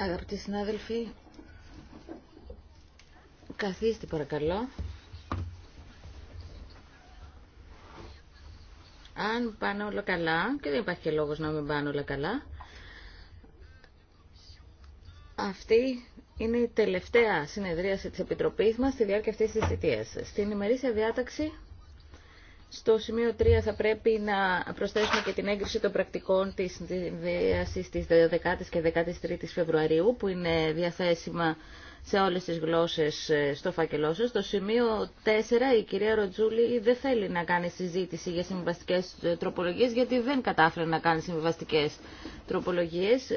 Αγαπητοί συνάδελφοι, καθίστε παρακαλώ. Αν πάνε όλα καλά, και δεν υπάρχει και λόγος να μην πάνε όλα καλά, αυτή είναι η τελευταία συνεδρίαση της Επιτροπής μας στη διάρκεια αυτής της θητείας. Στην ημερήσια διάταξη στο σημείο 3 θα πρέπει να προσθέσουμε και την έγκριση των πρακτικών της συνδυασής της 10 η και 13 η Φεβρουαρίου που είναι διαθέσιμα σε όλες τις γλώσσες ε, στο φάκελό σας. Στο σημείο 4 η κυρία Ροτζούλη δεν θέλει να κάνει συζήτηση για συμβαστικές ε, τροπολογίες γιατί δεν κατάφερε να κάνει συμβαστικές τροπολογίες.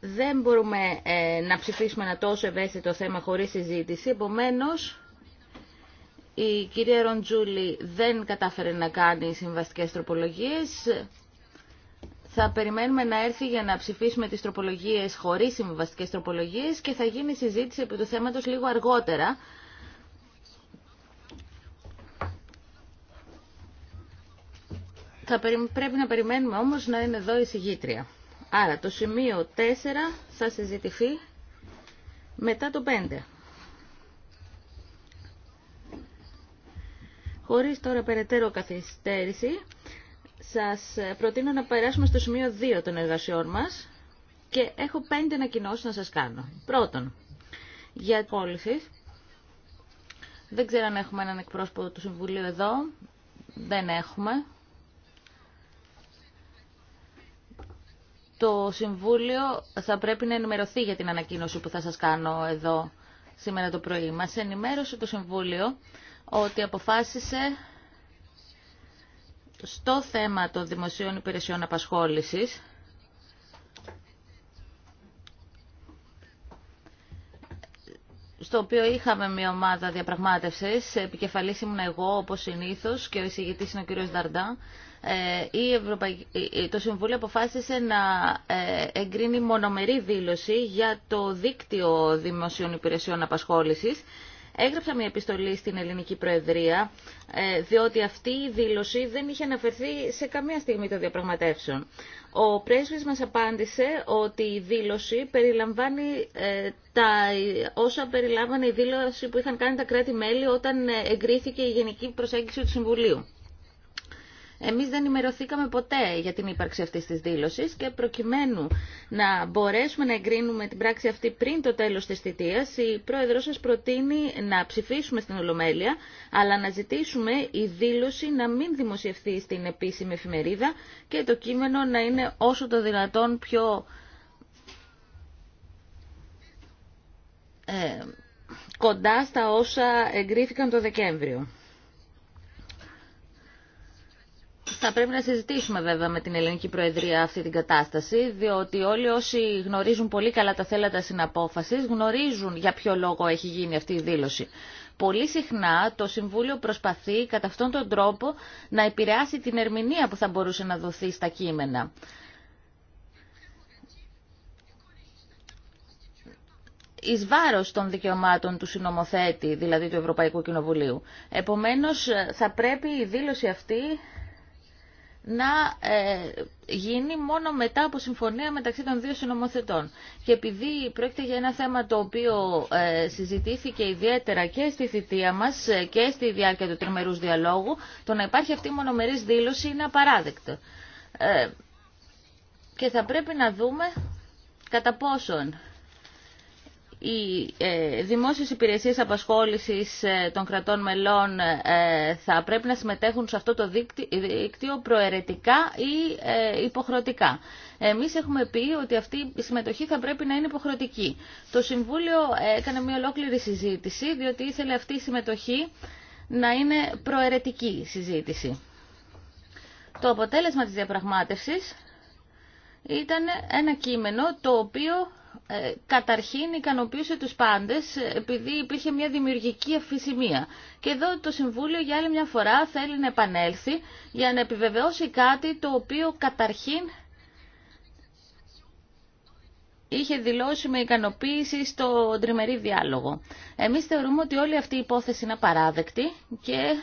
Δεν μπορούμε ε, να ψηφίσουμε ένα τόσο ευαίσθητο θέμα χωρίς συζήτηση, επομένως η κυρία Ροντζούλη δεν κατάφερε να κάνει συμβαστικές τροπολογίες. Θα περιμένουμε να έρθει για να ψηφίσουμε τις τροπολογίες χωρίς συμβαστικές τροπολογίες και θα γίνει συζήτηση επί του θέματος λίγο αργότερα. Θα πρέπει να περιμένουμε όμως να είναι εδώ η συγγήτρια. Άρα το σημείο 4 θα συζητηθεί μετά το 5. Χωρίς τώρα περαιτέρω καθυστέρηση, σας προτείνω να περάσουμε στο σημείο 2 των εργασιών μας και έχω πέντε ανακοινώσεις να σας κάνω. Πρώτον, για πώληση. Δεν ξέρω αν έχουμε έναν εκπρόσωπο του Συμβουλίου εδώ. Δεν έχουμε. Το Συμβούλιο θα πρέπει να ενημερωθεί για την ανακοίνωση που θα σας κάνω εδώ σήμερα το πρωί. Μας ενημέρωσε το Συμβούλιο ότι αποφάσισε στο θέμα των δημοσίων υπηρεσιών απασχόλησης στο οποίο είχαμε μια ομάδα διαπραγμάτευσης, επικεφαλής ήμουν εγώ όπως συνήθως και ο εισηγητής είναι ο κύριος Δαρντά, ε, η το Συμβούλιο αποφάσισε να ε, εγκρίνει μονομερή δήλωση για το δίκτυο δημοσίων υπηρεσιών απασχόλησης έγραψα μια επιστολή στην Ελληνική Προεδρία, ε, διότι αυτή η δήλωση δεν είχε αναφερθεί σε καμία στιγμή των διαπραγματεύσεων. Ο πρέσβης μας απάντησε ότι η δήλωση περιλαμβάνει ε, τα όσα περιλάμβανε η δήλωση που είχαν κάνει τα κράτη-μέλη όταν ε, εγκρίθηκε η Γενική Προσέγγιση του Συμβουλίου. Εμείς δεν ενημερωθήκαμε ποτέ για την ύπαρξη αυτής της δήλωσης και προκειμένου να μπορέσουμε να εγκρίνουμε την πράξη αυτή πριν το τέλος της θητείας, η Πρόεδρος σας προτείνει να ψηφίσουμε στην Ολομέλεια, αλλά να ζητήσουμε η δήλωση να μην δημοσιευθεί στην επίσημη εφημερίδα και το κείμενο να είναι όσο το δυνατόν πιο ε, κοντά στα όσα εγκρίθηκαν το Δεκέμβριο. Θα πρέπει να συζητήσουμε βέβαια με την Ελληνική Προεδρία αυτή την κατάσταση, διότι όλοι όσοι γνωρίζουν πολύ καλά τα θέλατα συναπόφασης γνωρίζουν για ποιο λόγο έχει γίνει αυτή η δήλωση. Πολύ συχνά το Συμβούλιο προσπαθεί κατά αυτόν τον τρόπο να επηρεάσει την ερμηνεία που θα μπορούσε να δοθεί στα κείμενα. εις βάρος των δικαιωμάτων του συνομοθέτη, δηλαδή του Ευρωπαϊκού Κοινοβουλίου. Επομένως, θα πρέπει η δήλωση αυτή να ε, γίνει μόνο μετά από συμφωνία μεταξύ των δύο συνομοθετών. Και επειδή πρόκειται για ένα θέμα το οποίο ε, συζητήθηκε ιδιαίτερα και στη θητεία μας ε, και στη διάρκεια του τριμερούς διαλόγου, το να υπάρχει αυτή η μονομερής δήλωση είναι απαράδεκτο. και θα πρέπει να δούμε κατά πόσον οι ε, δημόσιες υπηρεσίες απασχόλησης ε, των κρατών μελών ε, θα πρέπει να συμμετέχουν σε αυτό το δίκτυο προαιρετικά ή υποχρεωτικά. Εμείς έχουμε πει ότι αυτή η συμμετοχή θα πρέπει να είναι υποχρεωτική. Το Συμβούλιο έκανε μια ολόκληρη συζήτηση διότι ήθελε αυτή η συμμετοχή να είναι προαιρετική συζήτηση. Το αποτέλεσμα της διαπραγμάτευσης ήταν ένα κείμενο το οποίο ε, καταρχήν ικανοποιούσε τους πάντες ε, επειδή υπήρχε μια δημιουργική αφησιμία. Και εδώ το Συμβούλιο για άλλη μια φορά θέλει να επανέλθει για να επιβεβαιώσει κάτι το οποίο καταρχήν είχε δηλώσει με ικανοποίηση στο τριμερή διάλογο. Εμείς θεωρούμε ότι όλη αυτή η υπόθεση είναι απαράδεκτη και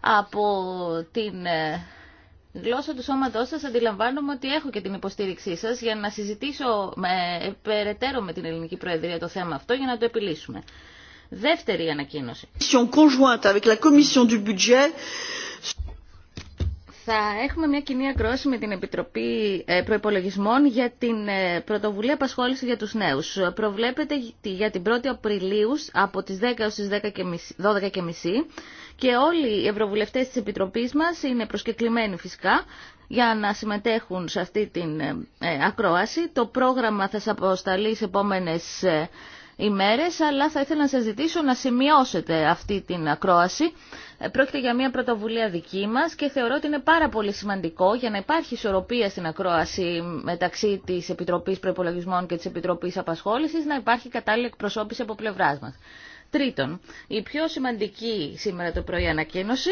από την ε, γλώσσα του σώματός σας αντιλαμβάνομαι ότι έχω και την υποστήριξή σας για να συζητήσω περαιτέρω με την Ελληνική Προεδρία το θέμα αυτό για να το επιλύσουμε. Δεύτερη ανακοίνωση θα έχουμε μια κοινή ακρόαση με την Επιτροπή ε, Προπολογισμών για την ε, πρωτοβουλία απασχόληση για τους νέους. Προβλέπεται για την 1η Απριλίου από τις 10 έως τις 12.30 και όλοι οι ευρωβουλευτές της Επιτροπής μας είναι προσκεκλημένοι φυσικά για να συμμετέχουν σε αυτή την ε, ακρόαση. Το πρόγραμμα θα σας αποσταλεί σε επόμενες ημέρες, αλλά θα ήθελα να σας ζητήσω να σημειώσετε αυτή την ακρόαση Πρόκειται για μια πρωτοβουλία δική μα και θεωρώ ότι είναι πάρα πολύ σημαντικό για να υπάρχει ισορροπία στην ακρόαση μεταξύ της Επιτροπής Προπολογισμών και της Επιτροπής Απασχόλησης να υπάρχει κατάλληλη εκπροσώπηση από πλευρά μα. Τρίτον, η πιο σημαντική σήμερα το πρωί ανακοίνωση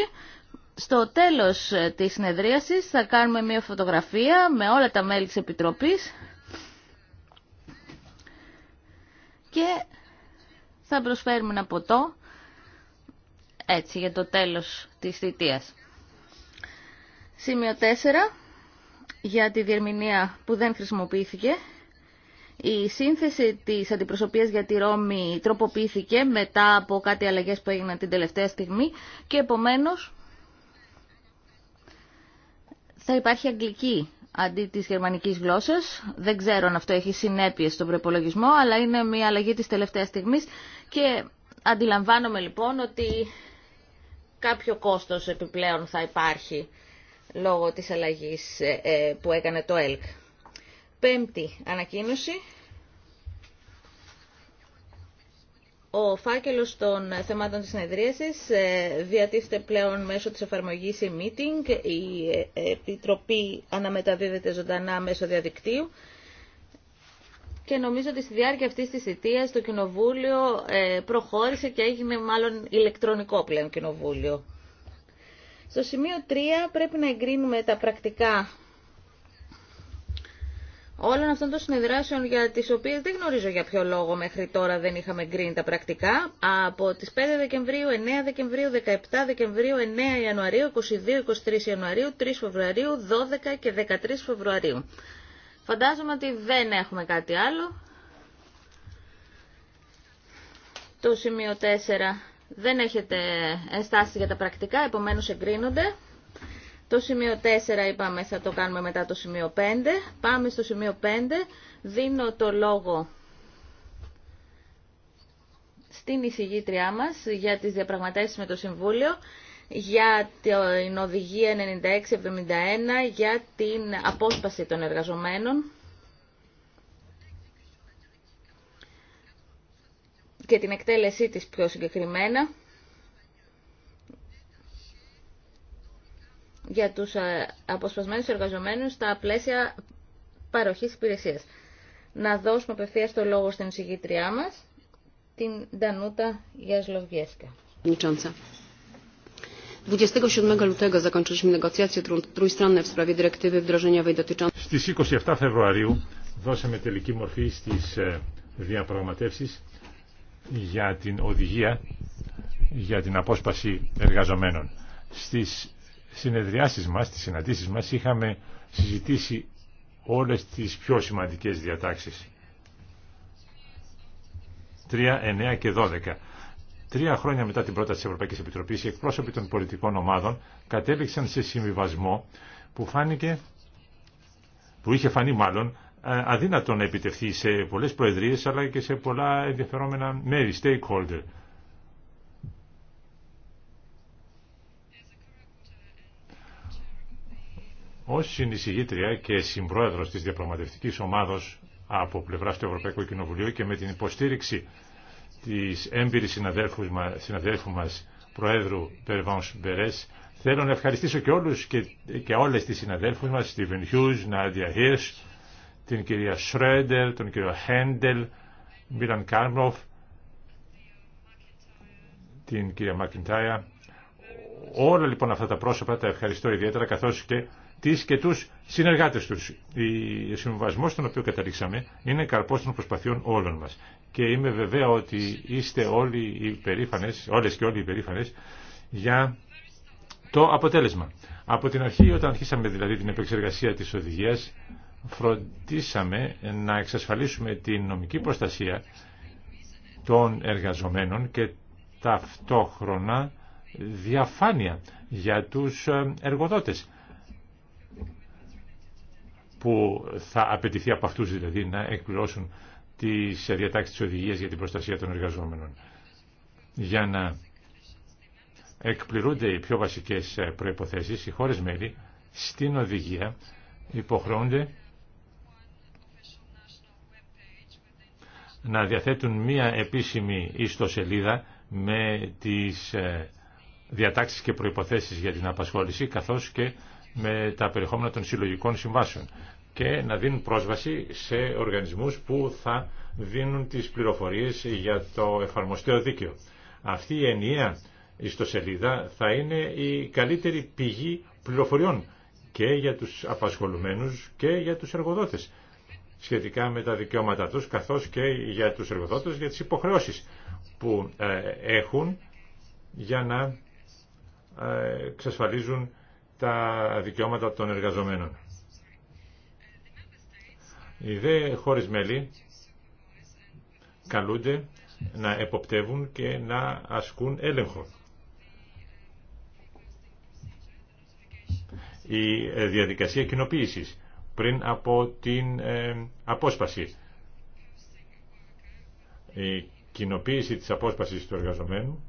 στο τέλος της συνεδρίασης θα κάνουμε μια φωτογραφία με όλα τα μέλη της Επιτροπής και θα προσφέρουμε ένα ποτό έτσι για το τέλος της θητείας. Σημείο 4 για τη διερμηνία που δεν χρησιμοποιήθηκε. Η σύνθεση της αντιπροσωπείας για τη Ρώμη τροποποιήθηκε μετά από κάτι αλλαγές που έγιναν την τελευταία στιγμή και επομένως θα υπάρχει αγγλική αντί της γερμανικής γλώσσας. Δεν ξέρω αν αυτό έχει συνέπειες στον προπολογισμό, αλλά είναι μια αλλαγή της τελευταίας στιγμής και αντιλαμβάνομαι λοιπόν ότι κάποιο κόστος επιπλέον θα υπάρχει λόγω της αλλαγής ε, ε, που έκανε το ΕΛΚ. Πέμπτη ανακοίνωση. Ο φάκελος των θεμάτων της συνεδρίασης ε, διατίθεται πλέον μέσω της εφαρμογής e-meeting. Η Επιτροπή αναμεταδίδεται ζωντανά μέσω διαδικτύου και νομίζω ότι στη διάρκεια αυτής της θητείας το Κοινοβούλιο ε, προχώρησε και έγινε μάλλον ηλεκτρονικό πλέον Κοινοβούλιο. Στο σημείο 3 πρέπει να εγκρίνουμε τα πρακτικά όλων αυτών των συνεδράσεων για τις οποίες δεν γνωρίζω για ποιο λόγο μέχρι τώρα δεν είχαμε εγκρίνει τα πρακτικά από τις 5 Δεκεμβρίου, 9 Δεκεμβρίου, 17 Δεκεμβρίου, 9 Ιανουαρίου, 22, 23 Ιανουαρίου, 3 Φεβρουαρίου, 12 και 13 Φεβρουαρίου. Φαντάζομαι ότι δεν έχουμε κάτι άλλο. Το σημείο 4 δεν έχετε ενστάσει για τα πρακτικά, επομένως εγκρίνονται. Το σημείο 4 είπαμε θα το κάνουμε μετά το σημείο 5. Πάμε στο σημείο 5. Δίνω το λόγο στην εισηγήτριά μας για τις διαπραγματεύσεις με το Συμβούλιο για την οδηγία 9671 για την απόσπαση των εργαζομένων και την εκτέλεσή της πιο συγκεκριμένα για τους ε, αποσπασμένους εργαζομένους στα πλαίσια παροχής υπηρεσίας. Να δώσουμε απευθεία το λόγο στην εισηγήτριά μας, την Ντανούτα Γιασλοβιέσκα. 27 Στις 27 Φεβρουαρίου δώσαμε τελική μορφή στις διαπραγματεύσεις ε, για την οδηγία για την απόσπαση εργαζομένων. Στις συνεδριάσεις μας, στις συναντήσεις μας είχαμε συζητήσει όλες τις πιο σημαντικές διατάξεις. 3, 9 και 12. Τρία χρόνια μετά την πρόταση τη Ευρωπαϊκή Επιτροπή οι εκπρόσωποι των πολιτικών ομάδων κατέληξαν σε συμβιβασμό που φάνηκε, που είχε φανεί μάλλον, ε, αδύνατο να επιτευχθεί σε πολλές προεδρίες αλλά και σε πολλά ενδιαφερόμενα μέρη, stakeholder. Ως συνεισηγήτρια και συμπρόεδρος της διαπραγματευτικής ομάδος από πλευρά του Ευρωπαϊκού Κοινοβουλίου και με την υποστήριξη της έμπειρης συναδέλφου μας Προέδρου Περβάνς Μπερές. Θέλω να ευχαριστήσω και όλους και, και όλες τις συναδέλφους μας, Στίβεν Χιούς, Νάντια Χίρς, την κυρία Σρέντερ, τον κύριο Χέντελ, Μίλαν Κάρμοφ, την κυρία Μακιντάια. Όλα λοιπόν αυτά τα πρόσωπα τα ευχαριστώ ιδιαίτερα καθώς και τις και τους συνεργάτες τους. Ο συμβασμός στον οποίο καταλήξαμε είναι καρπός των προσπαθειών όλων μας. Και είμαι βεβαία ότι είστε όλοι οι περήφανε, όλες και όλοι οι υπερήφανες για το αποτέλεσμα. Από την αρχή, όταν αρχίσαμε δηλαδή την επεξεργασία της οδηγίας, φροντίσαμε να εξασφαλίσουμε την νομική προστασία των εργαζομένων και ταυτόχρονα διαφάνεια για τους ε, εργοδότες που θα απαιτηθεί από αυτούς δηλαδή να εκπληρώσουν τις διατάξεις της οδηγίας για την προστασία των εργαζόμενων. Για να εκπληρούνται οι πιο βασικές ε, προϋποθέσεις, οι χώρες μέλη στην οδηγία υποχρεούνται να διαθέτουν μία επίσημη ιστοσελίδα με τις ε, διατάξεις και προϋποθέσεις για την απασχόληση καθώς και με τα περιεχόμενα των συλλογικών συμβάσεων και να δίνουν πρόσβαση σε οργανισμούς που θα δίνουν τις πληροφορίες για το εφαρμοστέο δίκαιο. Αυτή η ενιαία ιστοσελίδα θα είναι η καλύτερη πηγή πληροφοριών και για τους απασχολουμένους και για τους εργοδότες σχετικά με τα δικαιώματά τους καθώς και για τους εργοδότες για τις υποχρεώσεις που ε, έχουν για να ε, εξασφαλίζουν τα δικαιώματα των εργαζομένων. Οι δε χώρες μέλη καλούνται να εποπτεύουν και να ασκούν έλεγχο. Η ε, διαδικασία κοινοποίησης πριν από την ε, απόσπαση. Η κοινοποίηση της απόσπασης του εργαζομένου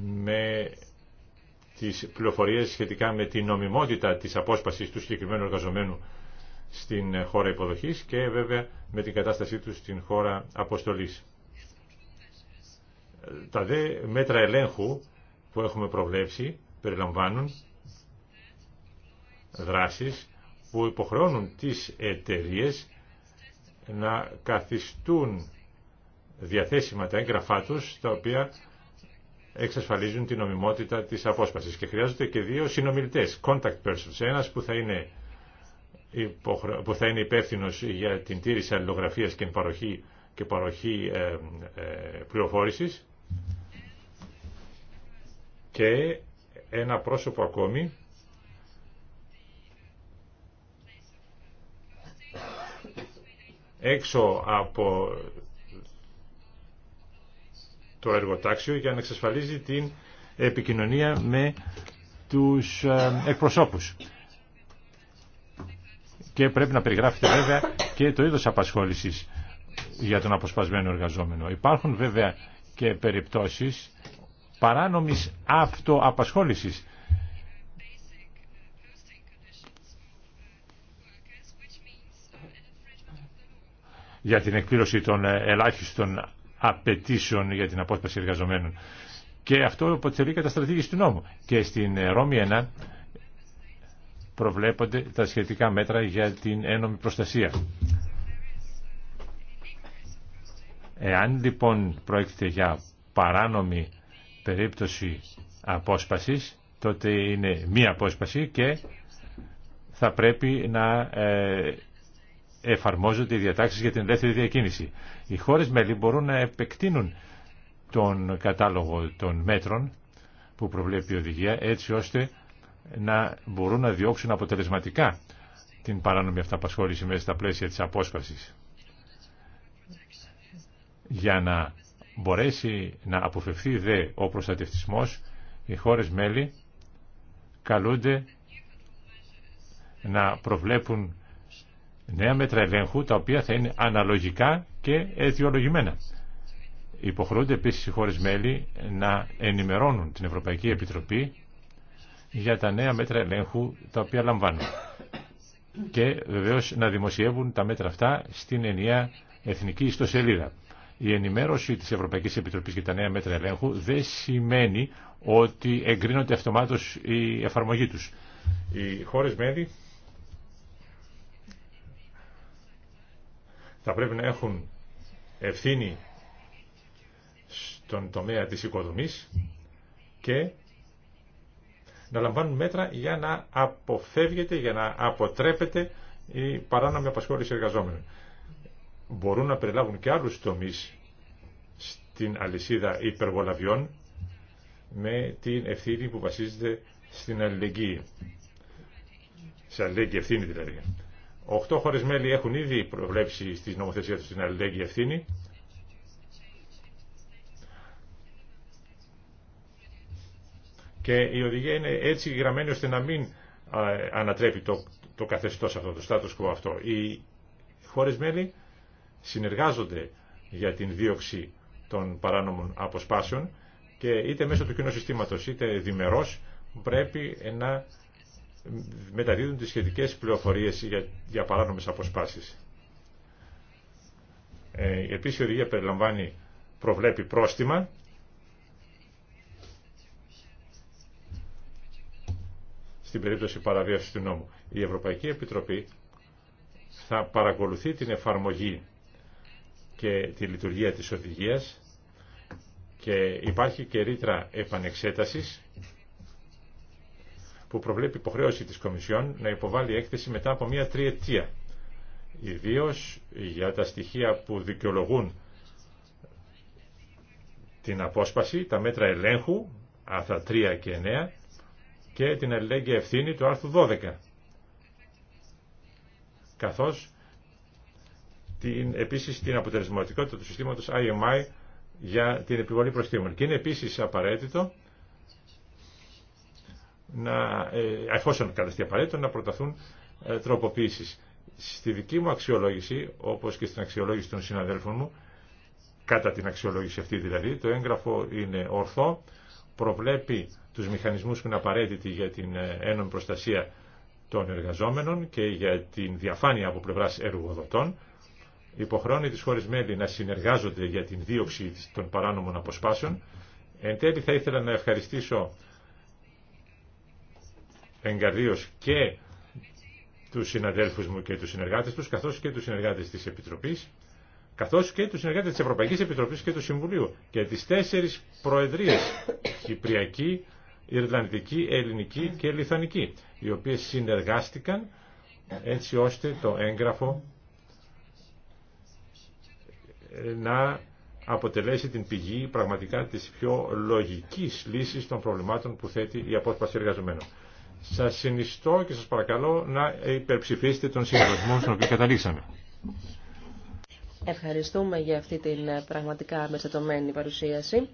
με τις πληροφορίες σχετικά με την νομιμότητα της απόσπασης του συγκεκριμένου εργαζομένου στην χώρα υποδοχής και βέβαια με την κατάστασή του στην χώρα αποστολής. Τα δε μέτρα ελέγχου που έχουμε προβλέψει περιλαμβάνουν δράσεις που υποχρεώνουν τις εταιρείε να καθιστούν διαθέσιμα τα έγγραφά τους τα οποία εξασφαλίζουν την νομιμότητα της απόσπασης και χρειάζονται και δύο συνομιλητές, contact persons, ένας που θα είναι, υποχρε... που θα είναι υπεύθυνος για την τήρηση αλληλογραφίας και παροχή, και παροχή ε, ε, πληροφόρησης και ένα πρόσωπο ακόμη έξω από το εργοτάξιο για να εξασφαλίζει την επικοινωνία με τους ε, εκπροσώπους. Και πρέπει να περιγράφεται βέβαια και το είδος απασχόλησης για τον αποσπασμένο εργαζόμενο. Υπάρχουν βέβαια και περιπτώσεις παράνομης αυτοαπασχόλησης. για την εκπλήρωση των ελάχιστων απαιτήσεων για την απόσπαση εργαζομένων. Και αυτό αποτελεί καταστρατήγηση του νόμου. Και στην ε, Ρώμη 1 προβλέπονται τα σχετικά μέτρα για την ένομη προστασία. Εάν λοιπόν πρόκειται για παράνομη περίπτωση απόσπασης, τότε είναι μία απόσπαση και θα πρέπει να ε, εφαρμόζονται οι διατάξεις για την ελεύθερη διακίνηση. Οι χώρες μέλη μπορούν να επεκτείνουν τον κατάλογο των μέτρων που προβλέπει η οδηγία έτσι ώστε να μπορούν να διώξουν αποτελεσματικά την παράνομη αυταπασχόληση μέσα στα πλαίσια της απόσπασης. Για να μπορέσει να αποφευθεί δε ο προστατευτισμός, οι χώρες μέλη καλούνται να προβλέπουν νέα μέτρα ελέγχου τα οποία θα είναι αναλογικά και αιτιολογημένα. Υποχρεούνται επίσης οι χώρε μέλη να ενημερώνουν την Ευρωπαϊκή Επιτροπή για τα νέα μέτρα ελέγχου τα οποία λαμβάνουν. Και βεβαίω να δημοσιεύουν τα μέτρα αυτά στην ενιαία εθνική ιστοσελίδα. Η ενημέρωση της Ευρωπαϊκής Επιτροπής για τα νέα μέτρα ελέγχου δεν σημαίνει ότι εγκρίνονται αυτομάτω η εφαρμογή τους. Οι χώρε μέλη θα πρέπει να έχουν ευθύνη στον τομέα της οικοδομής και να λαμβάνουν μέτρα για να αποφεύγεται, για να αποτρέπεται η παράνομη απασχόληση εργαζόμενων. Μπορούν να περιλάβουν και άλλους τομείς στην αλυσίδα υπερβολαβιών με την ευθύνη που βασίζεται στην αλληλεγγύη. Σε αλληλεγγύη ευθύνη δηλαδή. Οχτώ χώρες μέλη έχουν ήδη προβλέψει στη νομοθεσία τους την αλληλέγγυη ευθύνη. Και η οδηγία είναι έτσι γραμμένη ώστε να μην ανατρέπει το, το καθεστώς αυτό, το status quo αυτό. Οι χώρες μέλη συνεργάζονται για την δίωξη των παράνομων αποσπάσεων και είτε μέσω του κοινού συστήματος είτε διμερός πρέπει να μεταδίδουν τις σχετικές πληροφορίες για, για παράνομες αποσπάσεις. Ε, επίσης η οδηγία περιλαμβάνει, προβλέπει πρόστιμα στην περίπτωση παραβίασης του νόμου. Η Ευρωπαϊκή Επιτροπή θα παρακολουθεί την εφαρμογή και τη λειτουργία της οδηγίας και υπάρχει και ρήτρα επανεξέτασης που προβλέπει υποχρέωση της Κομισιόν να υποβάλει έκθεση μετά από μία τριετία. Ιδίω για τα στοιχεία που δικαιολογούν την απόσπαση, τα μέτρα ελέγχου, άρθρα 3 και 9, και την ελληνική ευθύνη του άρθρου 12, καθώς την, επίσης την αποτελεσματικότητα του συστήματος IMI για την επιβολή προστήμων. Και είναι επίσης απαραίτητο να, ε, εφόσον καταστεί απαραίτητο, να προταθούν ε, τροποποίησεις. Στη δική μου αξιολόγηση, όπως και στην αξιολόγηση των συναδέλφων μου, κατά την αξιολόγηση αυτή δηλαδή, το έγγραφο είναι ορθό, προβλέπει τους μηχανισμούς που είναι απαραίτητοι για την ε, ένωμη προστασία των εργαζόμενων και για την διαφάνεια από πλευράς εργοδοτών, υποχρώνει τις χώρες μέλη να συνεργάζονται για την δίωξη των παράνομων αποσπάσεων. Εν τέλει θα ήθελα να ευχαριστήσω εγκαρδίως και τους συναδέλφους μου και τους συνεργάτες τους, καθώς και τους συνεργάτες της Επιτροπής, καθώς και τους συνεργάτες της Ευρωπαϊκής Επιτροπής και του Συμβουλίου και τις τέσσερις προεδρίες, Κυπριακή, Ιρλανδική, Ελληνική και Λιθανική, οι οποίες συνεργάστηκαν έτσι ώστε το έγγραφο να αποτελέσει την πηγή πραγματικά της πιο λογικής λύσης των προβλημάτων που θέτει η απόσπαση εργαζομένων. Σας συνιστώ και σας παρακαλώ να υπερψηφίσετε τον συμβασμό στον οποίο καταλήξαμε. Ευχαριστούμε για αυτή την ε, πραγματικά μεσατωμένη παρουσίαση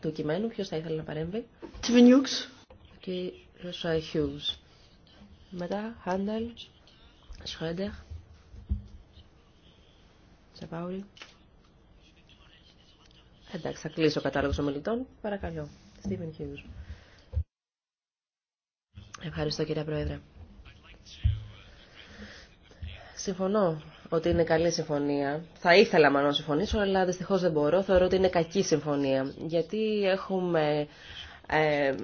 του κειμένου. Ποιος θα ήθελε να παρέμβει? Τσιμινιούξ. Και Ρωσά Χιούς. Μετά Χάνταλ, Σχέντερ, Τσαπάουλη. Εντάξει, θα κλείσω ο ομιλητών. Παρακαλώ. Στίβεν Χιούς. Ευχαριστώ κύριε Πρόεδρε. Συμφωνώ ότι είναι καλή συμφωνία. Θα ήθελα μάλλον να συμφωνήσω, αλλά δυστυχώ δεν μπορώ. Θεωρώ ότι είναι κακή συμφωνία. Γιατί έχουμε ε,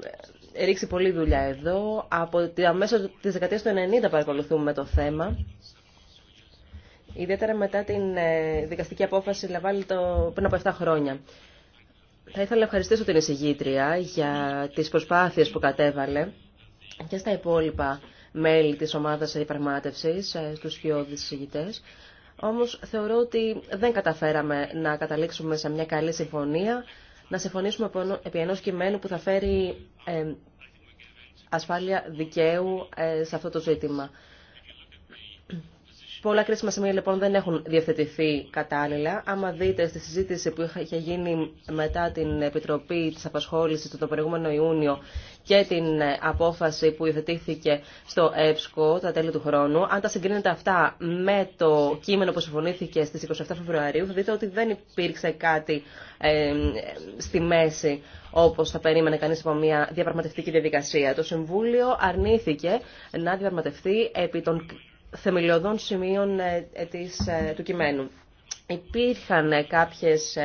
ρίξει πολλή δουλειά εδώ. Από αμέσω τη δεκαετία του 1990 παρακολουθούμε το θέμα. Ιδιαίτερα μετά την ε, δικαστική απόφαση λαβάλει το πριν από 7 χρόνια. Θα ήθελα να ευχαριστήσω την εισηγήτρια για τις προσπάθειες που κατέβαλε και στα υπόλοιπα μέλη της ομάδας διαπραγμάτευσης, ε, στους χειώδεις συζητητές. Όμως θεωρώ ότι δεν καταφέραμε να καταλήξουμε σε μια καλή συμφωνία, να συμφωνήσουμε επί ενός κειμένου που θα φέρει ε, ασφάλεια δικαίου ε, σε αυτό το ζήτημα. Πολλά κρίσιμα σημεία λοιπόν δεν έχουν διευθετηθεί κατάλληλα. Άμα δείτε στη συζήτηση που είχε γίνει μετά την Επιτροπή τη απασχόληση τον το προηγούμενο Ιούνιο και την ε, απόφαση που υιοθετήθηκε στο ΕΠΣΚΟ τα τέλη του χρόνου, αν τα συγκρίνετε αυτά με το κείμενο που συμφωνήθηκε στι 27 Φεβρουαρίου, θα δείτε ότι δεν υπήρξε κάτι ε, στη μέση όπω θα περίμενε κανεί από μια διαπραγματευτική διαδικασία. Το Συμβούλιο αρνήθηκε να διαπραγματευτεί επί των θεμελιωδών σημείων ε, ε, ε, του κειμένου. Υπήρχαν κάποιες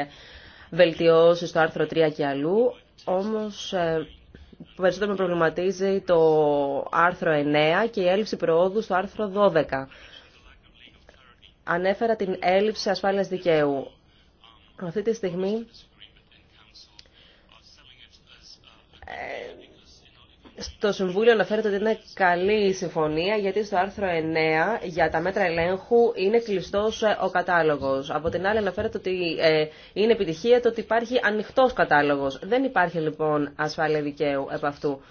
βελτιώσεις στο άρθρο 3 και αλλού, όμως περισσότερο με προβληματίζει το άρθρο 9 και η έλλειψη προόδου στο άρθρο 12. Ανέφερα την έλλειψη ασφάλειας δικαίου. Αυτή τη στιγμή στο Συμβούλιο αναφέρεται ότι είναι καλή η συμφωνία γιατί στο άρθρο 9 για τα μέτρα ελέγχου είναι κλειστός ε, ο κατάλογος. Από την άλλη αναφέρεται ότι ε, είναι επιτυχία το ότι υπάρχει ανοιχτός κατάλογος. Δεν υπάρχει λοιπόν ασφάλεια δικαίου επ' αυτού.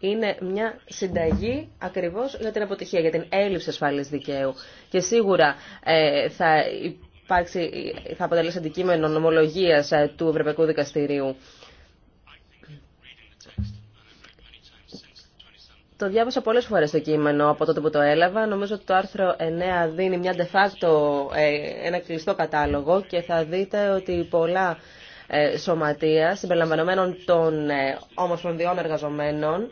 Είναι μια συνταγή ακριβώς για την αποτυχία, για την έλλειψη ασφάλειας δικαίου. Και σίγουρα ε, θα, υπάρξει, θα αποτελέσει αντικείμενο νομολογίας του Ευρωπαϊκού Δικαστηρίου. Το διάβασα πολλές φορές το κείμενο από τότε που το έλαβα. Νομίζω ότι το άρθρο 9 δίνει μια de facto ε, ένα κλειστό κατάλογο και θα δείτε ότι πολλά ε, σωματεία συμπεριλαμβανομένων των ε, ομοσπονδιών εργαζομένων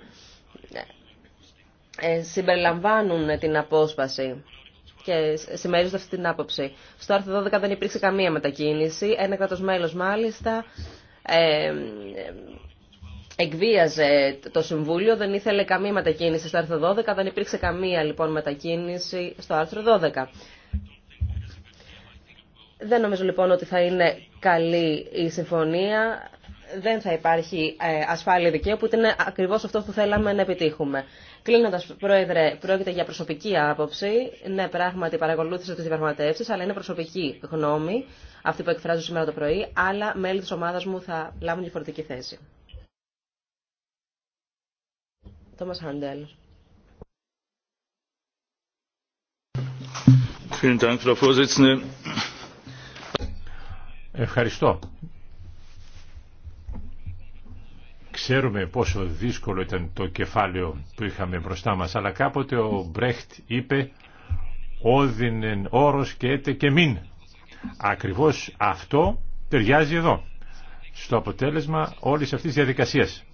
συμπεριλαμβάνουν την απόσπαση και συμμερίζονται αυτή την άποψη. Στο άρθρο 12 δεν υπήρξε καμία μετακίνηση. Ένα κράτος μέλος μάλιστα εκβίαζε το Συμβούλιο, δεν ήθελε καμία μετακίνηση στο άρθρο 12, δεν υπήρξε καμία λοιπόν μετακίνηση στο άρθρο 12. Δεν νομίζω λοιπόν ότι θα είναι καλή η συμφωνία, δεν θα υπάρχει ε, ασφάλεια δικαίου που είναι ακριβώς αυτό που θέλαμε να επιτύχουμε. Κλείνοντα, Πρόεδρε, πρόκειται για προσωπική άποψη. Ναι, πράγματι παρακολούθησε τις διαπραγματεύσει, αλλά είναι προσωπική γνώμη αυτή που εκφράζω σήμερα το πρωί. Άλλα μέλη της ομάδας μου θα λάβουν διαφορετική θέση. Ευχαριστώ. Ξέρουμε πόσο δύσκολο ήταν το κεφάλαιο που είχαμε μπροστά μας, αλλά κάποτε ο Μπρέχτ είπε «Όδινεν όρος και έτε και μην». Ακριβώς αυτό ταιριάζει εδώ, στο αποτέλεσμα όλης αυτής της διαδικασίας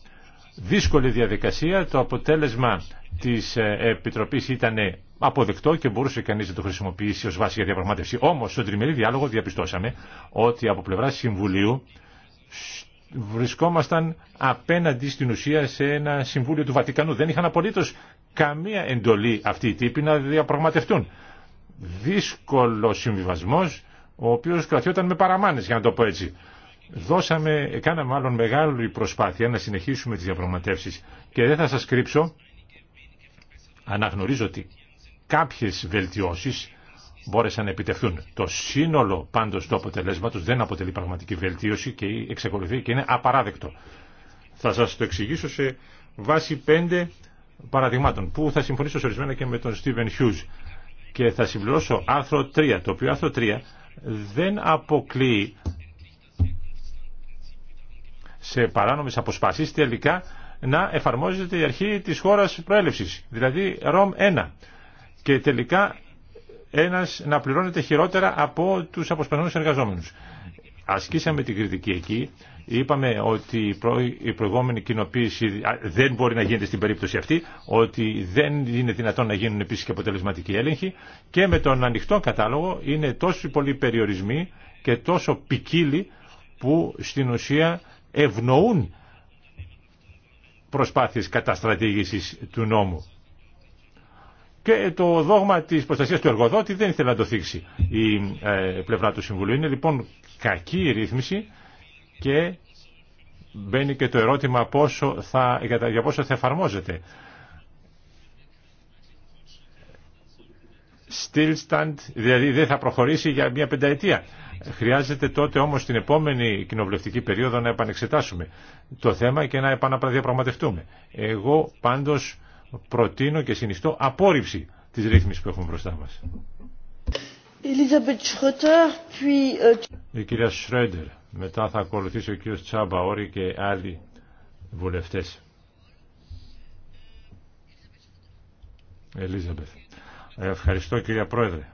δύσκολη διαδικασία. Το αποτέλεσμα της ε, Επιτροπής ήταν αποδεκτό και μπορούσε κανείς να το χρησιμοποιήσει ως βάση για διαπραγμάτευση. Όμως, στον τριμερή διάλογο διαπιστώσαμε ότι από πλευρά Συμβουλίου βρισκόμασταν απέναντι στην ουσία σε ένα Συμβούλιο του Βατικανού. Δεν είχαν απολύτως καμία εντολή αυτοί οι τύποι να διαπραγματευτούν. Δύσκολο συμβιβασμός, ο οποίος κρατιόταν με παραμάνες, για να το πω έτσι δώσαμε, κάναμε μάλλον μεγάλη προσπάθεια να συνεχίσουμε τις διαπραγματεύσεις και δεν θα σας κρύψω, αναγνωρίζω ότι κάποιες βελτιώσεις μπόρεσαν να επιτευχθούν. Το σύνολο πάντως του αποτελέσματος δεν αποτελεί πραγματική βελτίωση και εξακολουθεί και είναι απαράδεκτο. Θα σας το εξηγήσω σε βάση πέντε παραδειγμάτων που θα συμφωνήσω σε ορισμένα και με τον Στίβεν Hughes και θα συμπληρώσω άρθρο 3, το οποίο άρθρο 3 δεν αποκλεί σε παράνομες αποσπάσεις τελικά να εφαρμόζεται η αρχή της χώρας προέλευσης, δηλαδή ΡΟΜ 1. Και τελικά ένας να πληρώνεται χειρότερα από τους αποσπασμένους εργαζόμενους. Ασκήσαμε την κριτική εκεί. Είπαμε ότι η προηγούμενη κοινοποίηση δεν μπορεί να γίνεται στην περίπτωση αυτή, ότι δεν είναι δυνατόν να γίνουν επίσης και αποτελεσματικοί έλεγχοι και με τον ανοιχτό κατάλογο είναι τόσο πολλοί περιορισμοί και τόσο ποικίλοι που στην ουσία ευνοούν προσπάθειες καταστρατήγησης του νόμου. Και το δόγμα της προστασίας του εργοδότη δεν ήθελε να το θίξει η ε, πλευρά του Συμβουλίου. Είναι λοιπόν κακή η ρύθμιση και μπαίνει και το ερώτημα πόσο θα, για πόσο θα εφαρμόζεται. Still stand, δηλαδή δεν θα προχωρήσει για μια πενταετία. Χρειάζεται τότε όμω την επόμενη κοινοβουλευτική περίοδο να επανεξετάσουμε το θέμα και να επαναπραδιαπραγματευτούμε. Εγώ πάντω προτείνω και συνιστώ απόρριψη τη ρυθμίση που έχουμε μπροστά μα. Euh, Η κυρία Σρέντερ, μετά θα ακολουθήσει ο κύριος Τσάμπα Όρη και άλλοι βουλευτές. Ελίζαμπεθ. Ευχαριστώ κυρία Πρόεδρε.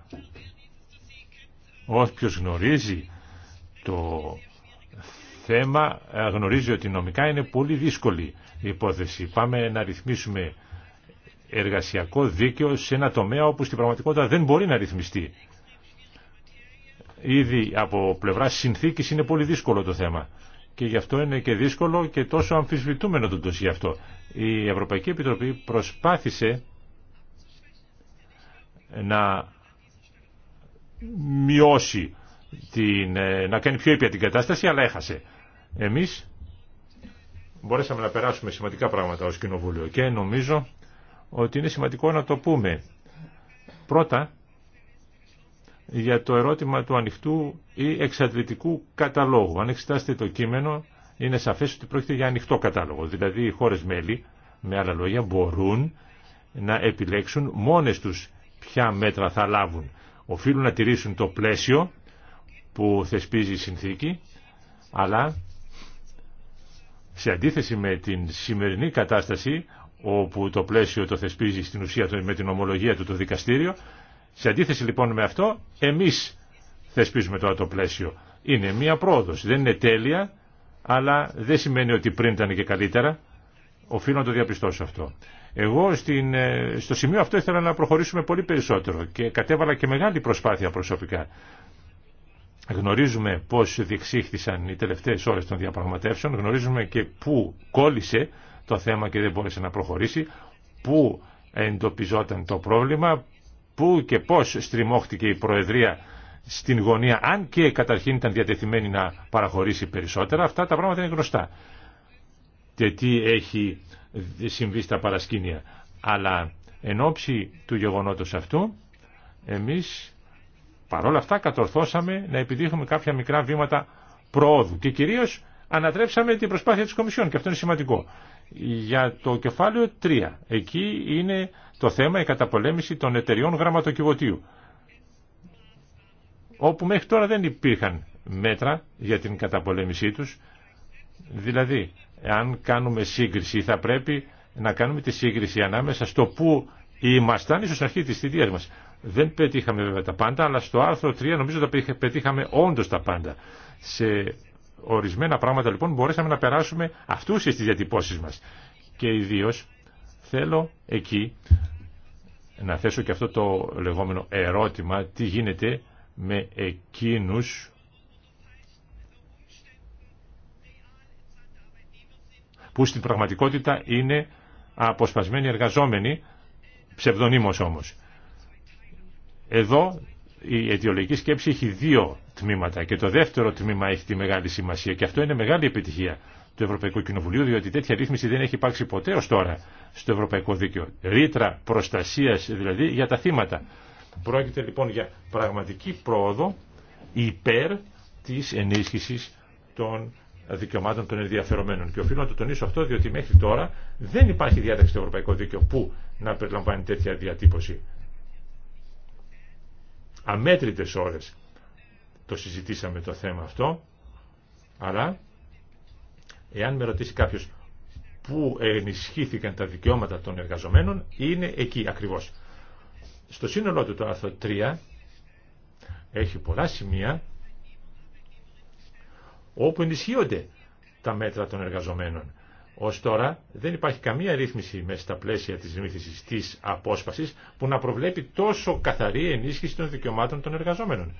Όποιος γνωρίζει το θέμα ε, γνωρίζει ότι νομικά είναι πολύ δύσκολη η υπόθεση. Πάμε να ρυθμίσουμε εργασιακό δίκαιο σε ένα τομέα όπου στην πραγματικότητα δεν μπορεί να ρυθμιστεί. Ήδη από πλευρά συνθήκης είναι πολύ δύσκολο το θέμα. Και γι' αυτό είναι και δύσκολο και τόσο αμφισβητούμενο το γι' αυτό. Η Ευρωπαϊκή Επιτροπή προσπάθησε να μειώσει, την, ε, να κάνει πιο ήπια την κατάσταση, αλλά έχασε. Εμείς μπορέσαμε να περάσουμε σημαντικά πράγματα ως Κοινοβούλιο και νομίζω ότι είναι σημαντικό να το πούμε. Πρώτα, για το ερώτημα του ανοιχτού ή εξαντλητικού καταλόγου. Αν εξετάσετε το κείμενο, είναι σαφές ότι πρόκειται για ανοιχτό κατάλογο. Δηλαδή, οι χώρες μέλη, με άλλα λόγια, μπορούν να επιλέξουν μόνες τους ποια μέτρα θα λάβουν οφείλουν να τηρήσουν το πλαίσιο που θεσπίζει η συνθήκη, αλλά σε αντίθεση με την σημερινή κατάσταση, όπου το πλαίσιο το θεσπίζει στην ουσία με την ομολογία του το δικαστήριο, σε αντίθεση λοιπόν με αυτό, εμείς θεσπίζουμε τώρα το πλαίσιο. Είναι μία πρόοδος, δεν είναι τέλεια, αλλά δεν σημαίνει ότι πριν ήταν και καλύτερα. Οφείλω να το διαπιστώσω αυτό. Εγώ στην, ε, στο σημείο αυτό ήθελα να προχωρήσουμε πολύ περισσότερο και κατέβαλα και μεγάλη προσπάθεια προσωπικά. Γνωρίζουμε πώς διεξήχθησαν οι τελευταίες ώρες των διαπραγματεύσεων, γνωρίζουμε και πού κόλλησε το θέμα και δεν μπόρεσε να προχωρήσει, πού εντοπιζόταν το πρόβλημα, πού και πώς στριμώχτηκε η Προεδρία στην γωνία, αν και καταρχήν ήταν διατεθειμένη να παραχωρήσει περισσότερα, αυτά τα πράγματα είναι γνωστά. Και τι έχει συμβεί στα παρασκήνια. Αλλά εν ώψη του γεγονότος αυτού, εμείς παρόλα αυτά κατορθώσαμε να επιδείχνουμε κάποια μικρά βήματα προόδου και κυρίως ανατρέψαμε την προσπάθεια της Κομισιόν και αυτό είναι σημαντικό. Για το κεφάλαιο 3, εκεί είναι το θέμα η καταπολέμηση των εταιριών γραμματοκιβωτίου όπου μέχρι τώρα δεν υπήρχαν μέτρα για την καταπολέμησή τους. Δηλαδή, αν κάνουμε σύγκριση θα πρέπει να κάνουμε τη σύγκριση ανάμεσα στο που ήμασταν ίσως αρχή τη θητείας μας. Δεν πετύχαμε βέβαια τα πάντα, αλλά στο άρθρο 3 νομίζω ότι πετύχαμε όντως τα πάντα. Σε ορισμένα πράγματα λοιπόν μπορέσαμε να περάσουμε αυτούς στις διατυπώσεις μας. Και ιδίω θέλω εκεί να θέσω και αυτό το λεγόμενο ερώτημα τι γίνεται με εκείνους που στην πραγματικότητα είναι αποσπασμένοι εργαζόμενοι, ψευδονίμως όμως. Εδώ η αιτιολογική σκέψη έχει δύο τμήματα και το δεύτερο τμήμα έχει τη μεγάλη σημασία και αυτό είναι μεγάλη επιτυχία του Ευρωπαϊκού Κοινοβουλίου διότι τέτοια ρύθμιση δεν έχει υπάρξει ποτέ ως τώρα στο Ευρωπαϊκό Δίκαιο. Ρήτρα προστασίας δηλαδή για τα θύματα. Πρόκειται λοιπόν για πραγματική πρόοδο υπέρ της ενίσχυσης των δικαιωμάτων των ενδιαφερομένων. Και οφείλω να το τονίσω αυτό, διότι μέχρι τώρα δεν υπάρχει διάταξη στο Ευρωπαϊκό Δίκαιο που να περιλαμβάνει τέτοια διατύπωση. Αμέτρητες ώρες το συζητήσαμε το θέμα αυτό, αλλά εάν με ρωτήσει κάποιος πού ενισχύθηκαν τα δικαιώματα των εργαζομένων, είναι εκεί ακριβώς. Στο σύνολό του το άρθρο 3 έχει πολλά σημεία όπου ενισχύονται τα μέτρα των εργαζομένων. Ω τώρα δεν υπάρχει καμία ρύθμιση μέσα στα πλαίσια τη ρύθμιση τη απόσπαση που να προβλέπει τόσο καθαρή ενίσχυση των δικαιωμάτων των εργαζόμενων.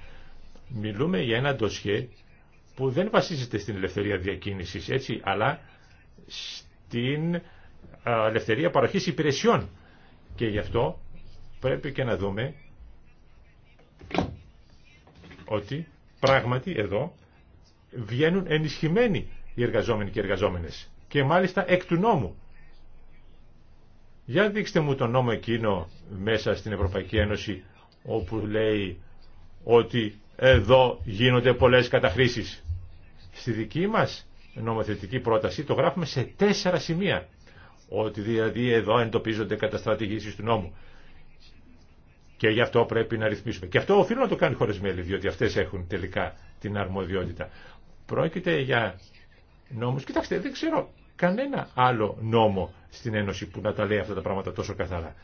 Μιλούμε για ένα ντοσιέ που δεν βασίζεται στην ελευθερία διακίνησης, έτσι, αλλά στην ελευθερία παροχής υπηρεσιών. Και γι' αυτό πρέπει και να δούμε ότι πράγματι εδώ βγαίνουν ενισχυμένοι οι εργαζόμενοι και οι εργαζόμενες και μάλιστα εκ του νόμου. Για δείξτε μου τον νόμο εκείνο μέσα στην Ευρωπαϊκή Ένωση όπου λέει ότι εδώ γίνονται πολλές καταχρήσεις. Στη δική μας νομοθετική πρόταση το γράφουμε σε τέσσερα σημεία. Ότι δηλαδή εδώ εντοπίζονται καταστρατηγήσεις του νόμου. Και γι' αυτό πρέπει να ρυθμίσουμε. Και αυτό οφείλουν να το κάνουν οι μέλη, διότι αυτέ έχουν τελικά την αρμοδιότητα. Πρόκειται για νόμους. Κοιτάξτε, δεν ξέρω κανένα άλλο νόμο στην Ένωση που να τα λέει αυτά τα πράγματα τόσο καθαρά.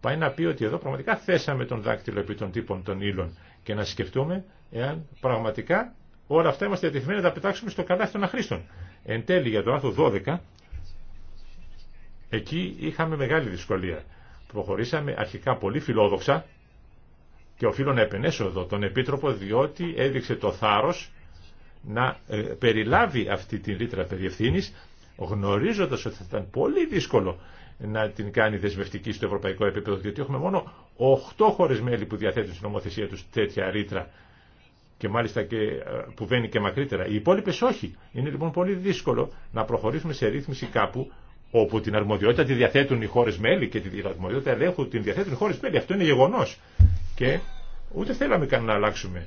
Πάει να πει ότι εδώ πραγματικά θέσαμε τον δάκτυλο επί των τύπων των ύλων και να σκεφτούμε εάν πραγματικά όλα αυτά είμαστε διατεθειμένοι να τα πετάξουμε στο καλάθι των αχρήστων. Εν τέλει για το άρθρο 12, εκεί είχαμε μεγάλη δυσκολία. Προχωρήσαμε αρχικά πολύ φιλόδοξα και οφείλω να επενέσω εδώ τον Επίτροπο διότι έδειξε το θάρρος να ε, περιλάβει αυτή την ρήτρα περιευθύνης γνωρίζοντας ότι θα ήταν πολύ δύσκολο να την κάνει δεσμευτική στο ευρωπαϊκό επίπεδο, διότι έχουμε μόνο 8 χώρε μέλη που διαθέτουν στην νομοθεσία του τέτοια ρήτρα και μάλιστα και, ε, που βαίνει και μακρύτερα. Οι υπόλοιπε όχι. Είναι λοιπόν πολύ δύσκολο να προχωρήσουμε σε ρύθμιση κάπου όπου την αρμοδιότητα τη διαθέτουν οι χώρε μέλη και την αρμοδιότητα ελέγχου την διαθέτουν οι χώρε μέλη. Αυτό είναι γεγονό. Και ούτε θέλαμε καν να αλλάξουμε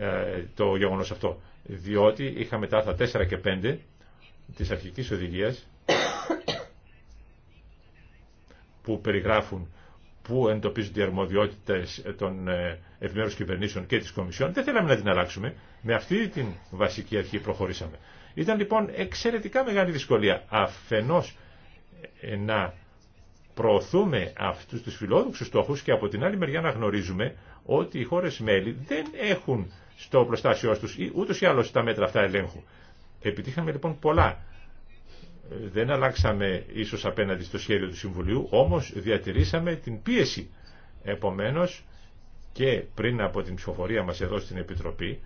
ε, το γεγονός αυτό. Διότι είχαμε τα 4 και 5 τη αρχική οδηγία. που περιγράφουν που εντοπίζονται οι αρμοδιότητε των ευμέρου κυβερνήσεων και τη Κομισιόν. Δεν θέλαμε να την αλλάξουμε. Με αυτή την βασική αρχή προχωρήσαμε. Ήταν λοιπόν εξαιρετικά μεγάλη δυσκολία αφενό ε, να προωθούμε αυτού του φιλόδοξου στόχου και από την άλλη μεριά να γνωρίζουμε ότι οι χώρε μέλη δεν έχουν στο προστάσιό του ή ούτως ή άλλως τα μέτρα αυτά ελέγχου. Επιτύχαμε λοιπόν πολλά. Δεν αλλάξαμε ίσως απέναντι στο σχέδιο του Συμβουλίου, όμως διατηρήσαμε την πίεση. Επομένως και πριν από την ψηφοφορία μας εδώ στην Επιτροπή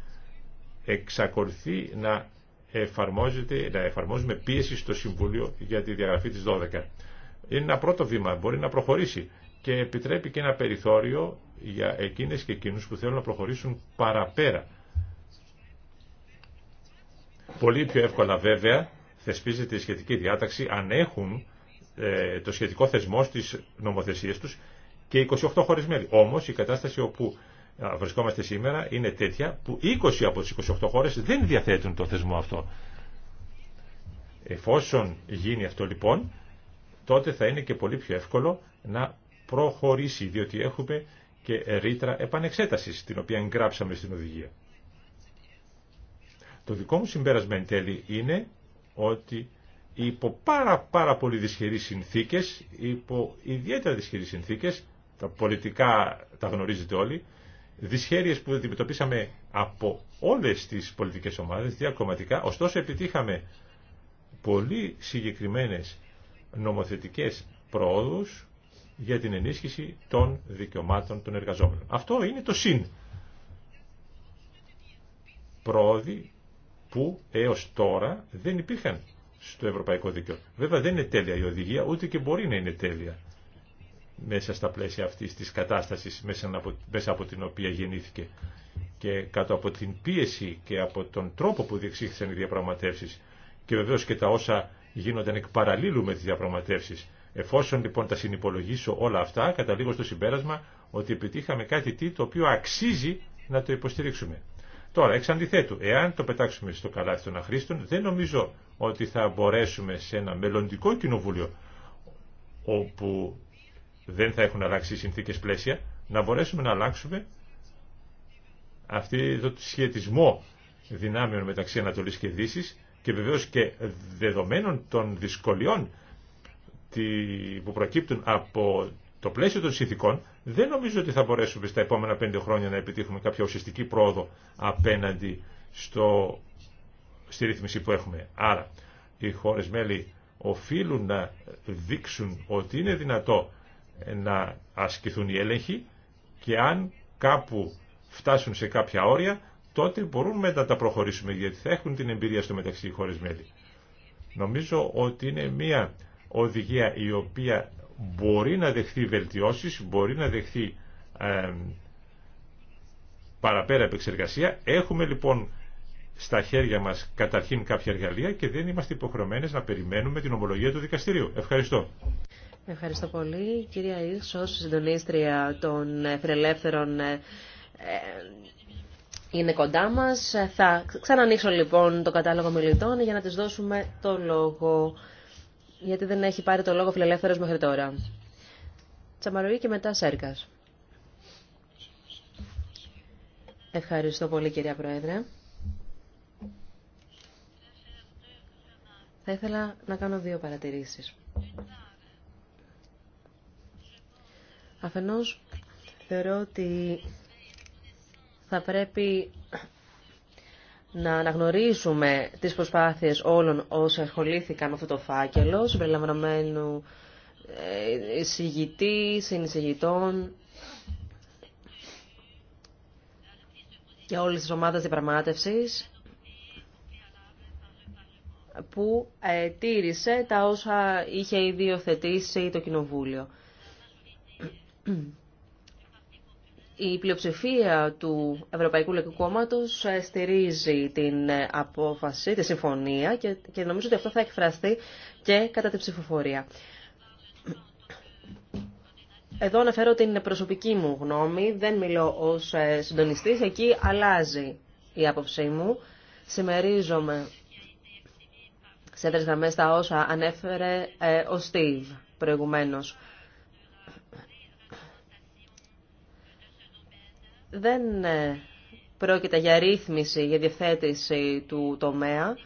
εξακολουθεί να, εφαρμόζεται, να εφαρμόζουμε πίεση στο Συμβούλιο για τη διαγραφή της 12. Είναι ένα πρώτο βήμα, μπορεί να προχωρήσει και επιτρέπει και ένα περιθώριο για εκείνες και εκείνους που θέλουν να προχωρήσουν παραπέρα. Πολύ πιο εύκολα βέβαια θεσπίζεται η σχετική διάταξη αν έχουν ε, το σχετικό θεσμό στις νομοθεσίες τους και 28 χώρες μέλη. Όμως η κατάσταση όπου βρισκόμαστε σήμερα είναι τέτοια που 20 από τις 28 χώρες δεν διαθέτουν το θεσμό αυτό. Εφόσον γίνει αυτό λοιπόν, τότε θα είναι και πολύ πιο εύκολο να προχωρήσει, διότι έχουμε και ρήτρα επανεξέτασης, την οποία γράψαμε στην οδηγία. Το δικό μου συμπέρασμα εν τέλει είναι ότι υπό πάρα, πάρα πολύ δυσχερείς συνθήκες, υπό ιδιαίτερα δυσχερείς συνθήκες, τα πολιτικά τα γνωρίζετε όλοι, δυσχέρειες που αντιμετωπίσαμε από όλες τις πολιτικές ομάδες διακομματικά, ωστόσο επιτύχαμε πολύ συγκεκριμένες νομοθετικές πρόοδους για την ενίσχυση των δικαιωμάτων των εργαζόμενων. Αυτό είναι το συν. Πρόοδοι που έως τώρα δεν υπήρχαν στο ευρωπαϊκό δίκαιο. Βέβαια δεν είναι τέλεια η οδηγία, ούτε και μπορεί να είναι τέλεια μέσα στα πλαίσια αυτής της κατάστασης μέσα από την οποία γεννήθηκε και κάτω από την πίεση και από τον τρόπο που διεξήχθησαν οι διαπραγματεύσεις και βεβαίως και τα όσα γίνονταν εκ παραλίλου με τις διαπραγματεύσεις Εφόσον λοιπόν τα συνυπολογίσω όλα αυτά, καταλήγω στο συμπέρασμα ότι επιτύχαμε κάτι τι το οποίο αξίζει να το υποστηρίξουμε. Τώρα, εξ αντιθέτου, εάν το πετάξουμε στο καλάθι των αχρήστων, δεν νομίζω ότι θα μπορέσουμε σε ένα μελλοντικό κοινοβούλιο, όπου δεν θα έχουν αλλάξει οι συνθήκες πλαίσια, να μπορέσουμε να αλλάξουμε αυτή το σχετισμό δυνάμεων μεταξύ Ανατολής και Δύσης και βεβαίως και δεδομένων των δυσκολιών που προκύπτουν από το πλαίσιο των συνθηκών, δεν νομίζω ότι θα μπορέσουμε στα επόμενα πέντε χρόνια να επιτύχουμε κάποια ουσιαστική πρόοδο απέναντι στο, στη ρύθμιση που έχουμε. Άρα, οι χώρες μέλη οφείλουν να δείξουν ότι είναι δυνατό να ασκηθούν οι έλεγχοι και αν κάπου φτάσουν σε κάποια όρια, τότε μπορούν μετά να τα προχωρήσουμε, γιατί θα έχουν την εμπειρία στο μεταξύ οι χώρες μέλη. Νομίζω ότι είναι μία οδηγία η οποία μπορεί να δεχθεί βελτιώσεις, μπορεί να δεχθεί παραπέρα επεξεργασία. Έχουμε λοιπόν στα χέρια μας καταρχήν κάποια εργαλεία και δεν είμαστε υποχρεωμένες να περιμένουμε την ομολογία του δικαστηρίου. Ευχαριστώ. Ευχαριστώ πολύ. Κυρία Ήρσος, συντονίστρια των φιλελεύθερων ε, ε, είναι κοντά μας. Θα ξανανοίξω λοιπόν το κατάλογο μιλητών για να τις δώσουμε το λόγο γιατί δεν έχει πάρει το λόγο φιλελεύθερος μέχρι τώρα. Τσαμαροή και μετά Σέρκας. Ευχαριστώ πολύ κυρία Πρόεδρε. Θα ήθελα να κάνω δύο παρατηρήσεις. Αφενός θεωρώ ότι θα πρέπει να αναγνωρίσουμε τις προσπάθειες όλων όσοι ασχολήθηκαν με αυτό το φάκελο, συμπεριλαμβανομένου ε, εισηγητή, συνεισηγητών και όλες τις ομάδες διαπραγμάτευσης που ε, τήρησε τα όσα είχε ήδη υιοθετήσει το Κοινοβούλιο η πλειοψηφία του Ευρωπαϊκού Λαϊκού Κόμματος ε, στηρίζει την ε, απόφαση, τη συμφωνία και, και νομίζω ότι αυτό θα εκφραστεί και κατά την ψηφοφορία. Εδώ αναφέρω την προσωπική μου γνώμη, δεν μιλώ ως ε, συντονιστής, εκεί αλλάζει η άποψή μου. Σημερίζομαι σε γραμμές τα όσα ανέφερε ο Στίβ προηγουμένως. δεν ε, πρόκειται για ρύθμιση, για διαθέτηση του τομέα.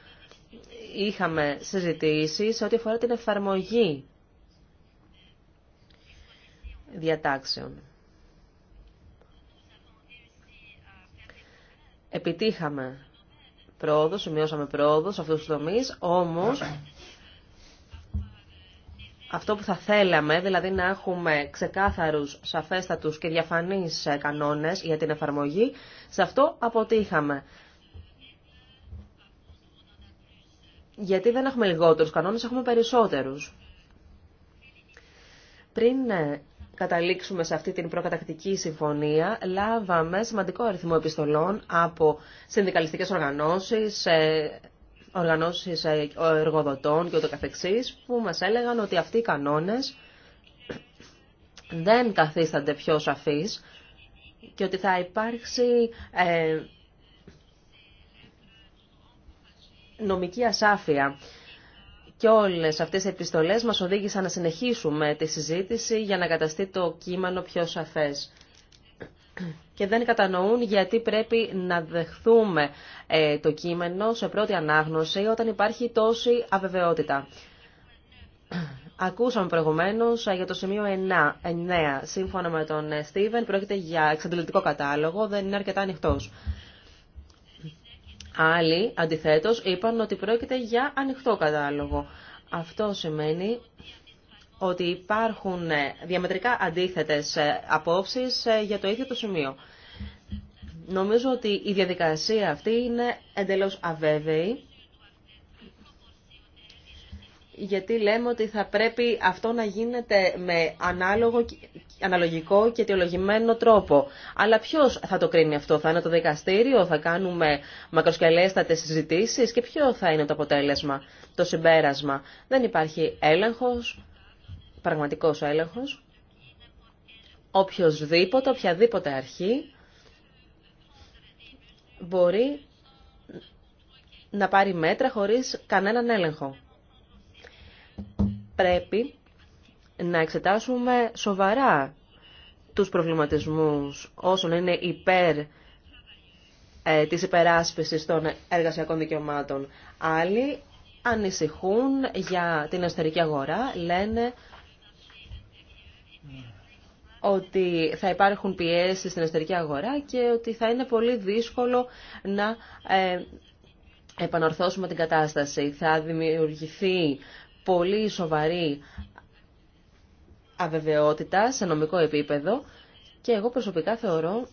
Είχαμε συζητήσει σε ό,τι αφορά την εφαρμογή διατάξεων. Επιτύχαμε πρόοδο, σημειώσαμε πρόοδο σε αυτούς τους τομείς, όμως αυτό που θα θέλαμε, δηλαδή να έχουμε ξεκάθαρους, σαφέστατους και διαφανείς ε, κανόνες για την εφαρμογή, σε αυτό αποτύχαμε. Γιατί δεν έχουμε λιγότερους κανόνες, έχουμε περισσότερους. Πριν ε, καταλήξουμε σε αυτή την προκατακτική συμφωνία, λάβαμε σημαντικό αριθμό επιστολών από συνδικαλιστικές οργανώσεις, ε, οργανώσεις ε, εργοδοτών και ούτω καθεξής, που μας έλεγαν ότι αυτοί οι κανόνες δεν καθίστανται πιο σαφείς και ότι θα υπάρξει ε, νομική ασάφεια. Και όλες αυτές οι επιστολές μας οδήγησαν να συνεχίσουμε τη συζήτηση για να καταστεί το κείμενο πιο σαφές και δεν κατανοούν γιατί πρέπει να δεχθούμε ε, το κείμενο σε πρώτη ανάγνωση όταν υπάρχει τόση αβεβαιότητα. Ακούσαμε προηγουμένω ε, για το σημείο 9. Σύμφωνα με τον ε, Στίβεν, πρόκειται για εξαντλητικό κατάλογο, δεν είναι αρκετά ανοιχτό. Άλλοι, αντιθέτω, είπαν ότι πρόκειται για ανοιχτό κατάλογο. Αυτό σημαίνει ότι υπάρχουν ε, διαμετρικά αντίθετες ε, απόψεις ε, για το ίδιο το σημείο. Νομίζω ότι η διαδικασία αυτή είναι εντελώς αβέβαιη, γιατί λέμε ότι θα πρέπει αυτό να γίνεται με ανάλογο, αναλογικό και αιτιολογημένο τρόπο. Αλλά ποιος θα το κρίνει αυτό, θα είναι το δικαστήριο, θα κάνουμε μακροσκελέστατες συζητήσεις και ποιο θα είναι το αποτέλεσμα, το συμπέρασμα. Δεν υπάρχει έλεγχος, πραγματικός έλεγχος. Οποιοςδήποτε, οποιαδήποτε αρχή μπορεί να πάρει μέτρα χωρίς κανέναν έλεγχο. Πρέπει να εξετάσουμε σοβαρά τους προβληματισμούς όσων είναι υπέρ ε, της υπεράσπισης των εργασιακών δικαιωμάτων. Άλλοι ανησυχούν για την εσωτερική αγορά, λένε ότι θα υπάρχουν πιέσεις στην εσωτερική αγορά και ότι θα είναι πολύ δύσκολο να ε, επανορθώσουμε την κατάσταση. Θα δημιουργηθεί πολύ σοβαρή αβεβαιότητα σε νομικό επίπεδο και εγώ προσωπικά θεωρώ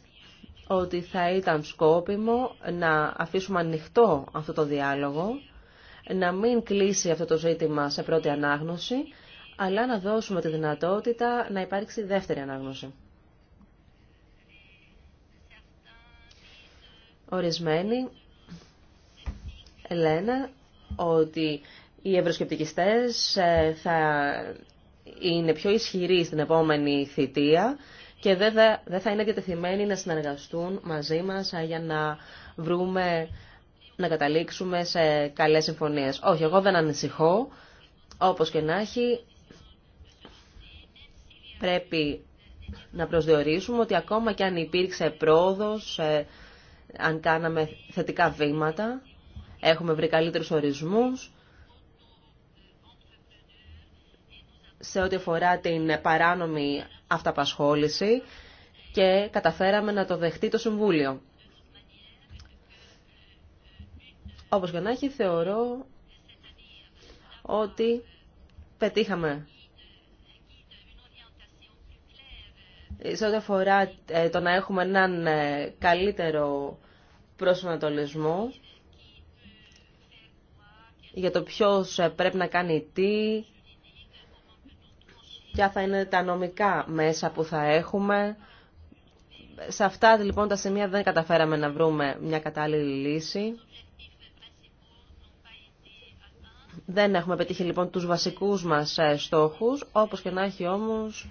ότι θα ήταν σκόπιμο να αφήσουμε ανοιχτό αυτό το διάλογο, να μην κλείσει αυτό το ζήτημα σε πρώτη ανάγνωση αλλά να δώσουμε τη δυνατότητα να υπάρξει δεύτερη ανάγνωση. Ορισμένοι λένε ότι οι ευρωσκεπτικιστές ε, θα είναι πιο ισχυροί στην επόμενη θητεία και δεν θα είναι διατεθειμένοι να συνεργαστούν μαζί μας ε, για να βρούμε, να καταλήξουμε σε καλές συμφωνίες. Όχι, εγώ δεν ανησυχώ. Όπως και να έχει, πρέπει να προσδιορίσουμε ότι ακόμα και αν υπήρξε πρόοδος, ε, αν κάναμε θετικά βήματα, έχουμε βρει καλύτερους ορισμούς, σε ό,τι αφορά την παράνομη αυταπασχόληση και καταφέραμε να το δεχτεί το Συμβούλιο. Όπως και να έχει, θεωρώ ότι πετύχαμε σε ό,τι αφορά ε, το να έχουμε έναν ε, καλύτερο προσανατολισμό για το ποιος ε, πρέπει να κάνει τι, ποια θα είναι τα νομικά μέσα που θα έχουμε. Σε αυτά λοιπόν τα σημεία δεν καταφέραμε να βρούμε μια κατάλληλη λύση. Δεν έχουμε πετύχει λοιπόν τους βασικούς μας στόχους, όπως και να έχει όμως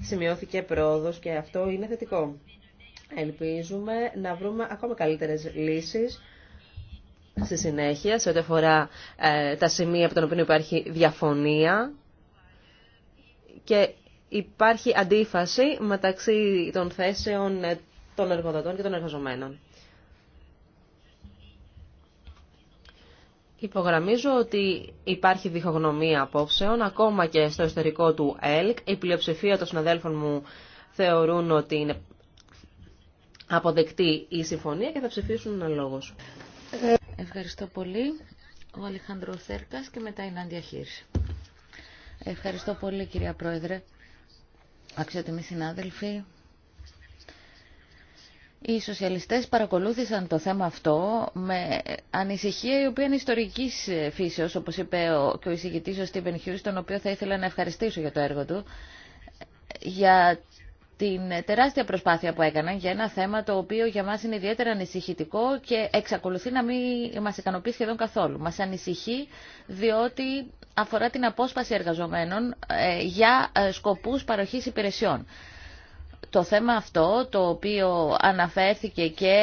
σημειώθηκε πρόοδος και αυτό είναι θετικό. Ελπίζουμε να βρούμε ακόμα καλύτερες λύσεις στη συνέχεια σε ό,τι αφορά ε, τα σημεία από τα οποία υπάρχει διαφωνία και υπάρχει αντίφαση μεταξύ των θέσεων ε, των εργοδοτών και των εργαζομένων. Υπογραμμίζω ότι υπάρχει διχογνωμία απόψεων, ακόμα και στο ιστορικό του ΕΛΚ. Η πλειοψηφία των συναδέλφων μου θεωρούν ότι είναι αποδεκτή η συμφωνία και θα ψηφίσουν αναλόγως. Ευχαριστώ πολύ. Ο Αλεχάνδρο Θέρκας και μετά η Νάντια Ευχαριστώ πολύ κυρία Πρόεδρε. Αξιότιμοι συνάδελφοι, οι σοσιαλιστές παρακολούθησαν το θέμα αυτό με ανησυχία η οποία είναι ιστορικής φύσεως, όπως είπε και ο εισηγητής ο Στίβεν Χιούς, τον οποίο θα ήθελα να ευχαριστήσω για το έργο του, για την τεράστια προσπάθεια που έκαναν για ένα θέμα το οποίο για μας είναι ιδιαίτερα ανησυχητικό και εξακολουθεί να μην μας ικανοποιεί σχεδόν καθόλου. Μας ανησυχεί διότι αφορά την απόσπαση εργαζομένων ε, για ε, σκοπούς παροχής υπηρεσιών. Το θέμα αυτό, το οποίο αναφέρθηκε και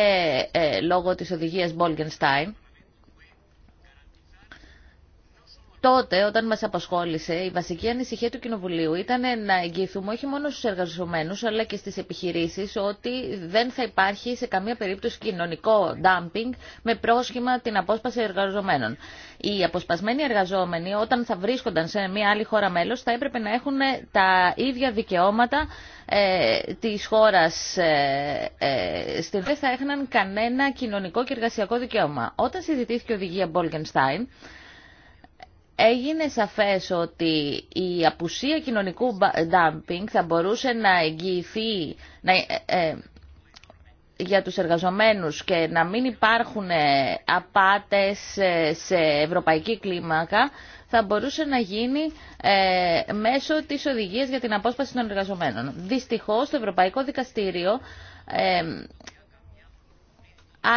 ε, λόγω της οδηγίας Bolkenstein, τότε όταν μας απασχόλησε η βασική ανησυχία του Κοινοβουλίου ήταν να εγγυηθούμε όχι μόνο στου εργαζόμενου, αλλά και στι επιχειρήσει ότι δεν θα υπάρχει σε καμία περίπτωση κοινωνικό dumping με πρόσχημα την απόσπαση εργαζομένων. Οι αποσπασμένοι εργαζόμενοι όταν θα βρίσκονταν σε μια άλλη χώρα μέλο, θα έπρεπε να έχουν τα ίδια δικαιώματα ε, της χώρας ε, ε στην οποία θα έχναν κανένα κοινωνικό και εργασιακό δικαίωμα. Όταν συζητήθηκε η οδηγία Bolkenstein, έγινε σαφές ότι η απουσία κοινωνικού dumping θα μπορούσε να εγγυηθεί να, ε, ε, για τους εργαζομένους και να μην υπάρχουν ε, απάτες σε ευρωπαϊκή κλίμακα θα μπορούσε να γίνει μέσω της οδηγίας για την απόσπαση των εργαζομένων. Δυστυχώς το Ευρωπαϊκό Δικαστήριο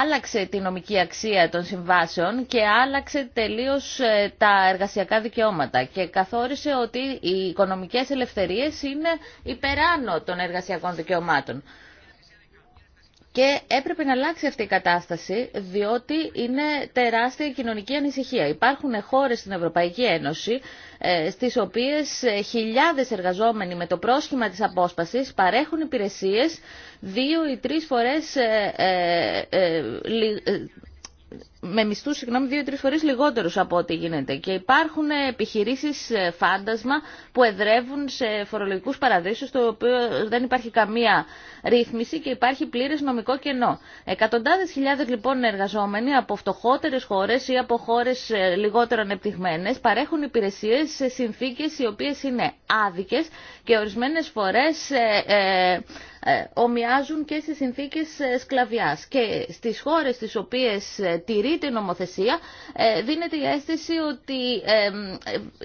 άλλαξε τη νομική αξία των συμβάσεων και άλλαξε τελείως ε, τα εργασιακά δικαιώματα και καθόρισε ότι οι οικονομικές ελευθερίες είναι υπεράνω των εργασιακών δικαιωμάτων. Και έπρεπε να αλλάξει αυτή η κατάσταση, διότι είναι τεράστια η κοινωνική ανησυχία. Υπάρχουν χώρε στην Ευρωπαϊκή Ένωση, ε, στις οποίες ε, χιλιάδες εργαζόμενοι με το πρόσχημα της απόσπασης παρέχουν υπηρεσίες δύο ή τρεις φορές ε, με μισθου συγγνωμη συγγνώμη, δύο-τρει φορέ λιγότερου από ό,τι γίνεται. Και υπάρχουν ε, επιχειρήσει ε, φάντασμα που εδρεύουν σε φορολογικού παραδείσους, στο οποίο δεν υπάρχει καμία ρύθμιση και υπάρχει πλήρες νομικό κενό. Εκατοντάδε χιλιάδε λοιπόν εργαζόμενοι από φτωχότερε χώρε ή από χώρε ε, λιγότερο ανεπτυγμένε παρέχουν υπηρεσίε σε συνθήκε, οι οποίε είναι άδικες και ορισμένες φορές ομοιάζουν και σε συνθήκε σκλαβιά. Και στι χώρε τι οποίε η την νομοθεσία, ε, δίνεται η αίσθηση ότι ε,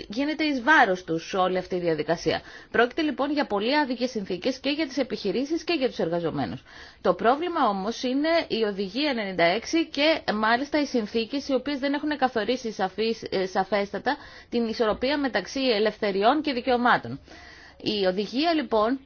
γίνεται εις βάρος τους όλη αυτή η διαδικασία. Πρόκειται λοιπόν για πολύ άδικες συνθήκες και για τις επιχειρήσεις και για τους εργαζομένους. Το πρόβλημα όμως είναι η Οδηγία 96 και μάλιστα οι συνθήκες οι οποίες δεν έχουν καθορίσει σαφής, ε, σαφέστατα την ισορροπία μεταξύ ελευθεριών και δικαιωμάτων. Η οδηγία λοιπόν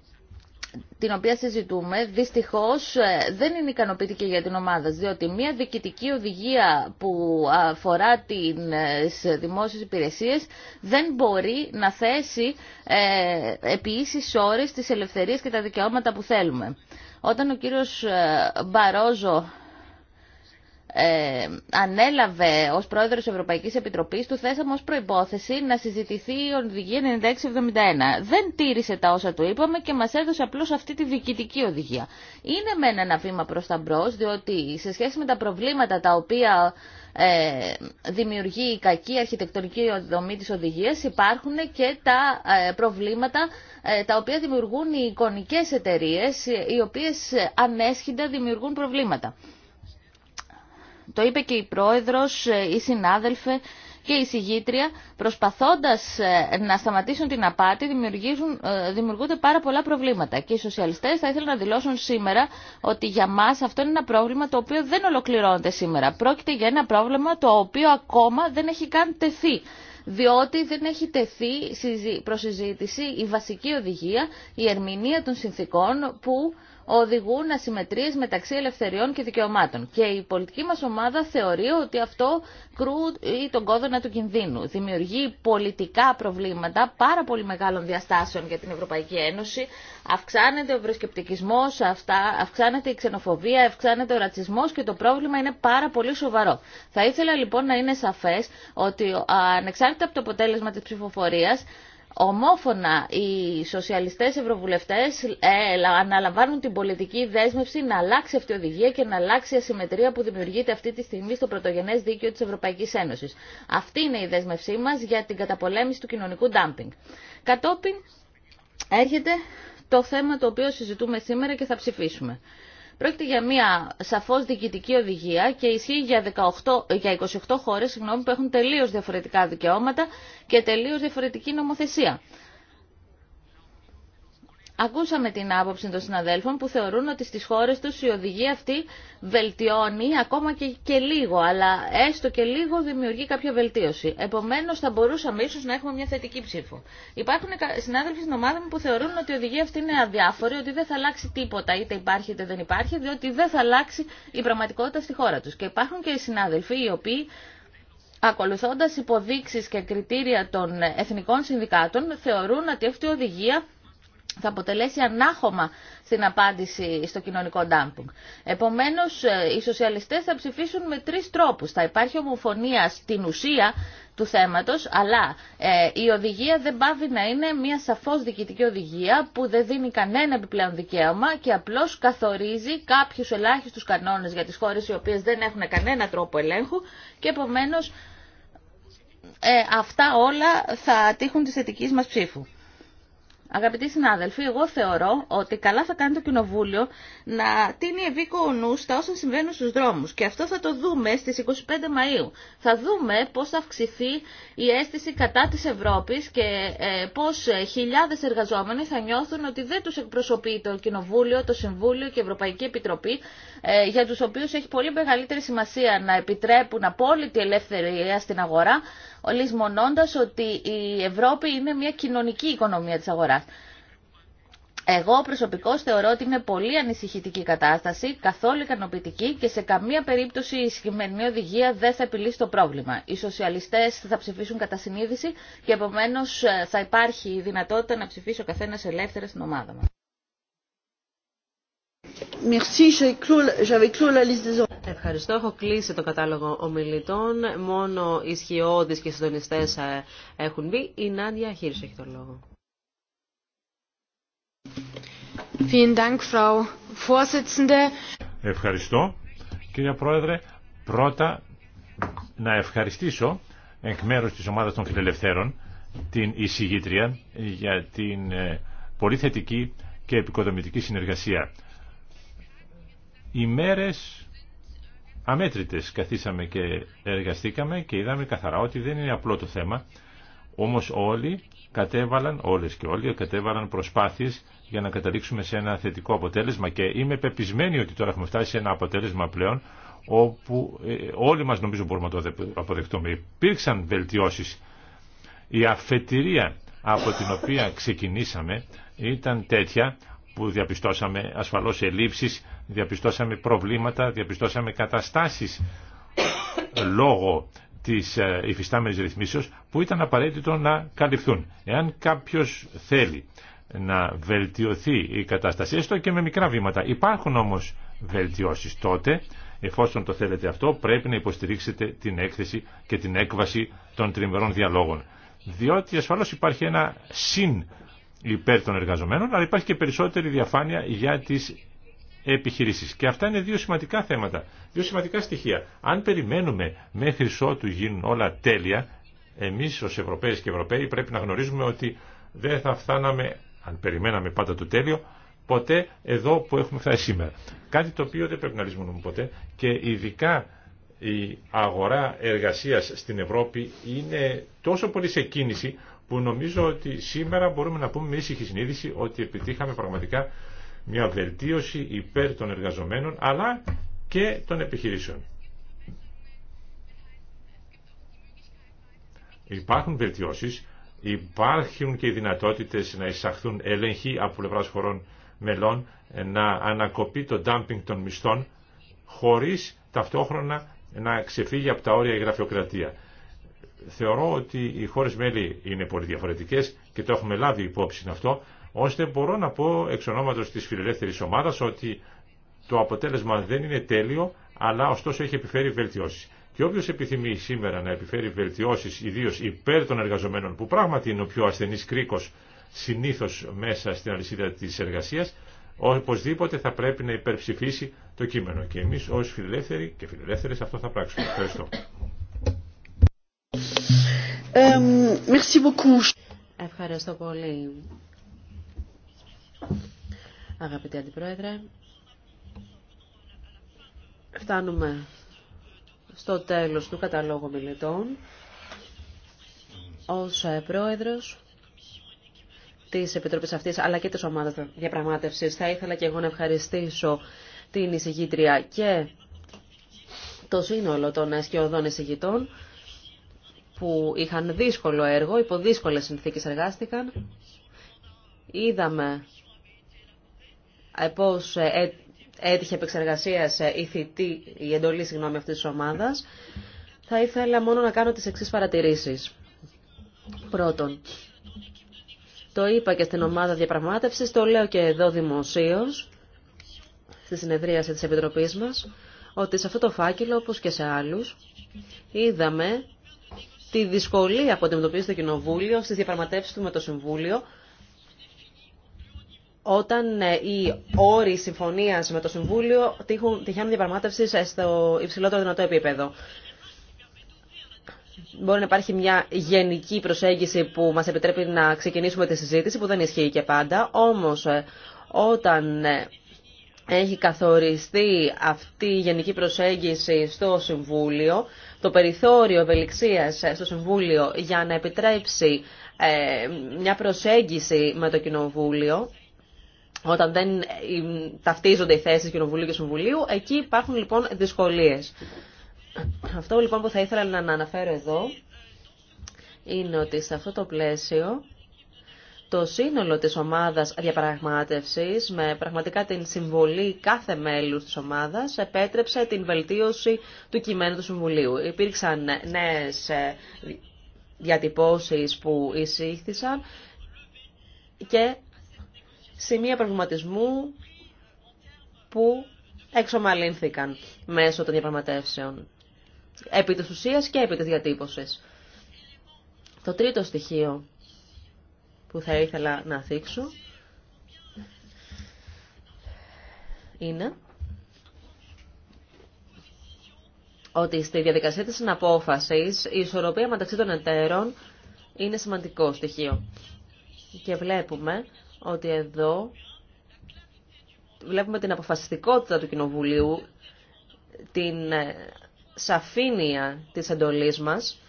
την οποία συζητούμε, δυστυχώς ε, δεν είναι ικανοποιητική για την ομάδα, διότι μια διοικητική οδηγία που αφορά τις ε, δημόσιες υπηρεσίες δεν μπορεί να θέσει ε, επί ίσης ώρες τις ελευθερίες και τα δικαιώματα που θέλουμε. Όταν ο κύριος ε, Μπαρόζο ε, ανέλαβε ως πρόεδρος της Ευρωπαϊκής Επιτροπής του θέσαμε ως προϋπόθεση να συζητηθεί η οδηγία 9671. Δεν τήρησε τα όσα του είπαμε και μας έδωσε απλώς αυτή τη διοικητική οδηγία. Είναι με ένα βήμα προς τα μπρος, διότι σε σχέση με τα προβλήματα τα οποία ε, δημιουργεί η κακή αρχιτεκτονική δομή της οδηγίας υπάρχουν και τα ε, προβλήματα ε, τα οποία δημιουργούν οι εικονικές εταιρείες οι οποίες ανέσχυντα δημιουργούν προβλήματα. Το είπε και η πρόεδρος, ε, η συνάδελφε και η συγγήτρια, προσπαθώντας ε, να σταματήσουν την απάτη, ε, δημιουργούνται πάρα πολλά προβλήματα. Και οι σοσιαλιστές θα ήθελαν να δηλώσουν σήμερα ότι για μας αυτό είναι ένα πρόβλημα το οποίο δεν ολοκληρώνεται σήμερα. Πρόκειται για ένα πρόβλημα το οποίο ακόμα δεν έχει καν τεθεί διότι δεν έχει τεθεί προς συζήτηση η βασική οδηγία, η ερμηνεία των συνθήκων που οδηγούν ασυμμετρίες μεταξύ ελευθεριών και δικαιωμάτων. Και η πολιτική μας ομάδα θεωρεί ότι αυτό κρούει τον κόδωνα του κινδύνου. Δημιουργεί πολιτικά προβλήματα πάρα πολύ μεγάλων διαστάσεων για την Ευρωπαϊκή Ένωση. Αυξάνεται ο ευρωσκεπτικισμός, αυξάνεται η ξενοφοβία, αυξάνεται ο ρατσισμός και το πρόβλημα είναι πάρα πολύ σοβαρό. Θα ήθελα λοιπόν να είναι σαφές ότι ανεξάρτητα από το αποτέλεσμα της ψηφοφορίας ομόφωνα οι σοσιαλιστές ευρωβουλευτές ε, αναλαμβάνουν την πολιτική δέσμευση να αλλάξει αυτή η οδηγία και να αλλάξει η ασυμμετρία που δημιουργείται αυτή τη στιγμή στο πρωτογενές δίκαιο της Ευρωπαϊκής Ένωσης. Αυτή είναι η δέσμευσή μας για την καταπολέμηση του κοινωνικού ντάμπινγκ. Κατόπιν έρχεται το θέμα το οποίο συζητούμε σήμερα και θα ψηφίσουμε. Πρόκειται για μια σαφώς διοικητική οδηγία και ισχύει για, 18, για 28 χώρες που έχουν τελείω διαφορετικά δικαιώματα και τελείω διαφορετική νομοθεσία. Ακούσαμε την άποψη των συναδέλφων που θεωρούν ότι στις χώρες τους η οδηγία αυτή βελτιώνει ακόμα και, και λίγο, αλλά έστω και λίγο δημιουργεί κάποια βελτίωση. Επομένως θα μπορούσαμε ίσως να έχουμε μια θετική ψήφο. Υπάρχουν συνάδελφοι στην ομάδα μου που θεωρούν ότι η οδηγία αυτή είναι αδιάφορη, ότι δεν θα αλλάξει τίποτα, είτε υπάρχει είτε δεν υπάρχει, διότι δεν θα αλλάξει η πραγματικότητα στη χώρα τους. Και υπάρχουν και οι συνάδελφοι οι οποίοι ακολουθώντας υποδείξεις και κριτήρια των εθνικών συνδικάτων, θεωρούν ότι αυτή η οδηγία θα αποτελέσει ανάχωμα στην απάντηση στο κοινωνικό ντάμπινγκ. Επομένως, ε, οι σοσιαλιστές θα ψηφίσουν με τρεις τρόπους. Θα υπάρχει ομοφωνία στην ουσία του θέματος, αλλά ε, η οδηγία δεν πάβει να είναι μια σαφώς διοικητική οδηγία που δεν δίνει κανένα επιπλέον δικαίωμα και απλώς καθορίζει κάποιους ελάχιστους κανόνες για τις χώρες οι οποίες δεν έχουν κανένα τρόπο ελέγχου και επομένως ε, αυτά όλα θα τύχουν τη θετικής μας ψήφου. Αγαπητοί συνάδελφοι, εγώ θεωρώ ότι καλά θα κάνει το Κοινοβούλιο να τίνει ευήκο νου στα όσα συμβαίνουν στους δρόμους. Και αυτό θα το δούμε στις 25 Μαΐου. Θα δούμε πώς θα αυξηθεί η αίσθηση κατά της Ευρώπης και ε, πώς ε, χιλιάδες εργαζόμενοι θα νιώθουν ότι δεν τους εκπροσωπεί το Κοινοβούλιο, το Συμβούλιο και η Ευρωπαϊκή Επιτροπή, ε, για τους οποίους έχει πολύ μεγαλύτερη σημασία να επιτρέπουν απόλυτη ελευθερία στην αγορά, Ολισμονώντας ότι η Ευρώπη είναι μια κοινωνική οικονομία της αγοράς. Εγώ προσωπικώ θεωρώ ότι είναι πολύ ανησυχητική κατάσταση, καθόλου ικανοποιητική και σε καμία περίπτωση η συγκεκριμένη οδηγία δεν θα επιλύσει το πρόβλημα. Οι σοσιαλιστέ θα ψηφίσουν κατά συνείδηση και επομένω ε, θα υπάρχει η δυνατότητα να ψηφίσει ο καθένα ελεύθερα στην ομάδα μα. Ευχαριστώ. Έχω κλείσει το κατάλογο ομιλητών. Μόνο οι σχοιώδει και οι συντονιστέ ε, έχουν μπει. Η Νάντια Χίρσο έχει τον λόγο. Ευχαριστώ. Κύριε Πρόεδρε, πρώτα να ευχαριστήσω εκ μέρους της ομάδας των φιλελευθέρων την εισηγήτρια για την ε, πολύ θετική και επικοδομητική συνεργασία ημέρες αμέτρητες καθίσαμε και εργαστήκαμε και είδαμε καθαρά ότι δεν είναι απλό το θέμα, όμως όλοι κατέβαλαν, όλες και όλοι κατέβαλαν προσπάθειες για να καταλήξουμε σε ένα θετικό αποτέλεσμα και είμαι πεπισμένη ότι τώρα έχουμε φτάσει σε ένα αποτέλεσμα πλέον όπου ε, όλοι μας νομίζω μπορούμε να το αποδεχτούμε. Υπήρξαν βελτιώσεις. Η αφετηρία από την οποία ξεκινήσαμε ήταν τέτοια που διαπιστώσαμε ασφαλώς ελλείψεις, διαπιστώσαμε προβλήματα, διαπιστώσαμε καταστάσεις λόγω της ε, υφιστάμενης ρυθμίσεως που ήταν απαραίτητο να καλυφθούν. Εάν κάποιος θέλει να βελτιωθεί η κατάσταση, έστω και με μικρά βήματα, υπάρχουν όμως βελτιώσεις τότε, εφόσον το θέλετε αυτό, πρέπει να υποστηρίξετε την έκθεση και την έκβαση των τριμερών διαλόγων. Διότι ασφαλώς υπάρχει ένα συν υπέρ των εργαζομένων, αλλά υπάρχει και περισσότερη διαφάνεια για τις επιχειρήσεις. Και αυτά είναι δύο σημαντικά θέματα, δύο σημαντικά στοιχεία. Αν περιμένουμε μέχρι ότου γίνουν όλα τέλεια, εμείς ως Ευρωπαίες και Ευρωπαίοι πρέπει να γνωρίζουμε ότι δεν θα φτάναμε, αν περιμέναμε πάντα το τέλειο, ποτέ εδώ που έχουμε φτάσει σήμερα. Κάτι το οποίο δεν πρέπει να λησμονούμε ποτέ και ειδικά η αγορά εργασίας στην Ευρώπη είναι τόσο πολύ σε κίνηση που νομίζω ότι σήμερα μπορούμε να πούμε με ήσυχη συνείδηση ότι επιτύχαμε πραγματικά μια βελτίωση υπέρ των εργαζομένων αλλά και των επιχειρήσεων. Υπάρχουν βελτιώσεις, υπάρχουν και οι δυνατότητες να εισαχθούν έλεγχοι από πλευράς χωρών μελών, να ανακοπεί το dumping των μισθών χωρίς ταυτόχρονα να ξεφύγει από τα όρια η γραφειοκρατία θεωρώ ότι οι χώρες μέλη είναι πολύ διαφορετικές και το έχουμε λάβει υπόψη αυτό, ώστε μπορώ να πω εξ ονόματος της φιλελεύθερης ομάδας ότι το αποτέλεσμα δεν είναι τέλειο, αλλά ωστόσο έχει επιφέρει βελτιώσεις. Και όποιος επιθυμεί σήμερα να επιφέρει βελτιώσεις, ιδίως υπέρ των εργαζομένων, που πράγματι είναι ο πιο ασθενής κρίκος συνήθως μέσα στην αλυσίδα της εργασίας, οπωσδήποτε θα πρέπει να υπερψηφίσει το κείμενο. Και εμείς ως φιλελεύθεροι και φιλελεύθερες αυτό θα πράξουμε. Ευχαριστώ. Ευχαριστώ πολύ. Αγαπητέ Αντιπρόεδρε, φτάνουμε στο τέλος του καταλόγου μελετών. Ως πρόεδρος της Επιτροπής αυτής, αλλά και της ομάδας διαπραγμάτευσης, θα ήθελα και εγώ να ευχαριστήσω την εισηγήτρια και το σύνολο των σκιωδών εισηγητών που είχαν δύσκολο έργο, υπό δύσκολες συνθήκες εργάστηκαν. Είδαμε ε, πώς ε, έτυχε επεξεργασία ε, η, η εντολή συγγνώμη, αυτής της ομάδας. Θα ήθελα μόνο να κάνω τις εξής παρατηρήσεις. Πρώτον, το είπα και στην ομάδα διαπραγμάτευσης, το λέω και εδώ δημοσίως, στη συνεδρίαση της Επιτροπής μας, ότι σε αυτό το φάκελο, όπως και σε άλλους, είδαμε τη δυσκολία που αντιμετωπίζει το Κοινοβούλιο στις διαπραγματεύσεις του με το Συμβούλιο όταν ε, οι όροι συμφωνίας με το Συμβούλιο τυχαίνουν διαπραγμάτευση στο υψηλότερο δυνατό επίπεδο. Μπορεί να υπάρχει μια γενική προσέγγιση που μας επιτρέπει να ξεκινήσουμε τη συζήτηση, που δεν ισχύει και πάντα, όμως ε, όταν ε, έχει καθοριστεί αυτή η γενική προσέγγιση στο Συμβούλιο, το περιθώριο ευελιξία ε, στο Συμβούλιο για να επιτρέψει ε, μια προσέγγιση με το Κοινοβούλιο, όταν δεν ε, ταυτίζονται οι θέσεις Κοινοβουλίου και Συμβουλίου, εκεί υπάρχουν λοιπόν δυσκολίε. Αυτό λοιπόν που θα ήθελα να αναφέρω εδώ είναι ότι σε αυτό το πλαίσιο το σύνολο της ομάδας διαπραγμάτευσης, με πραγματικά την συμβολή κάθε μέλους της ομάδας, επέτρεψε την βελτίωση του κειμένου του Συμβουλίου. Υπήρξαν νέες ε, διατυπώσεις που εισήχθησαν και σημεία προβληματισμού που εξομαλύνθηκαν μέσω των διαπραγματεύσεων επί της ουσίας και επί της διατύπωσης. Το τρίτο στοιχείο που θα ήθελα να θίξω είναι ότι στη διαδικασία της συναπόφασης η ισορροπία μεταξύ των εταίρων είναι σημαντικό στοιχείο. Και βλέπουμε ότι εδώ βλέπουμε την αποφασιστικότητα του Κοινοβουλίου, την ε, σαφήνεια της εντολής μας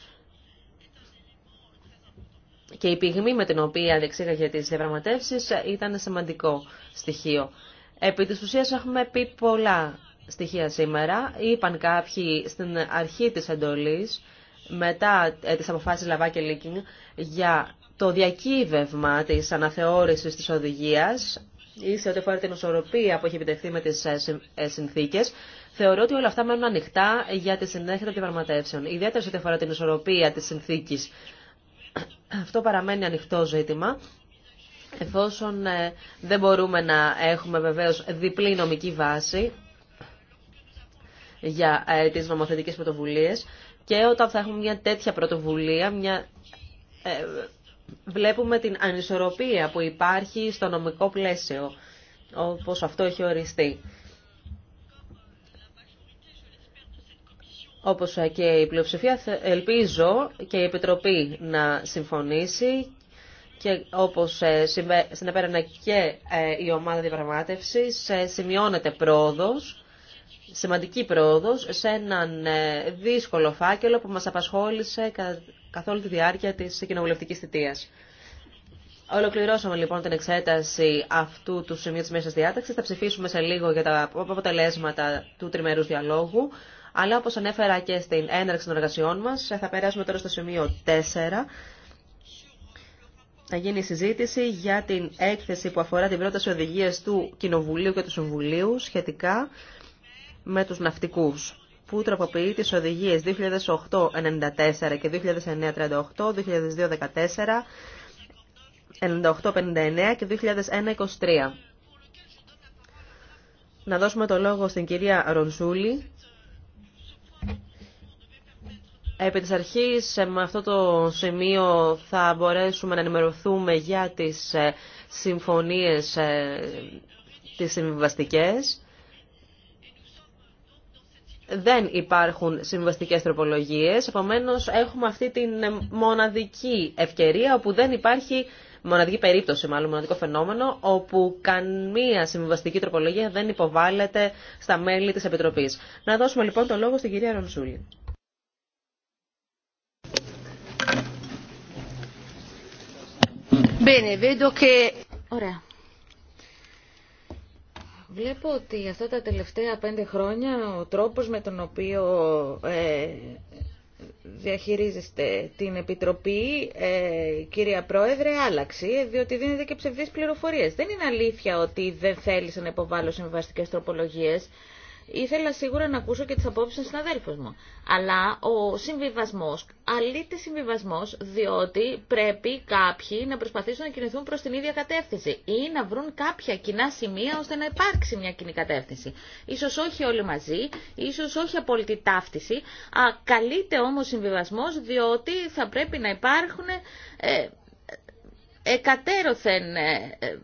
και η πυγμή με την οποία διεξήγαγε τις διαπραγματεύσεις ήταν σημαντικό στοιχείο. Επί της ουσίας έχουμε πει πολλά στοιχεία σήμερα. Είπαν κάποιοι στην αρχή της εντολής, μετά ε, τις αποφάσεις Λαβά και Λίκινγκ, για το διακύβευμα της αναθεώρησης της οδηγίας ή σε ό,τι αφορά την ισορροπία που έχει επιτευχθεί με τις ε, ε, συνθήκες, θεωρώ ότι όλα αυτά μένουν ανοιχτά για τη συνέχεια των διαπραγματεύσεων. Ιδιαίτερα σε ό,τι αφορά την ισορροπία τη συνθήκη. Αυτό παραμένει ανοιχτό ζήτημα. Εφόσον ε, δεν μπορούμε να έχουμε βεβαίως διπλή νομική βάση για ε, τις νομοθετικές πρωτοβουλίες και όταν θα έχουμε μια τέτοια πρωτοβουλία μια, ε, βλέπουμε την ανισορροπία που υπάρχει στο νομικό πλαίσιο όπως αυτό έχει οριστεί. όπως και η πλειοψηφία, ελπίζω και η Επιτροπή να συμφωνήσει και όπως ε, συνεπέρανε και ε, η ομάδα διαπραγμάτευσης, ε, σημειώνεται πρόοδος, σημαντική πρόοδος, σε έναν δύσκολο φάκελο που μας απασχόλησε καθ' όλη τη διάρκεια της κοινοβουλευτικής θητείας. Ολοκληρώσαμε λοιπόν την εξέταση αυτού του σημείου της μέσας διάταξης. Θα ψηφίσουμε σε λίγο για τα αποτελέσματα του τριμερούς διαλόγου. Αλλά όπως ανέφερα και στην έναρξη των εργασιών μας, ε, θα περάσουμε τώρα στο σημείο 4. Θα γίνει η συζήτηση για την έκθεση που αφορά την πρόταση οδηγίας του Κοινοβουλίου και του Συμβουλίου σχετικά με τους ναυτικούς που τροποποιεί τις οδηγίες 2008-94 και 2009-38, 2002-14, 98-59 και 2001-23. Να δώσουμε το λόγο στην κυρία Ρονσούλη Επί της αρχής, ε, με αυτό το σημείο θα μπορέσουμε να ενημερωθούμε για τις ε, συμφωνίες ε, τις συμβιβαστικές. Δεν υπάρχουν συμβαστικές τροπολογίες, επομένως έχουμε αυτή την μοναδική ευκαιρία όπου δεν υπάρχει μοναδική περίπτωση, μάλλον μοναδικό φαινόμενο, όπου καμία συμβιβαστική τροπολογία δεν υποβάλλεται στα μέλη της Επιτροπής. Να δώσουμε λοιπόν το λόγο στην κυρία Ρονσούλη. Ωραία. Βλέπω ότι αυτά τα τελευταία πέντε χρόνια ο τρόπος με τον οποίο ε, διαχειρίζεστε την Επιτροπή, ε, κυρία Πρόεδρε, άλλαξε, διότι δίνετε και ψευδείς πληροφορίες. Δεν είναι αλήθεια ότι δεν θέλησαν να υποβάλω συμβαστικές τροπολογίες. Ήθελα σίγουρα να ακούσω και τις απόψεις των συναδέλφων μου. Αλλά ο συμβιβασμός, αλήτη συμβιβασμός, διότι πρέπει κάποιοι να προσπαθήσουν να κινηθούν προς την ίδια κατεύθυνση ή να βρουν κάποια κοινά σημεία ώστε να υπάρξει μια κοινή κατεύθυνση. Ίσως όχι όλοι μαζί, ίσως όχι απόλυτη ταύτιση, α, καλείται όμως συμβιβασμός διότι θα πρέπει να υπάρχουν ε, ε, εκατέρωθεν ε,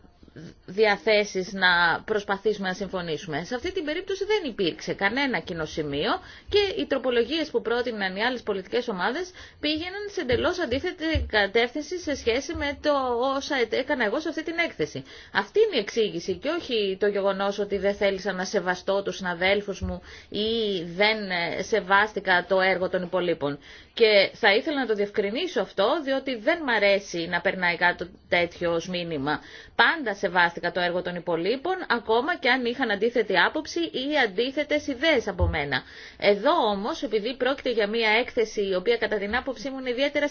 διαθέσεις να προσπαθήσουμε να συμφωνήσουμε. Σε αυτή την περίπτωση δεν υπήρξε κανένα κοινό σημείο και οι τροπολογίες που πρότειναν οι άλλες πολιτικές ομάδες πήγαιναν σε εντελώ αντίθετη κατεύθυνση σε σχέση με το όσα έκανα εγώ σε αυτή την έκθεση. Αυτή είναι η εξήγηση και όχι το γεγονός ότι δεν θέλησα να σεβαστώ τους συναδέλφους μου ή δεν ε, σεβάστηκα το έργο των υπολείπων. Και θα ήθελα να το διευκρινίσω αυτό διότι δεν μ' αρέσει να περνάει κάτι τέτοιο ως μήνυμα. Πάντα σεβάστηκα το έργο των υπολείπων, ακόμα και αν είχαν αντίθετη άποψη ή αντίθετες ιδέες από μένα. Εδώ όμως, επειδή πρόκειται για μια έκθεση η οποία κατά την άποψή μου είναι ιδιαίτερα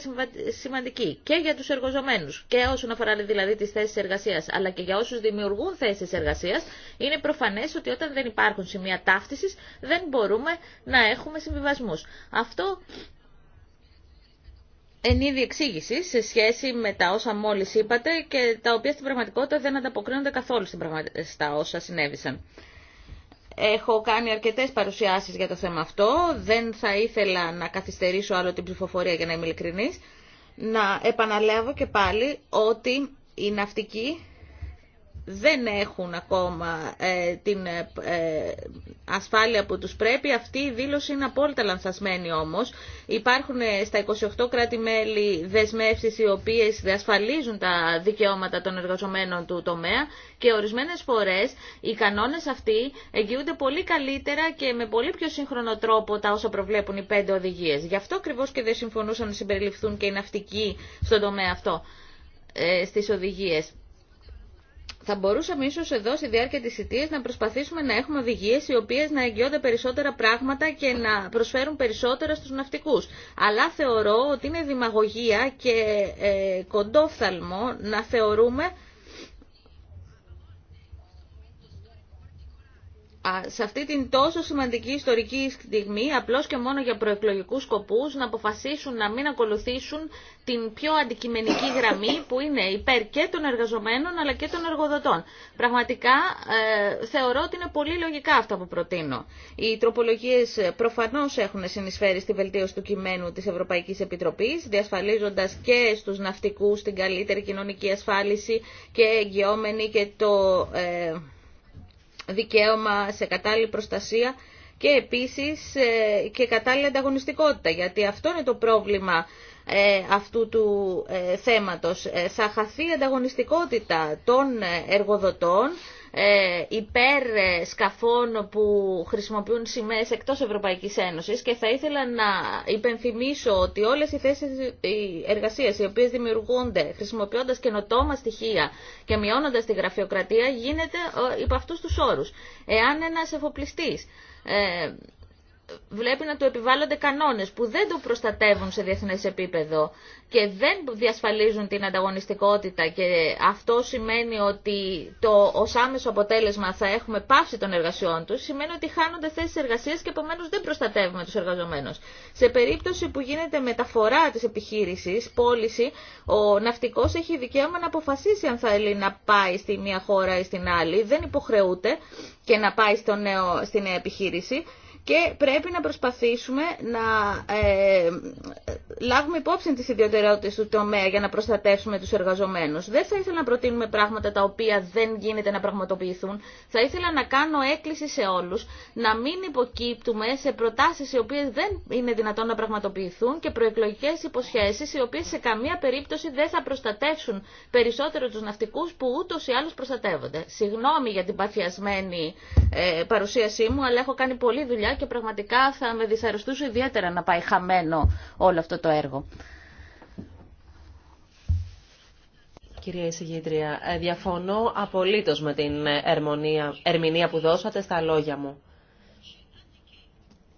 σημαντική και για τους εργοζομένους και όσον αφορά δηλαδή τις θέσεις εργασίας, αλλά και για όσους δημιουργούν θέσεις εργασία, είναι προφανές ότι όταν δεν υπάρχουν σημεία ταύτιση, δεν μπορούμε να έχουμε συμβιβασμούς. Αυτό εν είδη εξήγηση σε σχέση με τα όσα μόλις είπατε και τα οποία στην πραγματικότητα δεν ανταποκρίνονται καθόλου στα όσα συνέβησαν. Έχω κάνει αρκετές παρουσιάσεις για το θέμα αυτό. Δεν θα ήθελα να καθυστερήσω άλλο την ψηφοφορία για να είμαι ειλικρινής. Να επαναλάβω και πάλι ότι η ναυτική δεν έχουν ακόμα ε, την ε, ε, ασφάλεια που τους πρέπει. Αυτή η δήλωση είναι απόλυτα λανθασμένη όμως. Υπάρχουν στα 28 κράτη-μέλη δεσμεύσεις οι οποίες διασφαλίζουν τα δικαιώματα των εργαζομένων του τομέα και ορισμένες φορές οι κανόνες αυτοί εγγυούνται πολύ καλύτερα και με πολύ πιο σύγχρονο τρόπο τα όσα προβλέπουν οι πέντε οδηγίες. Γι' αυτό ακριβώ και δεν συμφωνούσαν να συμπεριληφθούν και οι ναυτικοί στον τομέα αυτό στις οδηγίες θα μπορούσαμε ίσως εδώ στη διάρκεια τη ηττίας να προσπαθήσουμε να έχουμε οδηγίε οι οποίες να εγγυώνται περισσότερα πράγματα και να προσφέρουν περισσότερα στους ναυτικούς. Αλλά θεωρώ ότι είναι δημαγωγία και ε, κοντόφθαλμο να θεωρούμε σε αυτή την τόσο σημαντική ιστορική στιγμή, απλώς και μόνο για προεκλογικούς σκοπούς, να αποφασίσουν να μην ακολουθήσουν την πιο αντικειμενική γραμμή που είναι υπέρ και των εργαζομένων αλλά και των εργοδοτών. Πραγματικά ε, θεωρώ ότι είναι πολύ λογικά αυτά που προτείνω. Οι τροπολογίες ε, προφανώς έχουν συνεισφέρει στη βελτίωση του κειμένου της Ευρωπαϊκής Επιτροπής, διασφαλίζοντας και στους ναυτικούς την καλύτερη κοινωνική ασφάλιση και εγγυόμενη και το... Ε, δικαίωμα σε κατάλληλη προστασία και επίσης ε, και κατάλληλη ανταγωνιστικότητα, γιατί αυτό είναι το πρόβλημα ε, αυτού του ε, θέματος. Θα χαθεί η ανταγωνιστικότητα των εργοδοτών ε, υπέρ ε, σκαφών που χρησιμοποιούν σημαίες εκτός Ευρωπαϊκής Ένωσης και θα ήθελα να υπενθυμίσω ότι όλες οι θέσεις οι εργασίας οι οποίες δημιουργούνται χρησιμοποιώντας καινοτόμα στοιχεία και μειώνοντας τη γραφειοκρατία γίνεται ε, υπ' αυτούς του όρους. Εάν ένας εφοπλιστής βλέπει να του επιβάλλονται κανόνες που δεν το προστατεύουν σε διεθνές επίπεδο και δεν διασφαλίζουν την ανταγωνιστικότητα και αυτό σημαίνει ότι το, ως άμεσο αποτέλεσμα θα έχουμε πάυση των εργασιών τους, σημαίνει ότι χάνονται θέσεις εργασίας και επομένω δεν προστατεύουμε τους εργαζομένους. Σε περίπτωση που γίνεται μεταφορά της επιχείρησης, πώληση, ο ναυτικός έχει δικαίωμα να αποφασίσει αν θέλει να πάει στη μία χώρα ή στην άλλη, δεν υποχρεούται και να πάει στο νέο, στη νέα επιχείρηση και πρέπει να προσπαθήσουμε να ε, λάβουμε υπόψη τις ιδιαιτερότητες του τομέα για να προστατεύσουμε τους εργαζομένους. Δεν θα ήθελα να προτείνουμε πράγματα τα οποία δεν γίνεται να πραγματοποιηθούν. Θα ήθελα να κάνω έκκληση σε όλους, να μην υποκύπτουμε σε προτάσεις οι οποίες δεν είναι δυνατόν να πραγματοποιηθούν και προεκλογικές υποσχέσεις οι οποίες σε καμία περίπτωση δεν θα προστατεύσουν περισσότερο τους ναυτικούς που ούτως ή άλλως προστατεύονται. Συγγνώμη για την παθιασμένη ε, παρουσίασή μου, αλλά έχω κάνει πολλή δουλειά και πραγματικά θα με δυσαρεστούσε ιδιαίτερα να πάει χαμένο όλο αυτό το έργο. Κυρία Εισηγήτρια, ε, διαφωνώ απολύτως με την ερμηνεία που δώσατε στα λόγια μου.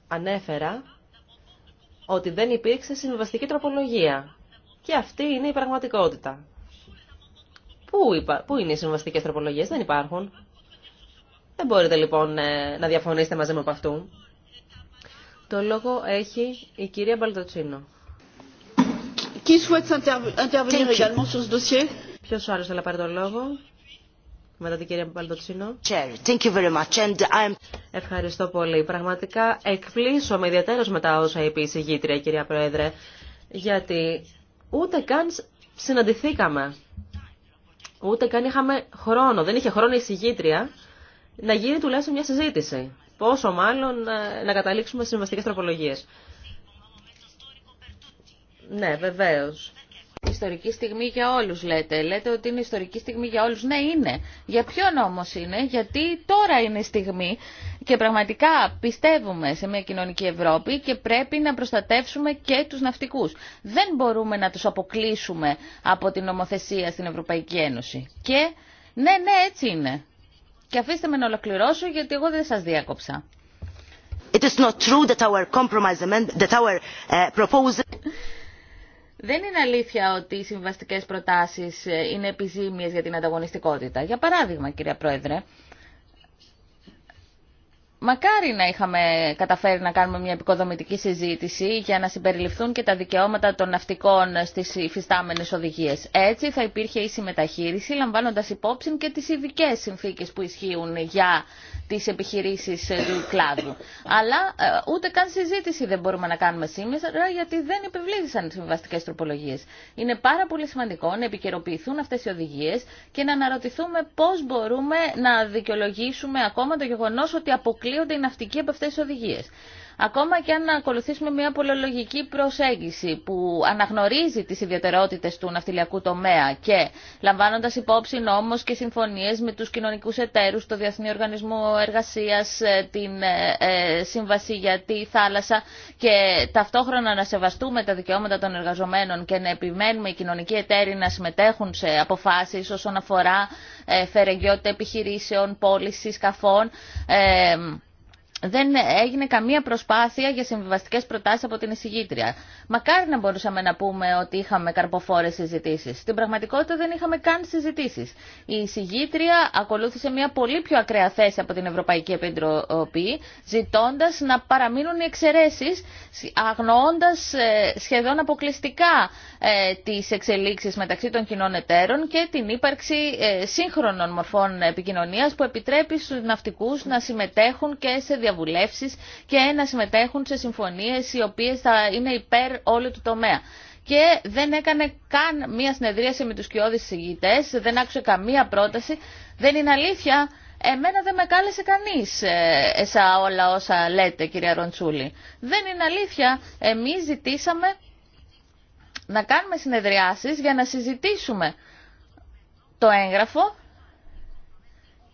Ανέφερα ότι δεν υπήρξε συμβαστική τροπολογία. Και αυτή είναι η πραγματικότητα. Πού, πού είναι οι συμβαστικές τροπολογίες, δεν υπάρχουν. Δεν μπορείτε λοιπόν ε, να διαφωνήσετε μαζί μου από αυτού. Το λόγο έχει η κυρία Μπαλτοτσίνο. Ποιο άλλος θέλει να πάρει το λόγο μετά την κυρία Μπαλτοτσίνο. Ευχαριστώ πολύ. Πραγματικά εκπλήσω με ιδιαίτερο μετά όσα είπε η συγγήτρια, κυρία Πρόεδρε, γιατί ούτε καν συναντηθήκαμε. Ούτε καν είχαμε χρόνο. Δεν είχε χρόνο η συγγήτρια να γίνει τουλάχιστον μια συζήτηση πόσο μάλλον ε, να καταλήξουμε στις συμβαστικές τροπολογίες. Ναι, βεβαίως. Ιστορική στιγμή για όλους λέτε. Λέτε ότι είναι ιστορική στιγμή για όλους. Ναι, είναι. Για ποιον όμως είναι. Γιατί τώρα είναι στιγμή και πραγματικά πιστεύουμε σε μια κοινωνική Ευρώπη και πρέπει να προστατεύσουμε και τους ναυτικούς. Δεν μπορούμε να τους αποκλείσουμε από την νομοθεσία στην Ευρωπαϊκή Ένωση. Και ναι, ναι, έτσι είναι. Και αφήστε με να ολοκληρώσω γιατί εγώ δεν σας διάκοψα. It is not true that our compromise that our uh, proposal... Δεν είναι αλήθεια ότι οι συμβαστικές προτάσεις ε, είναι επιζήμιες για την ανταγωνιστικότητα. Για παράδειγμα, κυρία Πρόεδρε, Μακάρι να είχαμε καταφέρει να κάνουμε μια επικοδομητική συζήτηση για να συμπεριληφθούν και τα δικαιώματα των ναυτικών στι υφιστάμενε οδηγίε. Έτσι θα υπήρχε η μεταχείριση, λαμβάνοντα υπόψη και τι ειδικέ συνθήκε που ισχύουν για τι επιχειρήσει του κλάδου. Αλλά ε, ούτε καν συζήτηση δεν μπορούμε να κάνουμε σήμερα, γιατί δεν επιβλήθησαν οι συμβαστικές τροπολογίε. Είναι πάρα πολύ σημαντικό να επικαιροποιηθούν αυτέ οι οδηγίε και να αναρωτηθούμε πώ μπορούμε να δικαιολογήσουμε ακόμα το γεγονό ότι αποκλείται αποκλείονται οι ναυτικοί από αυτές τι οδηγίες. Ακόμα και αν ακολουθήσουμε μια πολυλογική προσέγγιση που αναγνωρίζει τις ιδιαιτερότητες του ναυτιλιακού τομέα και λαμβάνοντας υπόψη νόμους και συμφωνίες με τους κοινωνικούς εταίρους, το Διεθνή Οργανισμό Εργασίας, ε, την ε, ε, Σύμβαση για τη Θάλασσα και ταυτόχρονα να σεβαστούμε τα δικαιώματα των εργαζομένων και να επιμένουμε οι κοινωνικοί εταίροι να συμμετέχουν σε αποφάσεις όσον αφορά φερεγγιότητα επιχειρήσεων, πώληση σκαφών δεν έγινε καμία προσπάθεια για συμβιβαστικές προτάσεις από την εισηγήτρια. Μακάρι να μπορούσαμε να πούμε ότι είχαμε καρποφόρες συζητήσει. Στην πραγματικότητα δεν είχαμε καν συζητήσει. Η εισηγήτρια ακολούθησε μια πολύ πιο ακραία θέση από την Ευρωπαϊκή Επιτροπή, ζητώντας να παραμείνουν οι εξαιρέσει, αγνοώντας ε, σχεδόν αποκλειστικά ε, τις εξελίξεις μεταξύ των κοινών εταίρων και την ύπαρξη ε, σύγχρονων μορφών επικοινωνία που επιτρέπει στους ναυτικούς να συμμετέχουν και σε και να συμμετέχουν σε συμφωνίες οι οποίες θα είναι υπέρ όλου του τομέα και δεν έκανε καν μία συνεδρίαση με τους κοιόδης συγγητές, δεν άκουσε καμία πρόταση. Δεν είναι αλήθεια. Εμένα δεν με κάλεσε κανείς ε, εσά όλα όσα λέτε κυρία Ροντσούλη. Δεν είναι αλήθεια. Εμείς ζητήσαμε να κάνουμε συνεδριάσεις για να συζητήσουμε το έγγραφο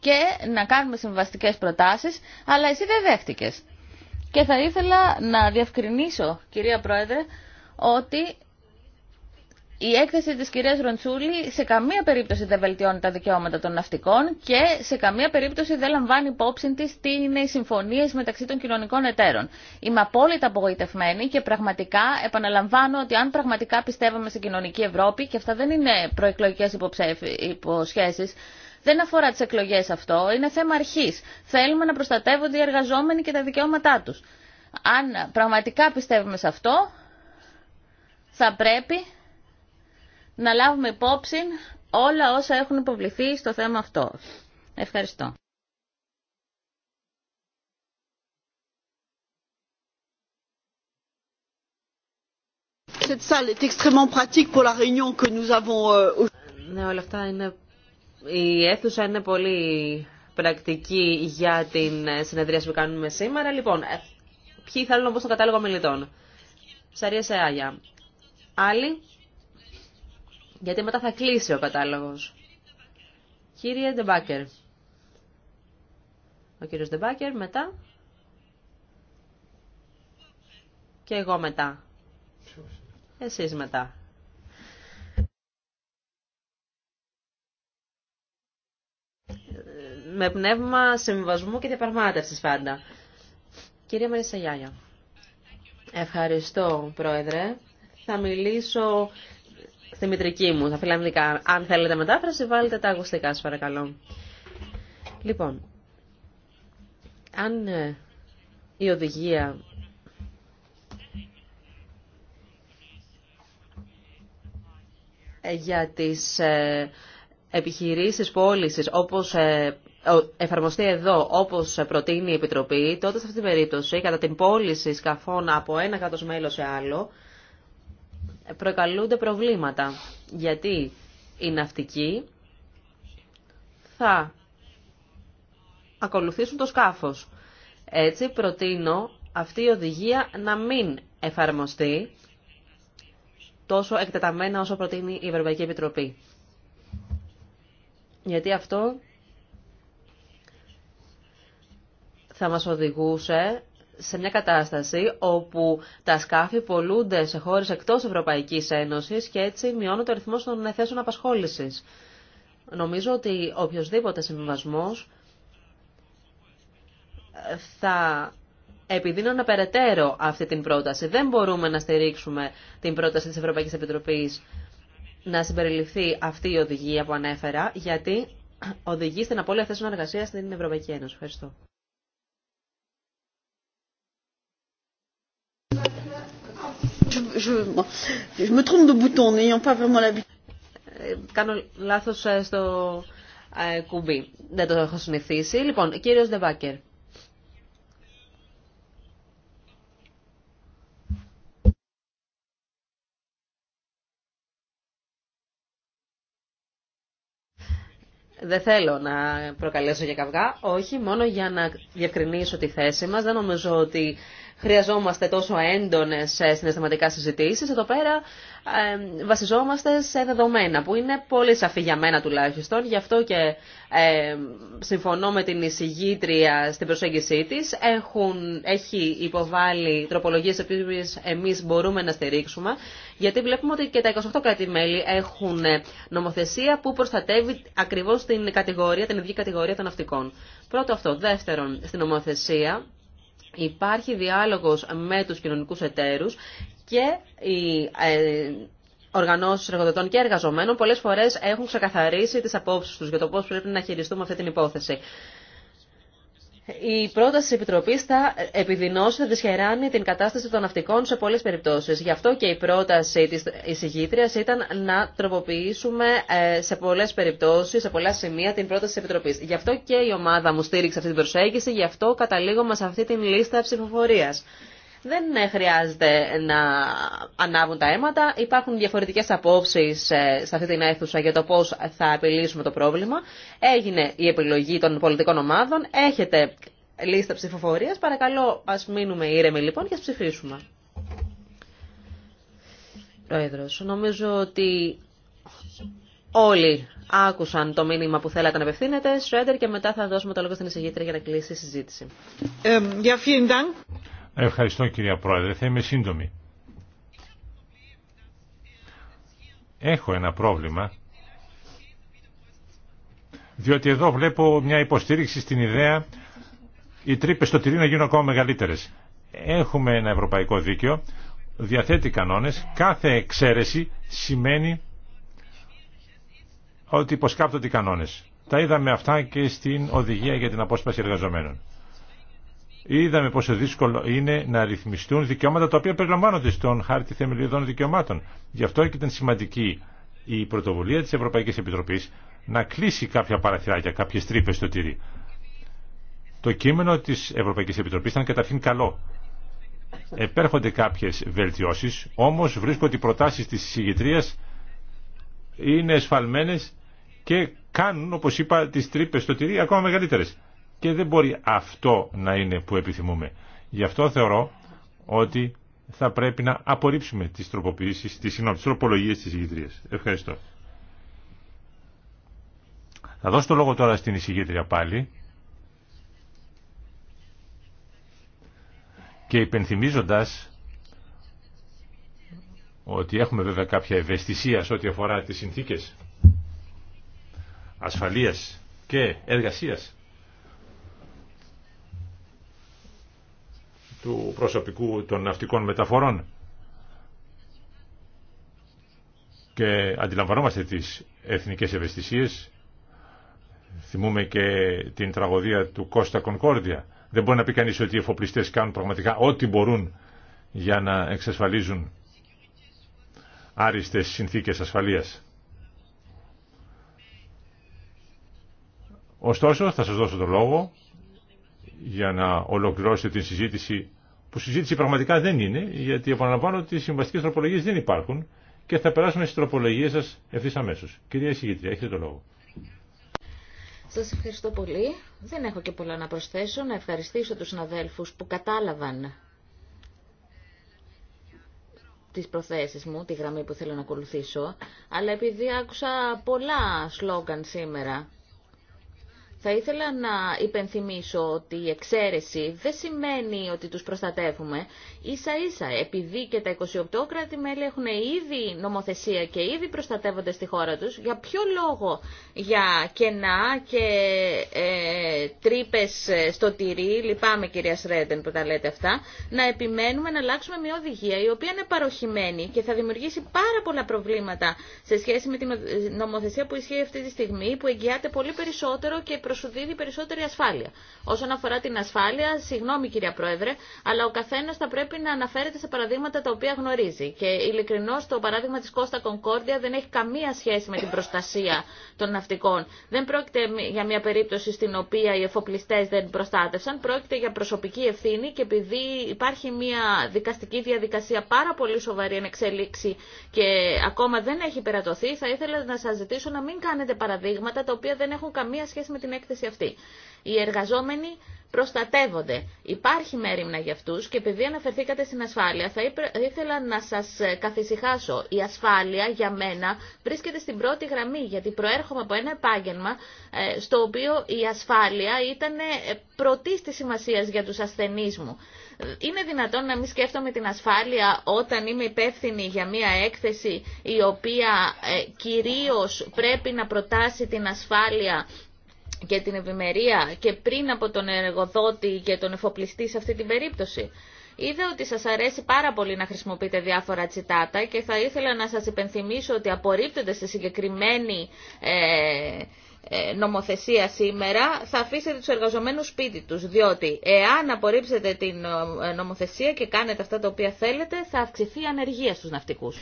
και να κάνουμε συμβαστικές προτάσεις, αλλά εσύ δεν δέχτηκες. Και θα ήθελα να διευκρινίσω, κυρία Πρόεδρε, ότι η έκθεση της κυρίας Ροντσούλη σε καμία περίπτωση δεν βελτιώνει τα δικαιώματα των ναυτικών και σε καμία περίπτωση δεν λαμβάνει υπόψη της τι είναι οι συμφωνίες μεταξύ των κοινωνικών εταίρων. Είμαι απόλυτα απογοητευμένη και πραγματικά επαναλαμβάνω ότι αν πραγματικά πιστεύαμε σε κοινωνική Ευρώπη και αυτά δεν είναι προεκλογικές υποσχέσεις, δεν αφορά τι εκλογέ αυτό, είναι θέμα αρχή. Θέλουμε να προστατεύονται οι εργαζόμενοι και τα δικαιώματά του. Αν πραγματικά πιστεύουμε σε αυτό, θα πρέπει να λάβουμε υπόψη όλα όσα έχουν υποβληθεί στο θέμα αυτό. Ευχαριστώ. Ναι, όλα αυτά είναι η αίθουσα είναι πολύ πρακτική για την συνεδρία που κάνουμε σήμερα. Λοιπόν, ε, ποιοι θέλουν να μπουν στο κατάλογο μιλητών. Ψαρία σε Άγια. Άλλοι. Γιατί μετά θα κλείσει ο κατάλογος. Κύριε Ντεμπάκερ. Ο κύριος Ντεμπάκερ μετά. Και εγώ μετά. Εσείς μετά. με πνεύμα συμβασμού και διαπραγμάτευσης πάντα. Κυρία Μαρίσα Ευχαριστώ, Πρόεδρε. Θα μιλήσω στη μητρική μου, Θα φιλανδικά. Αν θέλετε μετάφραση, βάλτε τα ακουστικά, σας παρακαλώ. Λοιπόν, αν ε, η οδηγία για τις ε, επιχειρήσεις πώληση όπως ε, εφαρμοστεί εδώ όπως προτείνει η Επιτροπή, τότε σε αυτή την περίπτωση κατά την πώληση σκαφών από ένα κάτω μέλος σε άλλο προκαλούνται προβλήματα. Γιατί οι ναυτικοί θα ακολουθήσουν το σκάφος. Έτσι προτείνω αυτή η οδηγία να μην εφαρμοστεί τόσο εκτεταμένα όσο προτείνει η Ευρωπαϊκή Επιτροπή γιατί αυτό θα μας οδηγούσε σε μια κατάσταση όπου τα σκάφη πολλούνται σε χώρες εκτός Ευρωπαϊκής Ένωσης και έτσι μειώνεται το ρυθμό των θέσεων απασχόλησης. Νομίζω ότι οποιοδήποτε συμβιβασμό θα να περαιτέρω αυτή την πρόταση. Δεν μπορούμε να στηρίξουμε την πρόταση της Ευρωπαϊκής Επιτροπής να συμπεριληφθεί αυτή η οδηγία που ανέφερα, γιατί οδηγεί στην απώλεια θέσεων εργασία στην Ευρωπαϊκή Ένωση. Ευχαριστώ. Ε, κάνω λάθος ε, στο ε, κουμπί. Δεν το έχω συνηθίσει. Λοιπόν, κύριος Ντεβάκερ. Δεν θέλω να προκαλέσω για καυγά, όχι, μόνο για να διευκρινίσω τη θέση μας. Δεν νομίζω ότι χρειαζόμαστε τόσο έντονε ε, συναισθηματικά συζητήσει, Εδώ πέρα ε, βασιζόμαστε σε δεδομένα που είναι πολύ σαφή για μένα τουλάχιστον. Γι' αυτό και συμφωνώ με την εισηγήτρια στην προσέγγισή τη, έχει υποβάλει τροπολογίε τι οποίε εμείς μπορούμε να στηρίξουμε γιατί βλέπουμε ότι και τα 28 κράτη-μέλη έχουν νομοθεσία που προστατεύει ακριβώ την κατηγορία, την ειδική κατηγορία των ναυτικών. Πρώτο αυτό. Δεύτερον, στην νομοθεσία Υπάρχει διάλογος με τους κοινωνικούς εταίρους και οι ε, οργανώσεις εργοδοτών και εργαζομένων πολλές φορές έχουν ξεκαθαρίσει τις απόψεις τους για το πώς πρέπει να χειριστούμε αυτή την υπόθεση η πρόταση τη Επιτροπή θα επιδεινώσει, θα δυσχεράνει την κατάσταση των ναυτικών σε πολλέ περιπτώσει. Γι' αυτό και η πρόταση τη εισηγήτρια ήταν να τροποποιήσουμε ε, σε πολλέ περιπτώσει, σε πολλά σημεία, την πρόταση τη Επιτροπή. Γι' αυτό και η ομάδα μου στήριξε αυτή την προσέγγιση, γι' αυτό καταλήγω σε αυτή την λίστα ψηφοφορία δεν χρειάζεται να ανάβουν τα αίματα. Υπάρχουν διαφορετικέ απόψει ε, σε αυτή την αίθουσα για το πώ θα επιλύσουμε το πρόβλημα. Έγινε η επιλογή των πολιτικών ομάδων. Έχετε λίστα ψηφοφορία. Παρακαλώ α μείνουμε ήρεμοι λοιπόν και α ψηφίσουμε. Πρόεδρο, νομίζω ότι όλοι άκουσαν το μήνυμα που θέλατε να απευθύνετε. Σρέντερ και μετά θα δώσουμε το λόγο στην εισηγήτρια για να κλείσει η συζήτηση. Ε, Ευχαριστώ κυρία Πρόεδρε, θα είμαι σύντομη. Έχω ένα πρόβλημα, διότι εδώ βλέπω μια υποστήριξη στην ιδέα οι τρύπε στο τυρί να γίνουν ακόμα μεγαλύτερες. Έχουμε ένα ευρωπαϊκό δίκαιο, διαθέτει κανόνες, κάθε εξαίρεση σημαίνει ότι υποσκάπτονται οι κανόνες. Τα είδαμε αυτά και στην οδηγία για την απόσπαση εργαζομένων είδαμε πόσο δύσκολο είναι να ρυθμιστούν δικαιώματα τα οποία περιλαμβάνονται στον χάρτη θεμελιωδών δικαιωμάτων. Γι' αυτό και ήταν σημαντική η πρωτοβουλία της Ευρωπαϊκής Επιτροπής να κλείσει κάποια παραθυράκια, κάποιες τρύπες στο τυρί. Το κείμενο της Ευρωπαϊκής Επιτροπής ήταν καταρχήν καλό. Επέρχονται κάποιες βελτιώσεις, όμως βρίσκω ότι οι προτάσεις της συγγετρίας είναι εσφαλμένες και κάνουν, όπως είπα, τις τρυπε στο τυρί ακόμα μεγαλύτερες και δεν μπορεί αυτό να είναι που επιθυμούμε. Γι' αυτό θεωρώ ότι θα πρέπει να απορρίψουμε τις τροποποιήσεις, τις, συγγνώμη, τις τροπολογίες της Ευχαριστώ. Θα δώσω το λόγο τώρα στην εισηγήτρια πάλι και υπενθυμίζοντας ότι έχουμε βέβαια κάποια ευαισθησία σε ό,τι αφορά τις συνθήκες ασφαλείας και εργασίας του προσωπικού των ναυτικών μεταφορών. Και αντιλαμβανόμαστε τις εθνικές ευαισθησίες. Θυμούμε και την τραγωδία του Κώστα Κονκόρδια. Δεν μπορεί να πει κανείς ότι οι εφοπλιστές κάνουν πραγματικά ό,τι μπορούν για να εξασφαλίζουν άριστες συνθήκες ασφαλείας. Ωστόσο, θα σας δώσω το λόγο για να ολοκληρώσετε την συζήτηση που συζήτηση πραγματικά δεν είναι, γιατί επαναλαμβάνω ότι οι συμβαστικέ τροπολογίε δεν υπάρχουν και θα περάσουμε στι τροπολογίε σα ευθύ αμέσω. Κυρία Εισηγήτρια, έχετε το λόγο. Σα ευχαριστώ πολύ. Δεν έχω και πολλά να προσθέσω. Να ευχαριστήσω του συναδέλφου που κατάλαβαν τις προθέσει μου, τη γραμμή που θέλω να ακολουθήσω, αλλά επειδή άκουσα πολλά σλόγγαν σήμερα θα ήθελα να υπενθυμίσω ότι η εξαίρεση δεν σημαίνει ότι τους προστατεύουμε. Ίσα ίσα, επειδή και τα 28 κράτη-μέλη έχουν ήδη νομοθεσία και ήδη προστατεύονται στη χώρα τους, για ποιο λόγο για κενά και ε, τρύπε στο τυρί, λυπάμαι κυρία Σρέντεν που τα λέτε αυτά, να επιμένουμε να αλλάξουμε μια οδηγία η οποία είναι παροχημένη και θα δημιουργήσει πάρα πολλά προβλήματα σε σχέση με την νομοθεσία που ισχύει αυτή τη στιγμή, που εγγυάται πολύ περισσότερο και προ σου δίνει περισσότερη ασφάλεια. Όσον αφορά την ασφάλεια, συγγνώμη κυρία Πρόεδρε, αλλά ο καθένα θα πρέπει να αναφέρεται σε παραδείγματα τα οποία γνωρίζει. Και ειλικρινώ το παράδειγμα τη Κώστα Κονκόρδια δεν έχει καμία σχέση με την προστασία των ναυτικών. Δεν πρόκειται για μια περίπτωση στην οποία οι εφοπλιστέ δεν προστάτευσαν, πρόκειται για προσωπική ευθύνη και επειδή υπάρχει μια δικαστική διαδικασία πάρα πολύ σοβαρή εν εξέλιξη και ακόμα δεν έχει περατωθεί, θα ήθελα να σα ζητήσω να μην κάνετε παραδείγματα τα οποία δεν έχουν καμία σχέση με την έκθεση αυτή. Οι εργαζόμενοι προστατεύονται. Υπάρχει μέρημνα για αυτού και επειδή αναφερθήκατε στην ασφάλεια, θα ήθελα να σα ε, καθησυχάσω. Η ασφάλεια για μένα βρίσκεται στην πρώτη γραμμή, γιατί προέρχομαι από ένα επάγγελμα ε, στο οποίο η ασφάλεια ήταν ε, πρωτίστη σημασία για του ασθενεί μου. Είναι δυνατόν να μην σκέφτομαι την ασφάλεια όταν είμαι υπεύθυνη για μια έκθεση η οποία κυρίως πρέπει να προτάσει την ασφάλεια και την ευημερία και πριν από τον εργοδότη και τον εφοπλιστή σε αυτή την περίπτωση. Είδα ότι σας αρέσει πάρα πολύ να χρησιμοποιείτε διάφορα τσιτάτα και θα ήθελα να σας υπενθυμίσω ότι απορρίπτεται σε συγκεκριμένη ε, ε, νομοθεσία σήμερα θα αφήσετε τους εργαζομένους σπίτι τους διότι εάν απορρίψετε την ε, νομοθεσία και κάνετε αυτά τα οποία θέλετε θα αυξηθεί η ανεργία στους ναυτικούς.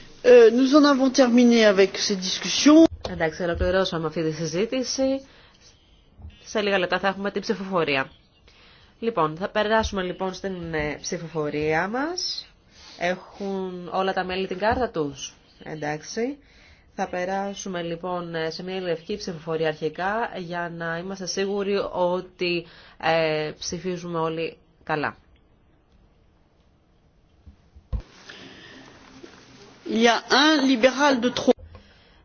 Εντάξει, ολοκληρώσαμε αυτή τη συζήτηση σε λίγα λεπτά θα έχουμε την ψηφοφορία. Λοιπόν, θα περάσουμε λοιπόν στην ε, ψηφοφορία μας. Έχουν όλα τα μέλη την κάρτα τους. Εντάξει. Θα περάσουμε λοιπόν ε, σε μια λευκή ψηφοφορία αρχικά για να είμαστε σίγουροι ότι ε, ψηφίζουμε όλοι καλά.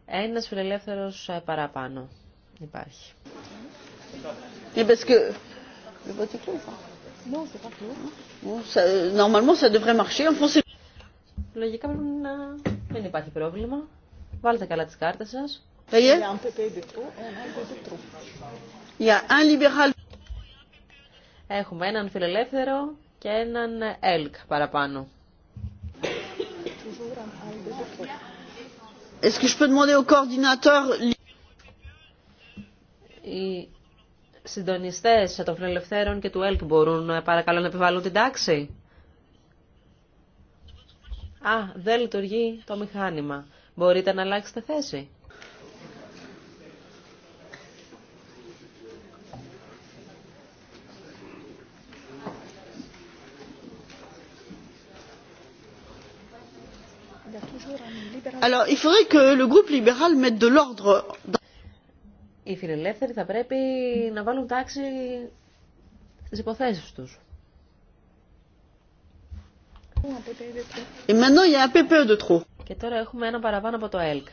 Ένας φιλελεύθερος παραπάνω υπάρχει. Et parce que le est clos. Non, c'est pas clos. Bon, ça, πρόβλημα. Βάλτε καλά τις κάρτες σας. Έχουμε έναν φιλελεύθερο και έναν ΕΛΚ παραπάνω συντονιστές των φιλελευθέρων και του ΕΛΚ μπορούν ε, παρακαλώ να επιβάλλουν την τάξη. Α, δεν λειτουργεί το μηχάνημα. Μπορείτε να αλλάξετε θέση. Alors, il faudrait que le groupe libéral mette de l'ordre οι φιλελεύθεροι θα πρέπει να βάλουν τάξη στις υποθέσεις τους. Και τώρα έχουμε ένα παραπάνω από το ΕΛΚ.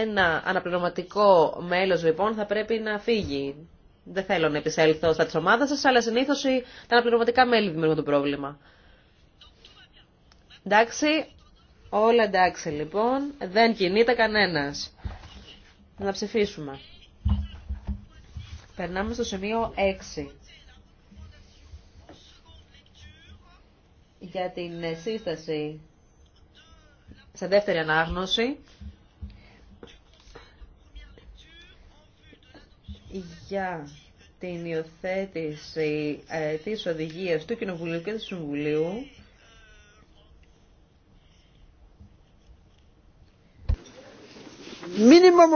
Ένα αναπληρωματικό μέλος λοιπόν θα πρέπει να φύγει. Δεν θέλω να επισέλθω στα της ομάδας σας, αλλά συνήθως τα αναπληρωματικά μέλη δημιουργούν το πρόβλημα. Εντάξει, Όλα εντάξει λοιπόν. Δεν κινείται κανένας. Να ψηφίσουμε. Περνάμε στο σημείο 6. Για την σύσταση σε δεύτερη ανάγνωση για την υιοθέτηση ε, της οδηγίας του Κοινοβουλίου και του Συμβουλίου minimum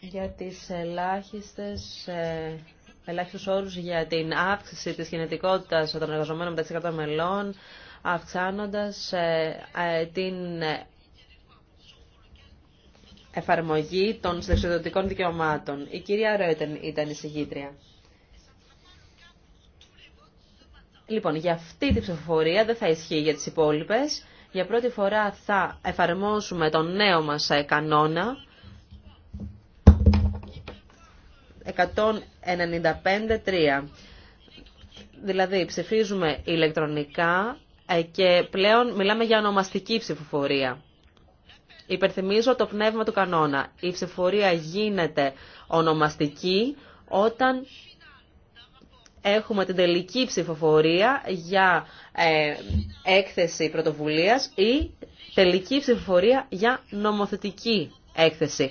για τις ελάχιστες ε, ελάχιστους όρους για την αύξηση της γενετικότητας των εργαζομένων μεταξύ των μελών, αυξάνοντας ε, ε, την εφαρμογή των συνταξιδοτικών δικαιωμάτων. Η κυρία Ρέτεν ήταν η συγγήτρια. Λοιπόν, για αυτή τη ψηφοφορία δεν θα ισχύει για τις υπόλοιπες. Για πρώτη φορά θα εφαρμόσουμε τον νέο μας ε, κανόνα 195.3. Δηλαδή ψηφίζουμε ηλεκτρονικά ε, και πλέον μιλάμε για ονομαστική ψηφοφορία. Υπερθυμίζω το πνεύμα του κανόνα. Η ψηφοφορία γίνεται ονομαστική όταν έχουμε την τελική ψηφοφορία για ε, έκθεση πρωτοβουλίας ή τελική ψηφοφορία για νομοθετική έκθεση.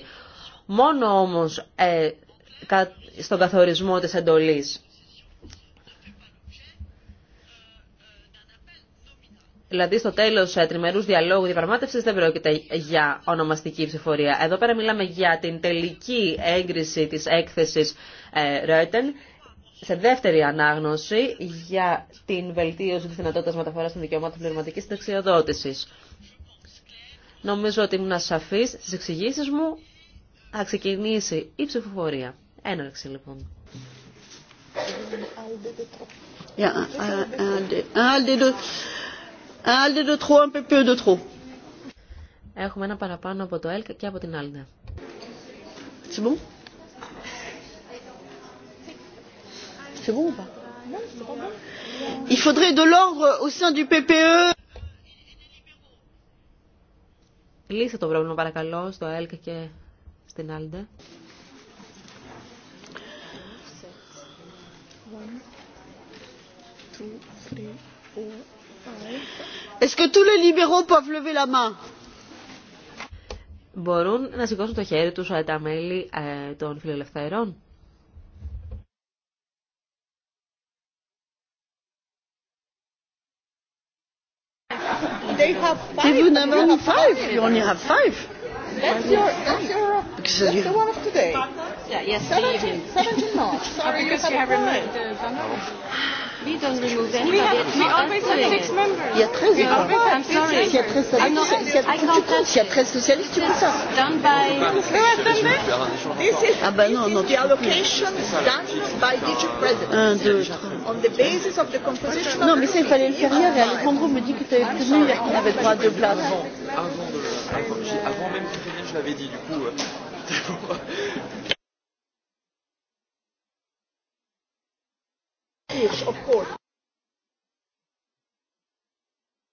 Μόνο όμως ε, στον καθορισμό της εντολής. Δηλαδή στο τέλο ε, τριμερού διαλόγου διαπραγμάτευση δεν πρόκειται για ονομαστική ψηφορία. Εδώ πέρα μιλάμε για την τελική έγκριση τη έκθεση Ρέτεν σε δεύτερη ανάγνωση για την βελτίωση της δυνατότητας μεταφοράς των δικαιωμάτων πνευματική δεξιοδότησης. Νομίζω ότι ήμουν σαφής στις εξηγήσεις μου. Θα ξεκινήσει η ψηφοφορία. Έναρξη λοιπόν. Έχουμε ένα παραπάνω από το ΕΛΚ και από την Άλντα. C'est bon ou pas Il faudrait de l'ordre au sein du PPE. Λύστε το πρόβλημα παρακαλώ στο ΕΛΚ και στην ΑΛΔΕ. Est-ce que tous les libéraux peuvent lever la main? Μπορούν να σηκώσουν το χέρι τους τα μέλη ε, των φιλελευθέρων. have five. If you only five, you only have five. That's your, that's your because the one of today. Yeah, Sorry, because you have removed We don't remove anybody. We, always have six members. membres. I'm tu Done The allocation done by On the basis of the composition Non, mais ça, il fallait le Et Alejandro me dit que tu avais avait droit de de, avant je l'avais dit, du coup.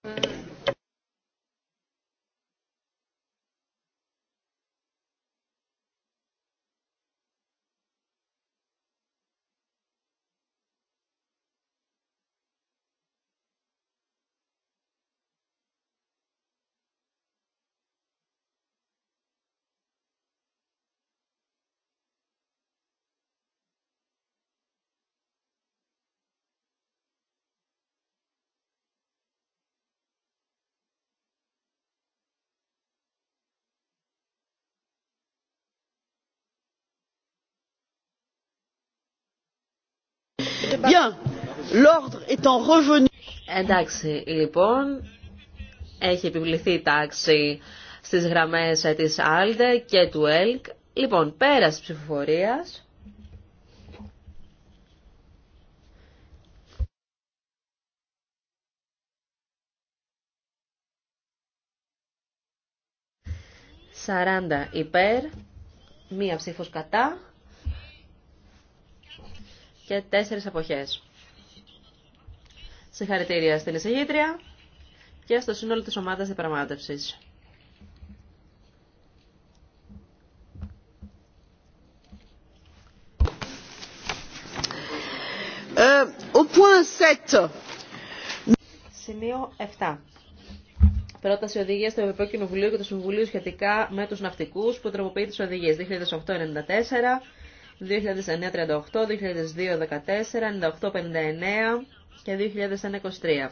Euh... Εντάξει, λοιπόν, έχει επιβληθεί η τάξη στις γραμμές της ΑΛΔΕ και του ΕΛΚ. Λοιπόν, πέρας ψηφοφορίας. Σαράντα υπέρ, μία ψήφος κατά και τέσσερις αποχές. Συγχαρητήρια στην εισηγήτρια και στο σύνολο της ομάδας διαπραγμάτευσης. Ε, Σημείο 7. Πρόταση οδηγία του Ευρωπαϊκού Κοινοβουλίου και του Συμβουλίου σχετικά με του ναυτικού που τροποποιεί τι οδηγίε 2008-94 2009-38, 2002-14, 98-59 και 2023.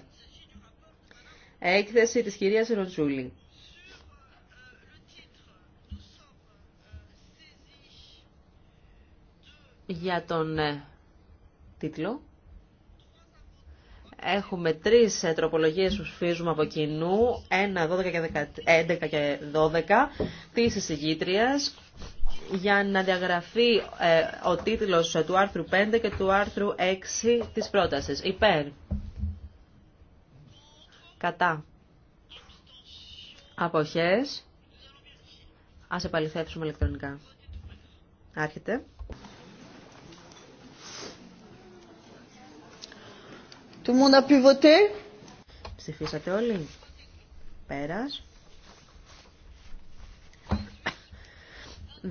Έκθεση της κυρίας Ροτζούλη. Για τον ε, τίτλο έχουμε τρεις ε, τροπολογίες που σφίζουμε από κοινού, Ένα, 12 και 11 και 12 της εισηγήτριας για να διαγραφεί ε, ο τίτλος του άρθρου 5 και του άρθρου 6 της πρότασης. Υπέρ. Κατά. Αποχές. Ας επαληθεύσουμε ηλεκτρονικά. Άρχεται. Tout le monde a pu voter. Ψηφίσατε όλοι. Πέρας.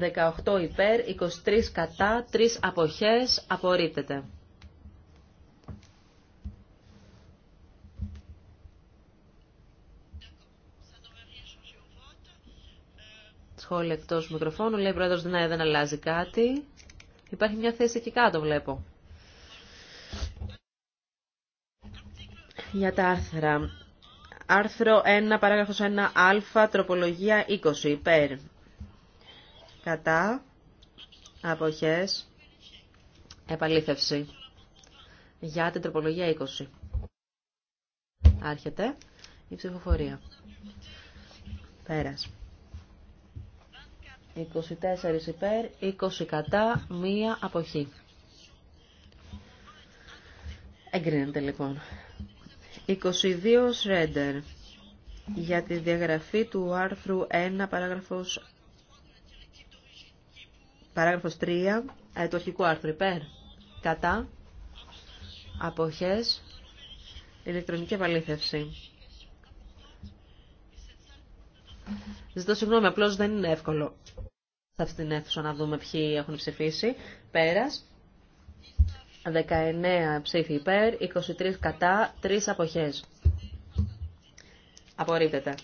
18 υπέρ, 23 κατά, 3 αποχές, απορρίπτεται. Σχόλια εκτό μικροφώνου. Λέει πρόεδρο δεν «Ναι, δεν αλλάζει κάτι. Υπάρχει μια θέση εκεί κάτω, βλέπω. Για τα άρθρα. Άρθρο 1, παράγραφος 1α, τροπολογία 20, υπέρ κατά, αποχές, επαλήθευση για την τροπολογία 20. Άρχεται η ψηφοφορία. Πέρας. 24 υπέρ, 20 κατά, μία αποχή. Εγκρίνεται λοιπόν. 22 Σρέντερ για τη διαγραφή του άρθρου 1 παράγραφος Παράγραφος 3. Το άρθρο υπέρ. Κατά. Αποχές. Ηλεκτρονική επαλήθευση. Ζητώ συγγνώμη, απλώς δεν είναι εύκολο Θα αυτήν την αίθουσα να δούμε ποιοι έχουν ψηφίσει. Πέρας. 19 ψήφοι υπέρ, 23 κατά, 3 αποχές. Απορρίπτεται.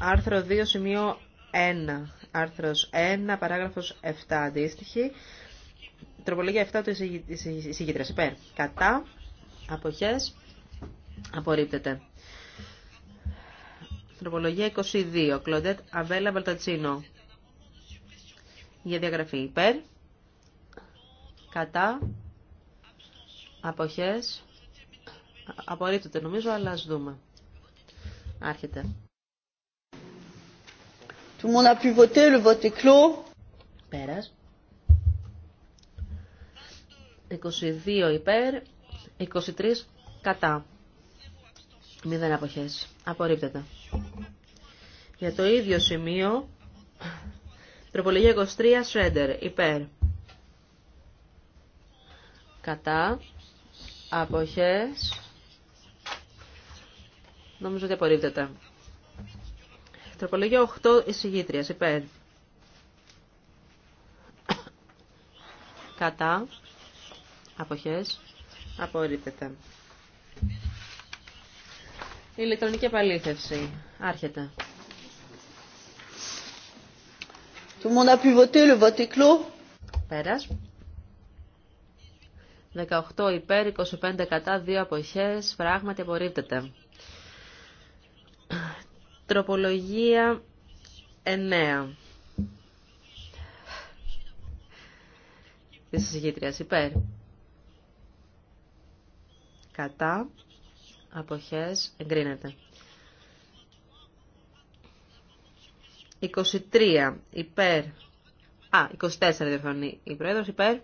Άρθρο 2, σημείο 1. Άρθρος 1, παράγραφος 7 αντίστοιχη. Τροπολογία 7 του εισηγήτρες. Υπέρ. Κατά. Αποχές. Απορρίπτεται. Τροπολογία 22. Κλοντέτ Αβέλα Μπαλτατσίνο. Για διαγραφή. Υπέρ. Κατά. Αποχές. Απορρίπτεται νομίζω, αλλά ας δούμε. Άρχεται. Tout le monde a pu voter, le vote est clos. 22 υπέρ, 23 κατά. Μηδέν αποχές. Απορρίπτεται. Για το ίδιο σημείο, τροπολογία 23, Σρέντερ, υπέρ. Κατά. Αποχές. Νομίζω ότι απορρίπτεται. Τροπολογία 8 εισηγήτρια υπέρ. Κατά. Αποχές. Απορρίπτεται. Ηλεκτρονική επαλήθευση. Άρχεται. Tout monde a pu voter, le vote est clos. Πέρας. 18 υπέρ, 25 κατά, 2 αποχές, πράγματι απορρίπτεται. Τροπολογία 9. Της υπέρ. Κατά. Αποχές. Εγκρίνεται. 23 υπέρ. Α, 24 διορθώνει η πρόεδρος υπέρ.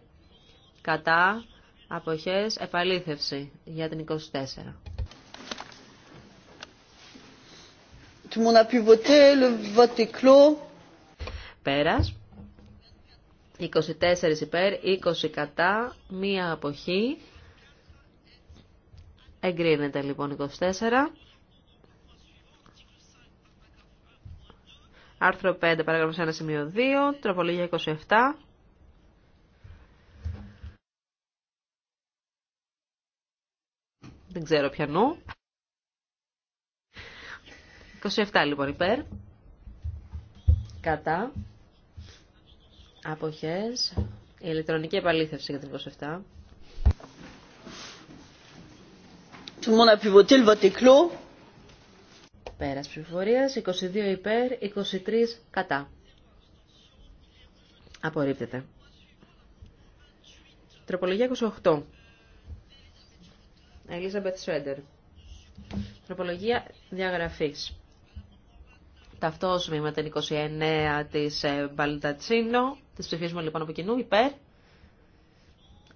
Κατά. Αποχές. Επαλήθευση για την 24. Tout le monde Πέρας. 24 υπέρ, 20 κατά, μία αποχή. Εγκρίνεται λοιπόν 24. Άρθρο 5, παράγραφος 1, σημείο 2, τροπολογία 27. Δεν ξέρω νου. 27 λοιπόν υπέρ. Κατά. Αποχές. Η ηλεκτρονική επαλήθευση για την 27. Tout le monde a pu voter, le vote Πέρας ψηφοφορίας, 22 υπέρ, 23 κατά. Απορρίπτεται. Τροπολογία 28. Ελίζαμπετ Σρέντερ. Τροπολογία διαγραφής ταυτόσιμη με την 29 της ε, Μπαλτατσίνο. της ψηφίσουμε λοιπόν από κοινού υπέρ,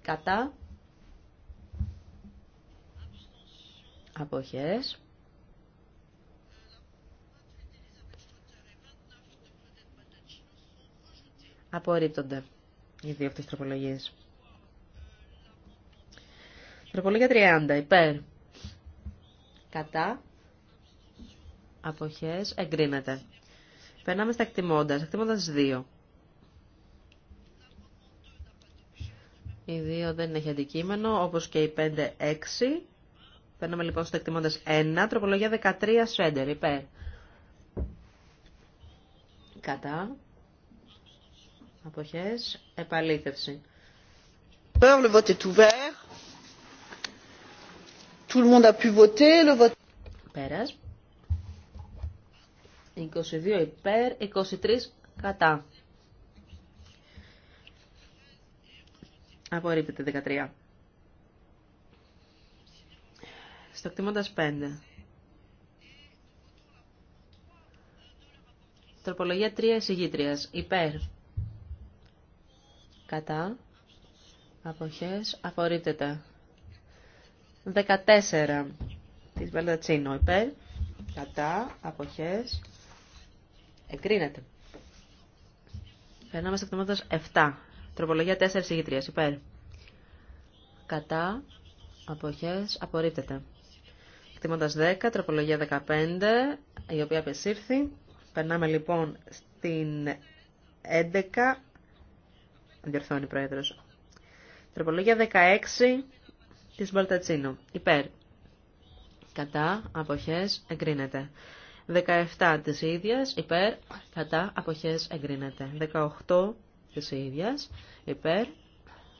κατά, αποχές. Απορρίπτονται οι δύο αυτές τροπολογίες. Τροπολογία 30, υπέρ. Κατά αποχές εγκρίνεται. Περνάμε στα εκτιμώντας. Εκτιμώντας 2. Η 2 δεν έχει αντικείμενο, όπως και η 5, 6. Περνάμε λοιπόν στο εκτιμώντας 1. Τροπολογία 13, Σρέντερ, υπέρ. Κατά. Αποχές. Επαλήθευση. Le vote est ouvert. Tout le monde a pu voter. Le vote... 22 υπέρ, 23 κατά. Απορρίπτεται 13. Στο 5. Τροπολογία 3 εισηγήτρια. Υπέρ. Κατά. αποχέ. Απορρίπτεται. 14. τη Βελτατσίνο. Υπέρ. Κατά. Αποχές. Εγκρίνεται. Περνάμε στο 7. Τροπολογία 4 ηγητρία. Υπέρ. Κατά. απόχέ, Απορρίπτεται. Εκτιμώντα 10. Τροπολογία 15. Η οποία απεσύρθη. Περνάμε λοιπόν στην 11. Αντιορθώνει προέδρο. Τροπολογία 16 τη Μπαλτατσίνου. Υπέρ. Κατά. απόχέ, Εγκρίνεται. 17 της ίδιας, υπέρ, κατά, αποχές εγκρίνεται. 18 της ίδιας, υπέρ,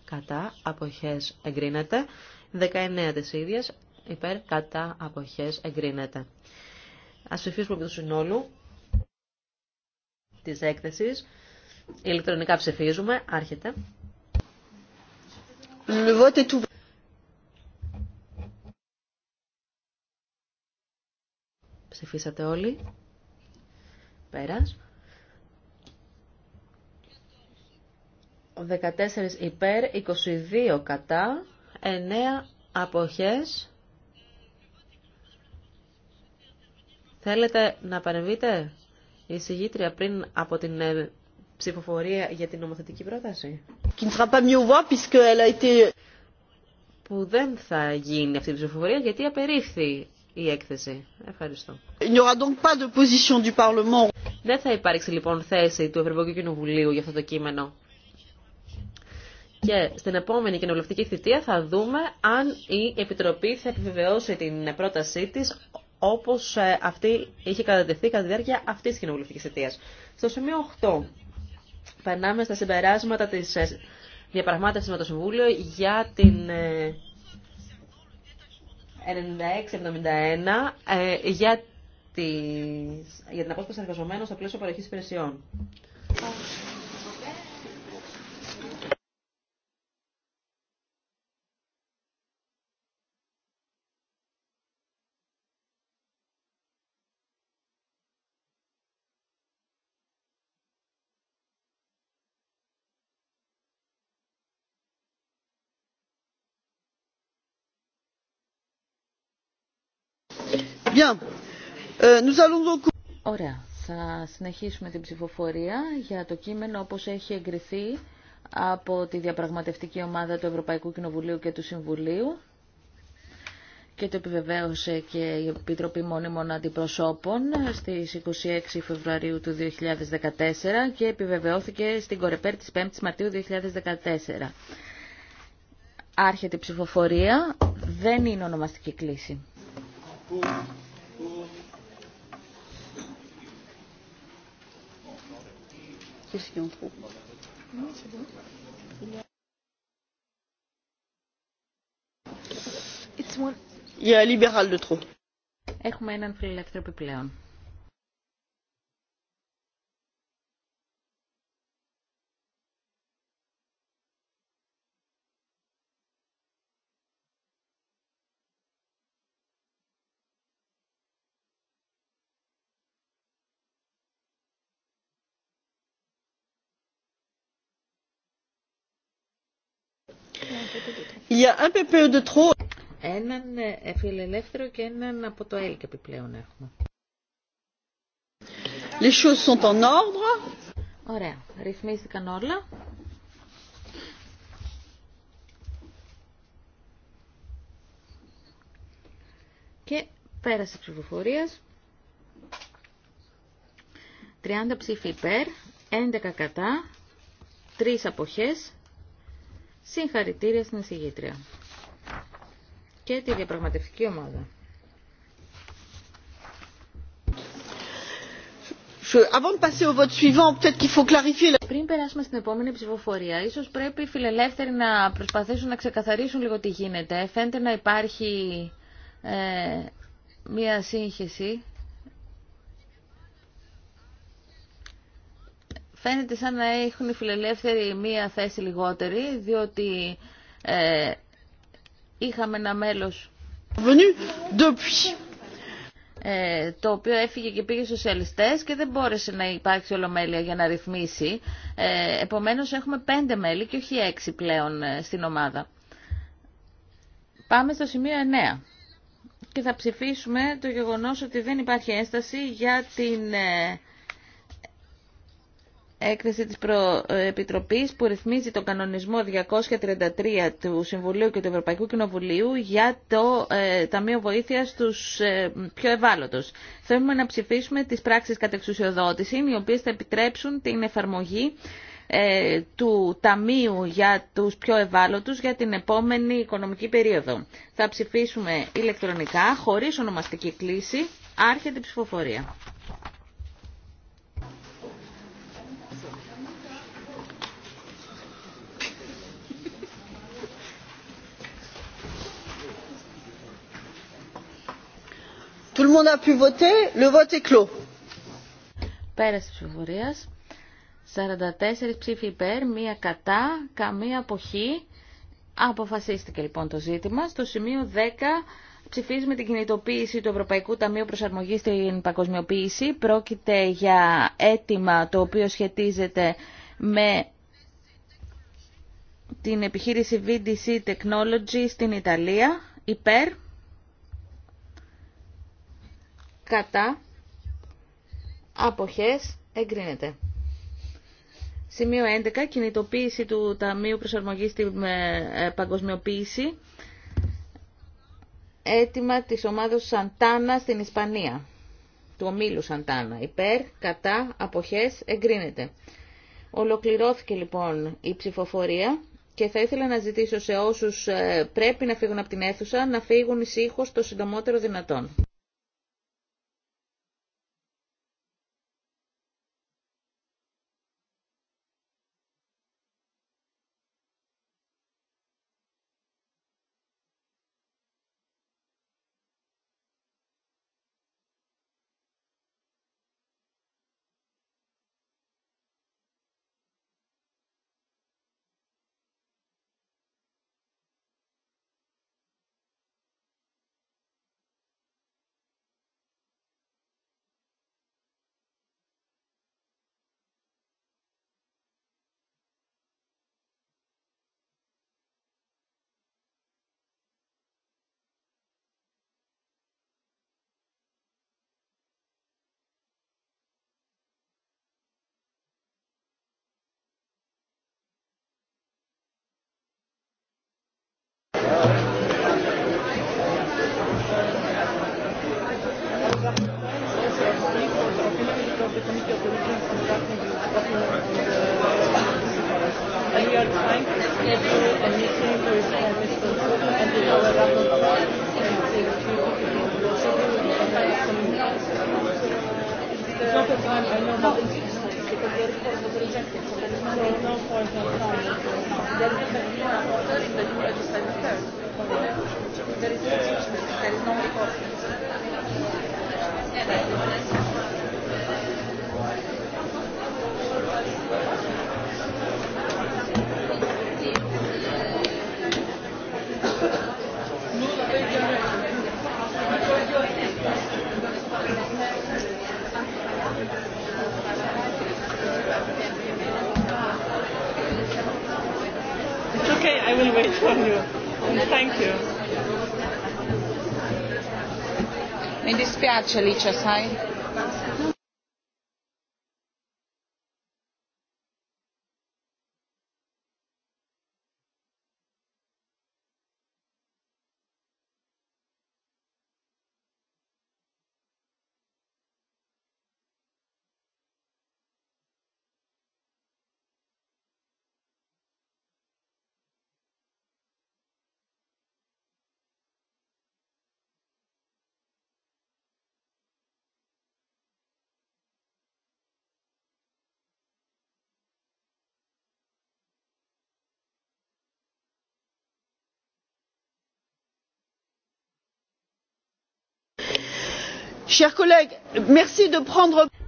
κατά, αποχές εγκρίνεται. 19 της ίδιας, υπέρ, κατά, αποχές εγκρίνεται. Ας ψηφίσουμε από του συνόλου της έκθεσης. Ηλεκτρονικά ψηφίζουμε. Άρχεται. Le vote est Ψηφίσατε όλοι. Πέρας. 14 υπέρ, 22 κατά, 9 αποχές. Θέλετε να παρεμβείτε, η συγγήτρια, πριν από την ε, ψηφοφορία για την νομοθετική πρόταση. Που δεν θα γίνει αυτή η ψηφοφορία γιατί απερίφθη η έκθεση. Ευχαριστώ. Δεν θα υπάρξει λοιπόν θέση του Ευρωπαϊκού Κοινοβουλίου για αυτό το κείμενο. Και στην επόμενη κοινοβουλευτική θητεία θα δούμε αν η Επιτροπή θα επιβεβαιώσει την πρότασή της όπως ε, αυτή είχε κατατεθεί κατά τη διάρκεια αυτής της κοινοβουλευτικής θητείας. Στο σημείο 8 περνάμε στα συμπεράσματα της ε, διαπραγμάτευσης με το Συμβούλιο για την ε, 96-71 ε, για, για την απόσπαση εργαζομένων στο πλαίσιο παροχή υπηρεσιών. Euh, Ωραία. Θα συνεχίσουμε την ψηφοφορία για το κείμενο όπως έχει εγκριθεί από τη διαπραγματευτική ομάδα του Ευρωπαϊκού Κοινοβουλίου και του Συμβουλίου και το επιβεβαίωσε και η Επιτροπή Μόνιμων Αντιπροσώπων στις 26 Φεβρουαρίου του 2014 και επιβεβαιώθηκε στην Κορεπέρ τη 5 η Μαρτίου 2014. Άρχεται η ψηφοφορία, δεν είναι ονομαστική κλίση. Έχουμε έναν φιλελεύθερο επιπλέον. Έναν ε, φιλελεύθερο και έναν από το ΕΛΚ επιπλέον έχουμε. Les choses sont en ordre. Ωραία. Ρυθμίστηκαν όλα. Και πέρασε η ψηφοφορία. 30 ψήφοι υπέρ, 11 κατά, 3 αποχές. Συγχαρητήρια στην εισηγήτρια και τη διαπραγματευτική ομάδα. Πριν περάσουμε στην επόμενη ψηφοφορία, ίσως πρέπει οι φιλελεύθεροι να προσπαθήσουν να ξεκαθαρίσουν λίγο τι γίνεται. Φαίνεται να υπάρχει ε, μία σύγχυση. φαίνεται σαν να έχουν οι φιλελεύθεροι μία θέση λιγότερη, διότι ε, είχαμε ένα μέλος ε, το οποίο έφυγε και πήγε στους σοσιαλιστές και δεν μπόρεσε να υπάρξει ολομέλεια για να ρυθμίσει. Ε, επομένως έχουμε πέντε μέλη και όχι έξι πλέον ε, στην ομάδα. Πάμε στο σημείο 9 και θα ψηφίσουμε το γεγονός ότι δεν υπάρχει ένσταση για την ε, έκθεση της Προ... Επιτροπής που ρυθμίζει τον κανονισμό 233 του Συμβουλίου και του Ευρωπαϊκού Κοινοβουλίου για το ε, Ταμείο Βοήθειας στους ε, πιο ευάλωτους. Θέλουμε να ψηφίσουμε τις πράξεις κατεξουσιοδότηση, οι οποίες θα επιτρέψουν την εφαρμογή ε, του Ταμείου για τους πιο ευάλωτους για την επόμενη οικονομική περίοδο. Θα ψηφίσουμε ηλεκτρονικά, χωρίς ονομαστική κλίση, άρχεται η ψηφοφορία. Tout le monde a pu voter. Le τη ψηφοφορία. 44 ψήφοι υπέρ, μία κατά, καμία αποχή. Αποφασίστηκε λοιπόν το ζήτημα. Στο σημείο 10 ψηφίζουμε την κινητοποίηση του Ευρωπαϊκού Ταμείου Προσαρμογή στην Παγκοσμιοποίηση. Πρόκειται για αίτημα το οποίο σχετίζεται με την επιχείρηση VDC Technology στην Ιταλία, υπέρ κατά, αποχές, εγκρίνεται. Σημείο 11. Κινητοποίηση του Ταμείου Προσαρμογής στην ε, ε, Παγκοσμιοποίηση. Έτοιμα της ομάδος Σαντάνα στην Ισπανία. Του ομίλου Σαντάνα. Υπέρ, κατά, αποχές, εγκρίνεται. Ολοκληρώθηκε λοιπόν η ψηφοφορία και θα ήθελα να ζητήσω σε όσους ε, πρέπει να φύγουν από την αίθουσα να φύγουν ησύχως το συντομότερο δυνατόν. It's Thank you. It's okay, I will wait for you. And thank you. Mi dispiace Alicia, sai?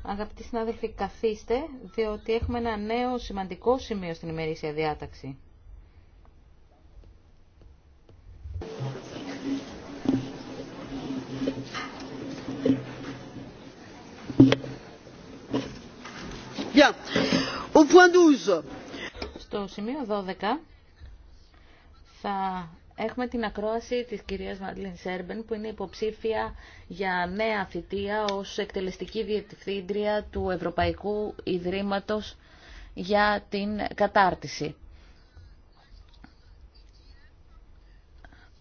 Αγαπητοί συνάδελφοι, καθίστε, διότι έχουμε ένα νέο σημαντικό σημείο στην ημερήσια διάταξη. Στο σημείο 12 θα Έχουμε την ακρόαση της κυρίας Μαντλίν Σέρμπεν που είναι υποψήφια για νέα θητεία ως εκτελεστική διευθύντρια του Ευρωπαϊκού Ιδρύματος για την κατάρτιση.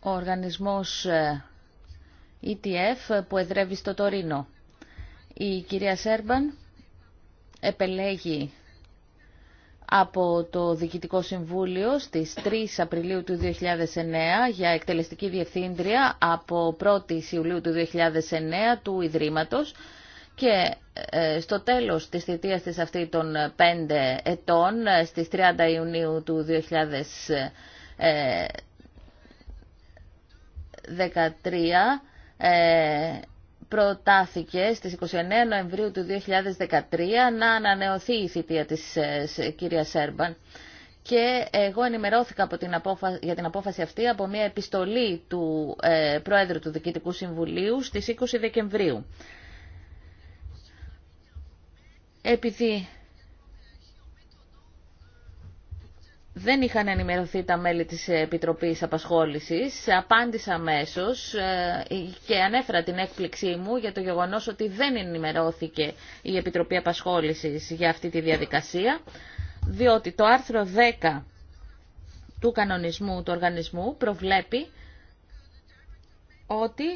Ο οργανισμός ε, ETF που εδρεύει στο Τωρίνο. Η κυρία Σέρμπαν επελέγει από το Διοικητικό Συμβούλιο στις 3 Απριλίου του 2009 για εκτελεστική διευθύντρια από 1η Ιουλίου του 2009 του Ιδρύματος και ε, στο τέλος της θητείας της αυτή των 5 ετών ε, στις 30 Ιουνίου του 2013 προτάθηκε στις 29 Νοεμβρίου του 2013 να ανανεωθεί η θητεία της ε, κυρίας Σέρμπαν και εγώ ενημερώθηκα από την για την απόφαση αυτή από μια επιστολή του ε, Πρόεδρου του Διοικητικού Συμβουλίου στις 20 Δεκεμβρίου. δεν είχαν ενημερωθεί τα μέλη της Επιτροπής Απασχόλησης. Απάντησα αμέσω ε, και ανέφερα την έκπληξή μου για το γεγονός ότι δεν ενημερώθηκε η Επιτροπή Απασχόλησης για αυτή τη διαδικασία, διότι το άρθρο 10 του κανονισμού του οργανισμού προβλέπει ότι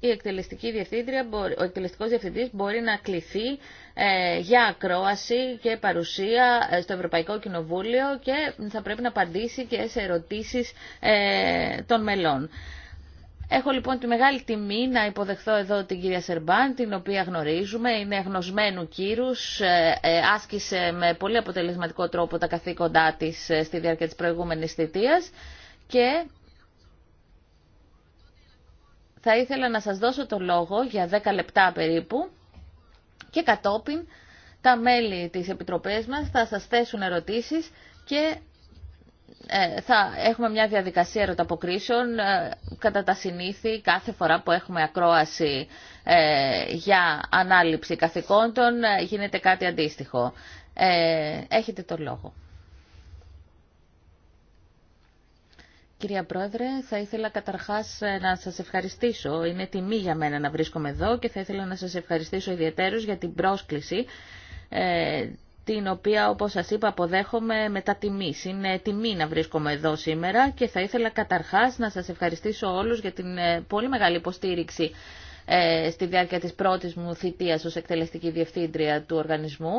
η εκτελεστική ο εκτελεστικός διευθυντής μπορεί να κληθεί ε, για ακρόαση και παρουσία ε, στο Ευρωπαϊκό Κοινοβούλιο και θα πρέπει να απαντήσει και σε ερωτήσεις ε, των μελών. Έχω λοιπόν τη μεγάλη τιμή να υποδεχθώ εδώ την κυρία Σερμπάν, την οποία γνωρίζουμε, είναι γνωσμένου κύρους, άσκησε με πολύ αποτελεσματικό τρόπο τα καθήκοντά της στη διάρκεια της προηγούμενης θητείας και θα ήθελα να σας δώσω το λόγο για 10 λεπτά περίπου και κατόπιν τα μέλη της Επιτροπής μας θα σας θέσουν ερωτήσεις και ε, θα έχουμε μια διαδικασία ερωταποκρίσεων ε, κατά τα συνήθη κάθε φορά που έχουμε ακρόαση ε, για ανάληψη καθηκόντων γίνεται κάτι αντίστοιχο. Έχετε το λόγο. Κυρία Πρόεδρε, θα ήθελα καταρχάς ε, να σας ευχαριστήσω. Είναι τιμή για μένα να βρίσκομαι εδώ και θα ήθελα να σας ευχαριστήσω ιδιαίτερως για την πρόσκληση ε, την οποία όπως σας είπα αποδέχομαι τα τιμή. Είναι τιμή να βρίσκομαι εδώ σήμερα και θα ήθελα καταρχάς να σας ευχαριστήσω όλους για την ε, πολύ μεγάλη υποστήριξη ε, στη διάρκεια της πρώτης μου θητείας ως εκτελεστική διευθύντρια του οργανισμού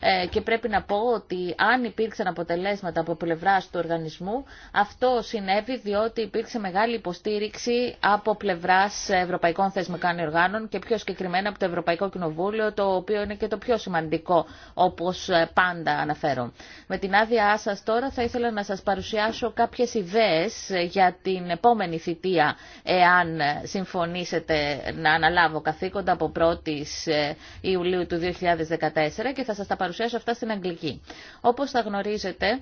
ε, και πρέπει να πω ότι αν υπήρξαν αποτελέσματα από πλευράς του οργανισμού αυτό συνέβη διότι υπήρξε μεγάλη υποστήριξη από πλευράς ευρωπαϊκών θεσμικών οργάνων και πιο συγκεκριμένα από το Ευρωπαϊκό Κοινοβούλιο το οποίο είναι και το πιο σημαντικό όπως πάντα αναφέρω. Με την άδειά σας τώρα θα ήθελα να σας παρουσιάσω κάποιες ιδέες για την επόμενη θητεία εάν συμφωνήσετε να αναλάβω καθήκοντα από 1η ε, Ιουλίου του 2014 και θα σας τα παρουσιάσω αυτά στην Αγγλική. Όπως θα γνωρίζετε,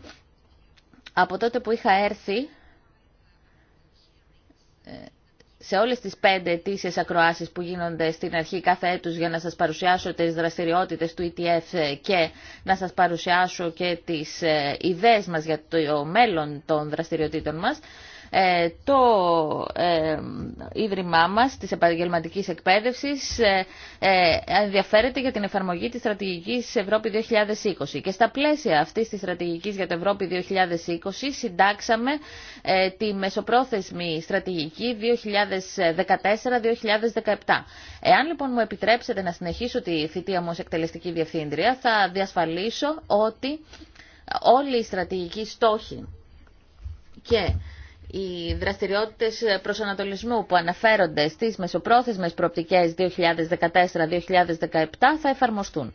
από τότε που είχα έρθει ε, σε όλες τις πέντε ετήσιες ακροάσεις που γίνονται στην αρχή κάθε έτους για να σας παρουσιάσω τις δραστηριότητες του ETF και να σας παρουσιάσω και τις ε, ιδέες μας για το μέλλον των δραστηριοτήτων μας, ε, το ε, Ίδρυμά μας της επαγγελματικής εκπαίδευσης ε, ενδιαφέρεται για την εφαρμογή της στρατηγικής Ευρώπη 2020 και στα πλαίσια αυτής της στρατηγικής για την Ευρώπη 2020 συντάξαμε τη μεσοπρόθεσμη στρατηγική 2014-2017. Εάν λοιπόν μου επιτρέψετε να συνεχίσω τη θητεία μου ως εκτελεστική διευθύντρια θα διασφαλίσω ότι όλοι οι στρατηγικοί στόχοι και οι δραστηριότητες προσανατολισμού που αναφέρονται στις μεσοπρόθεσμες προοπτικές 2014-2017 θα εφαρμοστούν.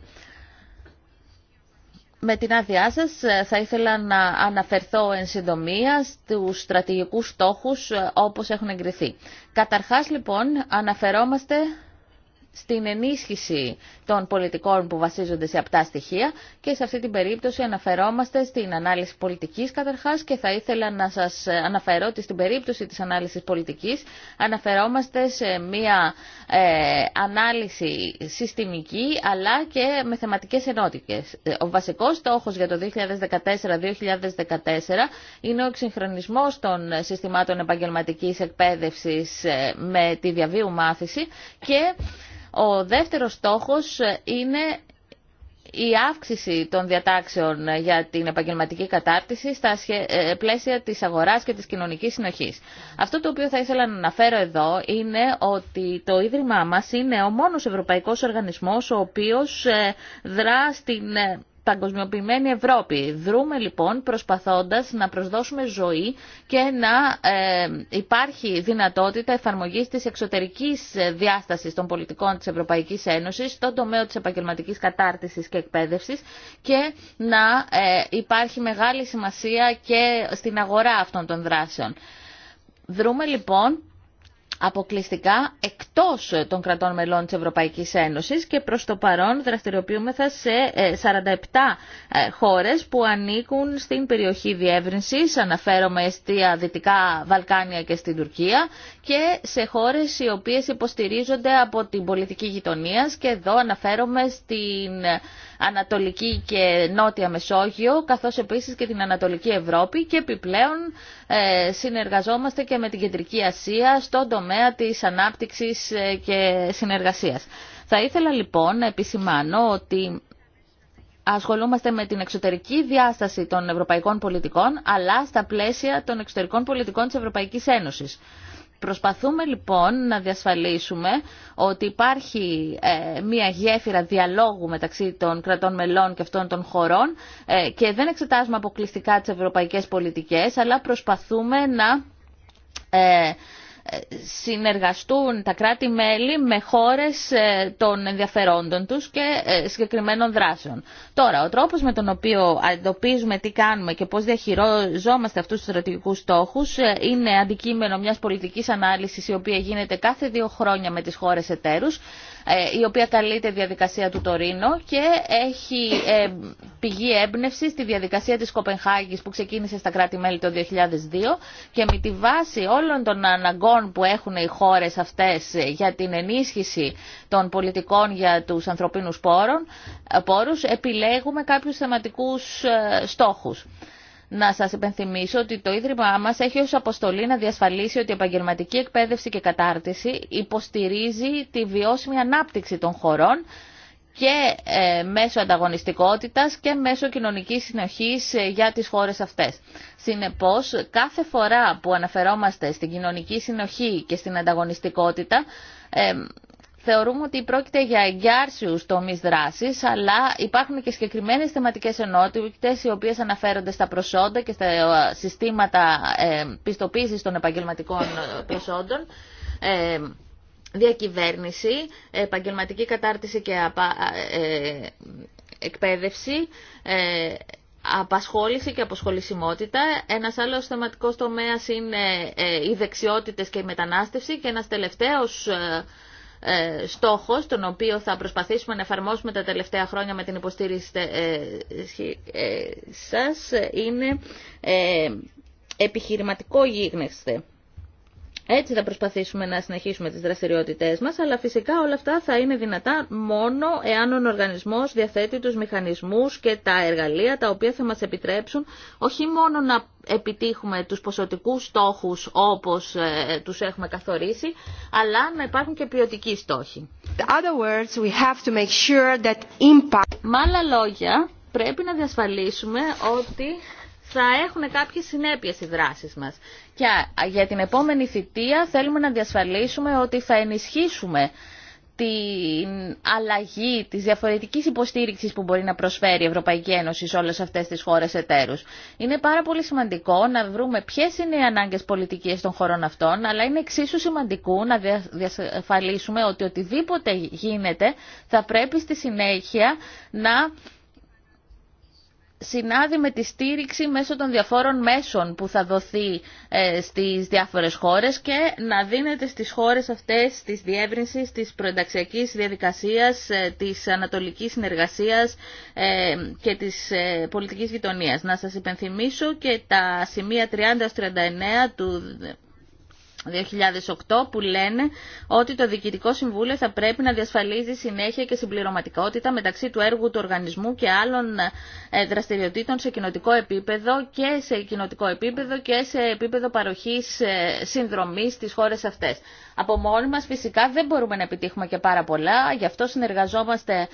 Με την άδειά σα ε, θα ήθελα να αναφερθώ εν συντομία στους στρατηγικούς στόχους ε, όπως έχουν εγκριθεί. Καταρχάς λοιπόν αναφερόμαστε στην ενίσχυση των πολιτικών που βασίζονται σε απτά στοιχεία και σε αυτή την περίπτωση αναφερόμαστε στην ανάλυση πολιτικής καταρχάς και θα ήθελα να σας αναφέρω ότι στην περίπτωση της ανάλυσης πολιτικής αναφερόμαστε σε μια ε, ανάλυση συστημική αλλά και με θεματικές ενότητες. Ο βασικός στόχος για το 2014-2014 είναι ο εξυγχρονισμός των συστημάτων επαγγελματικής εκπαίδευσης ε, με τη διαβίου μάθηση και ο δεύτερος στόχος είναι η αύξηση των διατάξεων για την επαγγελματική κατάρτιση στα ε, πλαίσια της αγοράς και της κοινωνικής συνοχής. Αυτό το οποίο θα ήθελα να αναφέρω εδώ είναι ότι το Ίδρυμά μας είναι ο μόνος ευρωπαϊκός οργανισμός ο οποίος ε, δρά στην ε, παγκοσμιοποιημένη Ευρώπη. Δρούμε λοιπόν προσπαθώντας να προσδώσουμε ζωή και να ε, υπάρχει δυνατότητα εφαρμογής της εξωτερικής διάστασης των πολιτικών της Ευρωπαϊκής Ένωσης στον τομέα της επαγγελματικής κατάρτισης και εκπαίδευσης και να ε, υπάρχει μεγάλη σημασία και στην αγορά αυτών των δράσεων. Δρούμε λοιπόν αποκλειστικά εκτός των κρατών μελών της Ευρωπαϊκής Ένωσης και προς το παρόν δραστηριοποιούμεθα σε 47 ε, ε, χώρες που ανήκουν στην περιοχή διεύρυνσης, αναφέρομαι στα Δυτικά Βαλκάνια και στην Τουρκία και σε χώρες οι οποίες υποστηρίζονται από την πολιτική γειτονία και εδώ αναφέρομαι στην Ανατολική και Νότια Μεσόγειο, καθώς επίσης και την Ανατολική Ευρώπη και επιπλέον ε, συνεργαζόμαστε και με την Κεντρική Ασία στον τομέα της ανάπτυξης ε, και συνεργασίας. Θα ήθελα λοιπόν να επισημάνω ότι ασχολούμαστε με την εξωτερική διάσταση των ευρωπαϊκών πολιτικών, αλλά στα πλαίσια των εξωτερικών πολιτικών της Ευρωπαϊκής Ένωσης. Προσπαθούμε λοιπόν να διασφαλίσουμε ότι υπάρχει ε, μία γέφυρα διαλόγου μεταξύ των κρατών μελών και αυτών των χωρών ε, και δεν εξετάζουμε αποκλειστικά τις ευρωπαϊκές πολιτικές αλλά προσπαθούμε να... Ε, συνεργαστούν τα κράτη-μέλη με χώρες ε, των ενδιαφερόντων τους και ε, συγκεκριμένων δράσεων. Τώρα, ο τρόπος με τον οποίο εντοπίζουμε τι κάνουμε και πώς διαχειριζόμαστε αυτούς τους στρατηγικούς στόχους ε, είναι αντικείμενο μιας πολιτικής ανάλυσης η οποία γίνεται κάθε δύο χρόνια με τις χώρες εταίρους ε, η οποία καλείται διαδικασία του Τωρίνο και έχει ε, πηγή έμπνευση στη διαδικασία της Κοπενχάγης που ξεκίνησε στα κράτη-μέλη το 2002 και με τη βάση όλων των αναγκών που έχουν οι χώρες αυτές για την ενίσχυση των πολιτικών για τους ανθρωπίνους ε, πόρους επιλέγουμε κάποιους θεματικούς στόχους να σας υπενθυμίσω ότι το Ίδρυμά μας έχει ως αποστολή να διασφαλίσει ότι η επαγγελματική εκπαίδευση και κατάρτιση υποστηρίζει τη βιώσιμη ανάπτυξη των χωρών και ε, μέσω ανταγωνιστικότητας και μέσω κοινωνικής συνοχής ε, για τις χώρες αυτές. Συνεπώς, κάθε φορά που αναφερόμαστε στην κοινωνική συνοχή και στην ανταγωνιστικότητα, ε, θεωρούμε ότι πρόκειται για εγκιάρσιους τομείς δράσης, αλλά υπάρχουν και συγκεκριμένες θεματικές ενότητες οι οποίες αναφέρονται στα προσόντα και στα ε, συστήματα ε, πιστοποίησης των επαγγελματικών ε, προσόντων, διακυβέρνηση, επαγγελματική κατάρτιση και εκπαίδευση, απασχόληση και αποσχολησιμότητα. Ένας άλλος θεματικός τομέας είναι οι δεξιότητες και η μετανάστευση και ένας τελευταίος ε, στόχος, τον οποίο θα προσπαθήσουμε να εφαρμόσουμε τα τελευταία χρόνια με την υποστήριξη ε, ε, σας, είναι επιχειρηματικό γίγνεσθε. Έτσι θα προσπαθήσουμε να συνεχίσουμε τις δραστηριότητές μας, αλλά φυσικά όλα αυτά θα είναι δυνατά μόνο εάν ο οργανισμός διαθέτει τους μηχανισμούς και τα εργαλεία τα οποία θα μας επιτρέψουν όχι μόνο να επιτύχουμε τους ποσοτικούς στόχους όπως ε, τους έχουμε καθορίσει, αλλά να υπάρχουν και ποιοτικοί στόχοι. Με άλλα λόγια, πρέπει να διασφαλίσουμε ότι θα έχουν κάποιες συνέπειες οι δράσεις μας. Και για την επόμενη θητεία θέλουμε να διασφαλίσουμε ότι θα ενισχύσουμε την αλλαγή της διαφορετικής υποστήριξης που μπορεί να προσφέρει η Ευρωπαϊκή Ένωση σε όλες αυτές τις χώρες εταίρους. Είναι πάρα πολύ σημαντικό να βρούμε ποιες είναι οι ανάγκες πολιτικές των χωρών αυτών, αλλά είναι εξίσου σημαντικό να διασφαλίσουμε ότι οτιδήποτε γίνεται θα πρέπει στη συνέχεια να συνάδει με τη στήριξη μέσω των διαφόρων μέσων που θα δοθεί ε, στις διάφορες χώρες και να δίνεται στις χώρες αυτές της διεύρυνσης, της προενταξιακής διαδικασίας, ε, της ανατολικής συνεργασίας ε, και της πολιτικής γειτονίας. Να σας υπενθυμίσω και τα σημεία 30-39 του 2008 που λένε ότι το Διοικητικό Συμβούλιο θα πρέπει να διασφαλίζει συνέχεια και συμπληρωματικότητα μεταξύ του έργου του οργανισμού και άλλων ε, δραστηριοτήτων σε κοινοτικό επίπεδο και σε κοινοτικό επίπεδο και σε επίπεδο παροχής ε, συνδρομής στις χώρες αυτές. Από μόνοι μας φυσικά δεν μπορούμε να επιτύχουμε και πάρα πολλά, γι' αυτό συνεργαζόμαστε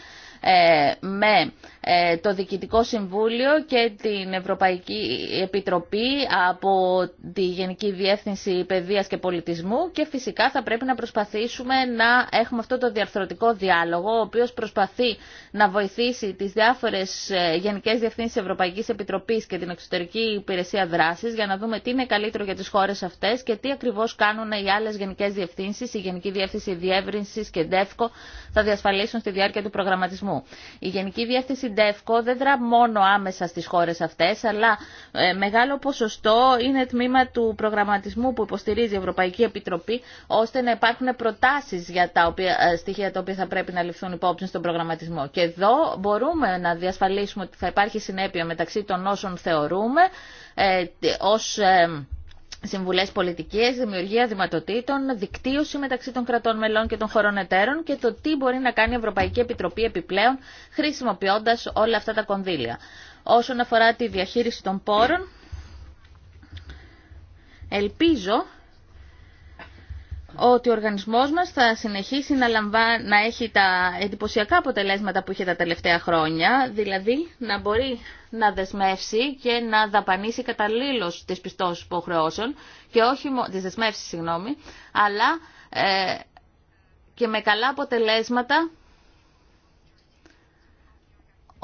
ε, με ε, το Διοικητικό Συμβούλιο και την Ευρωπαϊκή Επιτροπή από τη Γενική Διεύθυνση Παιδείας και Πολιτισμού και φυσικά θα πρέπει να προσπαθήσουμε να έχουμε αυτό το διαρθρωτικό διάλογο ο οποίος προσπαθεί να βοηθήσει τις διάφορες ε, Γενικές Διευθύνσεις Ευρωπαϊκής Επιτροπής και την Εξωτερική Υπηρεσία Δράσης για να δούμε τι είναι καλύτερο για τις χώρες αυτές και τι ακριβώς κάνουν οι άλλες Γενικές Διευθύνσεις, η Γενική Διεύθυνση Διεύρυνσης και ΔΕΦΚΟ θα διασφαλίσουν στη διάρκεια του προγραμματισμού η Γενική Διεύθυνση ΔΕΦΚΟ δεν δρά μόνο άμεσα στις χώρες αυτές, αλλά ε, μεγάλο ποσοστό είναι τμήμα του προγραμματισμού που υποστηρίζει η Ευρωπαϊκή Επιτροπή, ώστε να υπάρχουν προτάσεις για τα οποία, ε, στοιχεία τα οποία θα πρέπει να ληφθούν υπόψη στον προγραμματισμό. Και εδώ μπορούμε να διασφαλίσουμε ότι θα υπάρχει συνέπεια μεταξύ των όσων θεωρούμε ε, ως... Ε, Συμβουλές πολιτικές, δημιουργία δυνατοτήτων, δικτύωση μεταξύ των κρατών μελών και των χωρών εταίρων και το τι μπορεί να κάνει η Ευρωπαϊκή Επιτροπή επιπλέον χρησιμοποιώντας όλα αυτά τα κονδύλια. Όσον αφορά τη διαχείριση των πόρων, ελπίζω ότι ο οργανισμός μας θα συνεχίσει να, λαμβά... να έχει τα εντυπωσιακά αποτελέσματα που είχε τα τελευταία χρόνια, δηλαδή να μπορεί να δεσμεύσει και να δαπανίσει καταλήλως τις πιστώσεις υποχρεώσεων και όχι μο... τις δεσμεύσεις, συγγνώμη, αλλά ε, και με καλά αποτελέσματα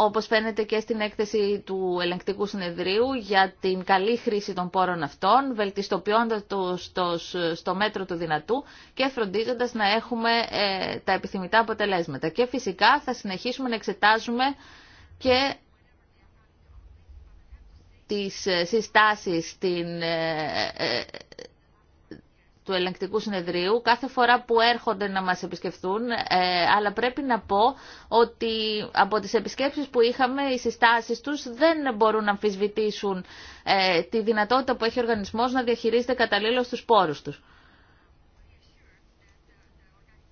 όπως φαίνεται και στην έκθεση του ελεγκτικού συνεδρίου, για την καλή χρήση των πόρων αυτών, βελτιστοποιώντας το στο, μέτρο του δυνατού και φροντίζοντας να έχουμε ε, τα επιθυμητά αποτελέσματα. Και φυσικά θα συνεχίσουμε να εξετάζουμε και τις ε, συστάσεις στην, ε, του ελεγκτικού συνεδρίου κάθε φορά που έρχονται να μας επισκεφθούν, ε, αλλά πρέπει να πω ότι από τις επισκέψεις που είχαμε οι συστάσεις τους δεν μπορούν να αμφισβητήσουν ε, τη δυνατότητα που έχει ο οργανισμός να διαχειρίζεται καταλήλως τους πόρους τους.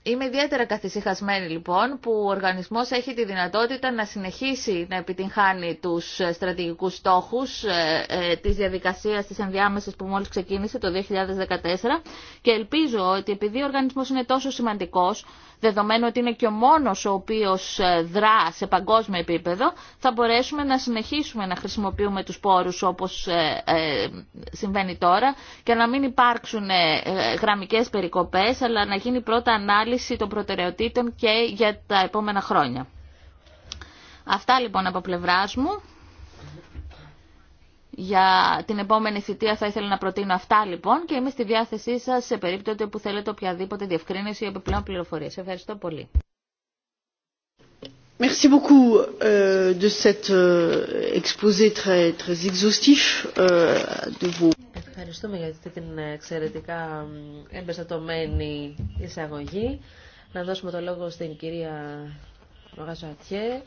Είμαι ιδιαίτερα καθησυχασμένη λοιπόν που ο οργανισμός έχει τη δυνατότητα να συνεχίσει να επιτυγχάνει τους ε, στρατηγικούς στόχους ε, ε, της διαδικασίας της ενδιάμεσης που μόλις ξεκίνησε το 2014 και ελπίζω ότι επειδή ο οργανισμός είναι τόσο σημαντικός δεδομένου ότι είναι και ο μόνος ο οποίος ε, δρά σε παγκόσμιο επίπεδο, θα μπορέσουμε να συνεχίσουμε να χρησιμοποιούμε τους πόρους όπως ε, ε, συμβαίνει τώρα και να μην υπάρξουν γραμμικές περικοπές, αλλά να γίνει πρώτα ανάλυση των προτεραιοτήτων και για τα επόμενα χρόνια. Αυτά λοιπόν από πλευρά μου. Για την επόμενη θητεία θα ήθελα να προτείνω αυτά λοιπόν και είμαι στη διάθεσή σας σε περίπτωση που θέλετε οποιαδήποτε διευκρίνηση ή επιπλέον πληροφορίες. Ευχαριστώ πολύ. Merci beaucoup euh, de cet euh, exposé très, très exhaustif euh, de Ευχαριστούμε για αυτή την εξαιρετικά εμπεριστατωμένη εισαγωγή. Να δώσουμε το λόγο στην κυρία Μαγαζατιέ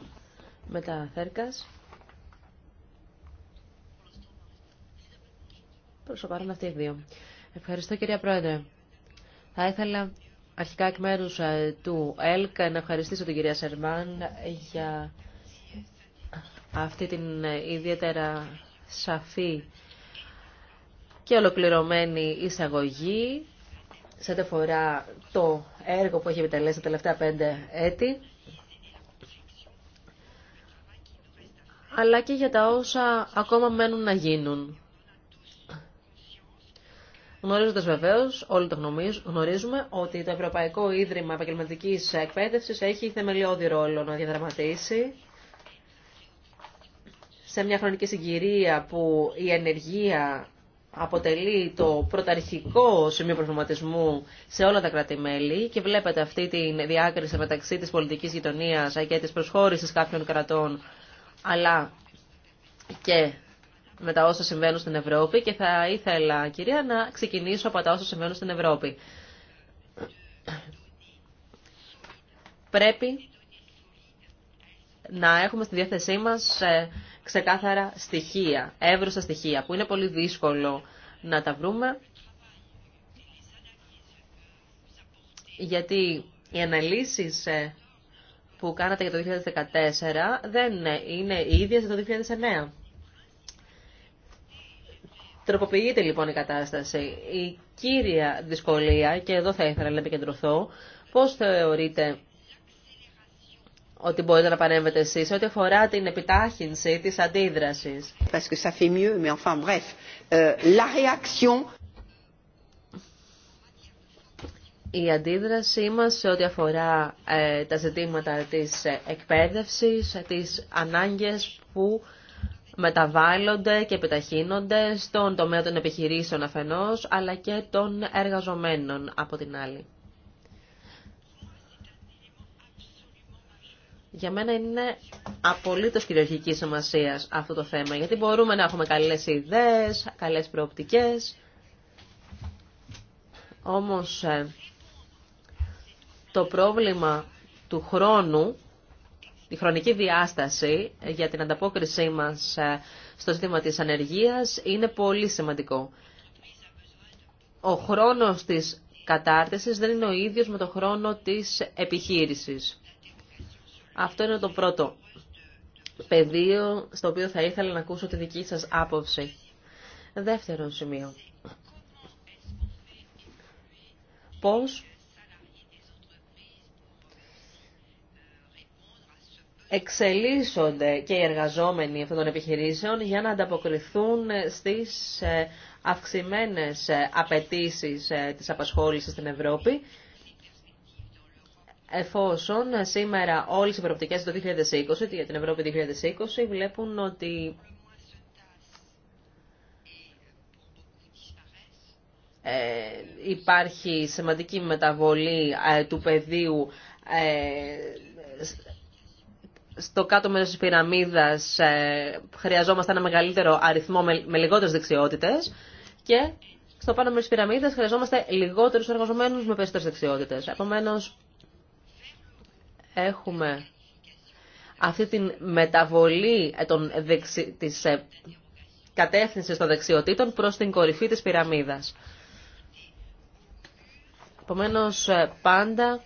μετά Θέρκας. προ το παρόν οι δύο. Ευχαριστώ κυρία Πρόεδρε. Θα ήθελα αρχικά εκ μέρου ε, του ΕΛΚ να ευχαριστήσω την κυρία Σερμάν για αυτή την ε, ιδιαίτερα σαφή και ολοκληρωμένη εισαγωγή σε ό,τι φορά το έργο που έχει επιτελέσει τα τελευταία πέντε έτη αλλά και για τα όσα ακόμα μένουν να γίνουν Γνωρίζοντα βεβαίω, όλοι το γνωρίζουμε, ότι το Ευρωπαϊκό Ίδρυμα Επαγγελματική Εκπαίδευση έχει θεμελιώδη ρόλο να διαδραματίσει σε μια χρονική συγκυρία που η ενεργεία αποτελεί το πρωταρχικό σημείο προβληματισμού σε όλα τα κράτη-μέλη και βλέπετε αυτή τη διάκριση μεταξύ της πολιτικής γειτονίας και της προσχώρησης κάποιων κρατών αλλά και με τα όσα συμβαίνουν στην Ευρώπη και θα ήθελα, κυρία, να ξεκινήσω από τα όσα συμβαίνουν στην Ευρώπη. Πρέπει να έχουμε στη διάθεσή μας ε, ξεκάθαρα στοιχεία, εύρωστα στοιχεία, που είναι πολύ δύσκολο να τα βρούμε, γιατί οι αναλύσεις ε, που κάνατε για το 2014 δεν είναι ίδια ίδιες για το 2009. Τροποποιείται λοιπόν η κατάσταση. Η κύρια δυσκολία, και εδώ θα ήθελα να επικεντρωθώ, πώς θεωρείτε ότι μπορείτε να παρέμβετε εσείς ό,τι αφορά την επιτάχυνση της αντίδρασης. Η αντίδρασή μας σε ό,τι αφορά ε, τα ζητήματα της ε, εκπαίδευσης, ε, τις ανάγκες που μεταβάλλονται και επιταχύνονται στον τομέα των επιχειρήσεων αφενός, αλλά και των εργαζομένων από την άλλη. Για μένα είναι απολύτως κυριαρχική σημασία αυτό το θέμα, γιατί μπορούμε να έχουμε καλές ιδέες, καλές προοπτικές, όμως ε, το πρόβλημα του χρόνου η χρονική διάσταση για την ανταπόκρισή μας ε, στο ζήτημα της ανεργίας είναι πολύ σημαντικό. Ο χρόνος της κατάρτισης δεν είναι ο ίδιος με το χρόνο της επιχείρησης. Αυτό είναι το πρώτο πεδίο στο οποίο θα ήθελα να ακούσω τη δική σας άποψη. Δεύτερο σημείο. Πώς εξελίσσονται και οι εργαζόμενοι αυτών των επιχειρήσεων για να ανταποκριθούν στις ε, αυξημένες ε, απαιτήσεις ε, της απασχόλησης στην Ευρώπη εφόσον σήμερα όλες οι προοπτικές το 2020, για την Ευρώπη 2020, βλέπουν ότι υπάρχει σημαντική μεταβολή του πεδίου στο κάτω μέρος της πυραμίδας ε, χρειαζόμαστε ένα μεγαλύτερο αριθμό με λιγότερες δεξιότητες και στο πάνω μέρος της πυραμίδας χρειαζόμαστε λιγότερους εργαζομένους με περισσότερες δεξιότητες. Επομένως, έχουμε αυτή την μεταβολή ε, των δεξι... της ε, κατεύθυνσης των δεξιοτήτων προς την κορυφή της πυραμίδας. Επομένως, πάντα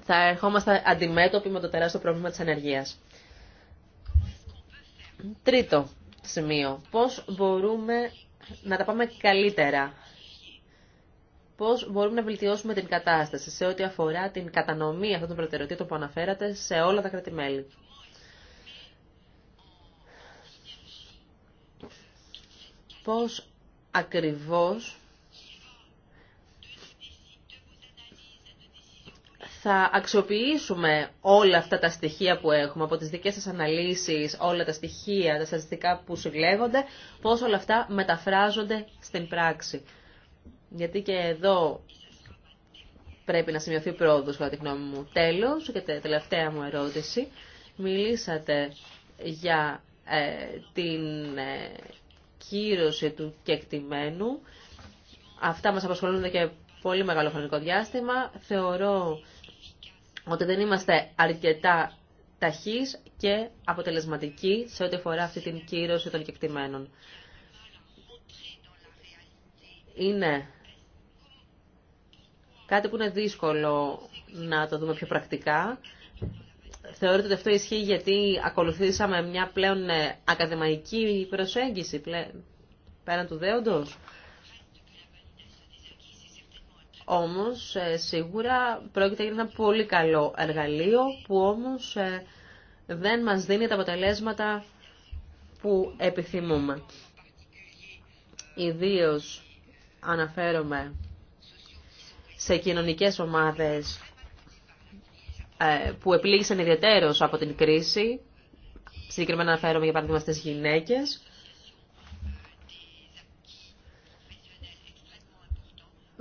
θα ερχόμαστε αντιμέτωποι με το τεράστιο πρόβλημα της ανεργίας. Τρίτο σημείο. Πώς μπορούμε να τα πάμε καλύτερα. Πώς μπορούμε να βελτιώσουμε την κατάσταση σε ό,τι αφορά την κατανομή αυτών των προτεραιοτήτων που αναφέρατε σε όλα τα κρατημέλη. Πώς ακριβώς θα αξιοποιήσουμε όλα αυτά τα στοιχεία που έχουμε, από τις δικές σας αναλύσεις, όλα τα στοιχεία, τα στατιστικά που συλλέγονται, πώς όλα αυτά μεταφράζονται στην πράξη. Γιατί και εδώ πρέπει να σημειωθεί πρόοδος, κατά τη γνώμη μου. Τέλος, και τελευταία μου ερώτηση, μιλήσατε για ε, την ε, κύρωση του κεκτημένου. Αυτά μας απασχολούν και πολύ μεγάλο χρονικό διάστημα. Θεωρώ ότι δεν είμαστε αρκετά ταχείς και αποτελεσματικοί σε ό,τι αφορά αυτή την κύρωση των κεκτημένων. Είναι κάτι που είναι δύσκολο να το δούμε πιο πρακτικά. Θεωρείτε ότι αυτό ισχύει γιατί ακολουθήσαμε μια πλέον ε, ακαδημαϊκή προσέγγιση πέραν του δέοντος. Όμως ε, σίγουρα πρόκειται για ένα πολύ καλό εργαλείο που όμως ε, δεν μας δίνει τα αποτελέσματα που επιθυμούμε. Ιδίως αναφέρομαι σε κοινωνικές ομάδες ε, που επλήγησαν ιδιαίτερως από την κρίση. Συγκεκριμένα αναφέρομαι για παράδειγμα στις γυναίκες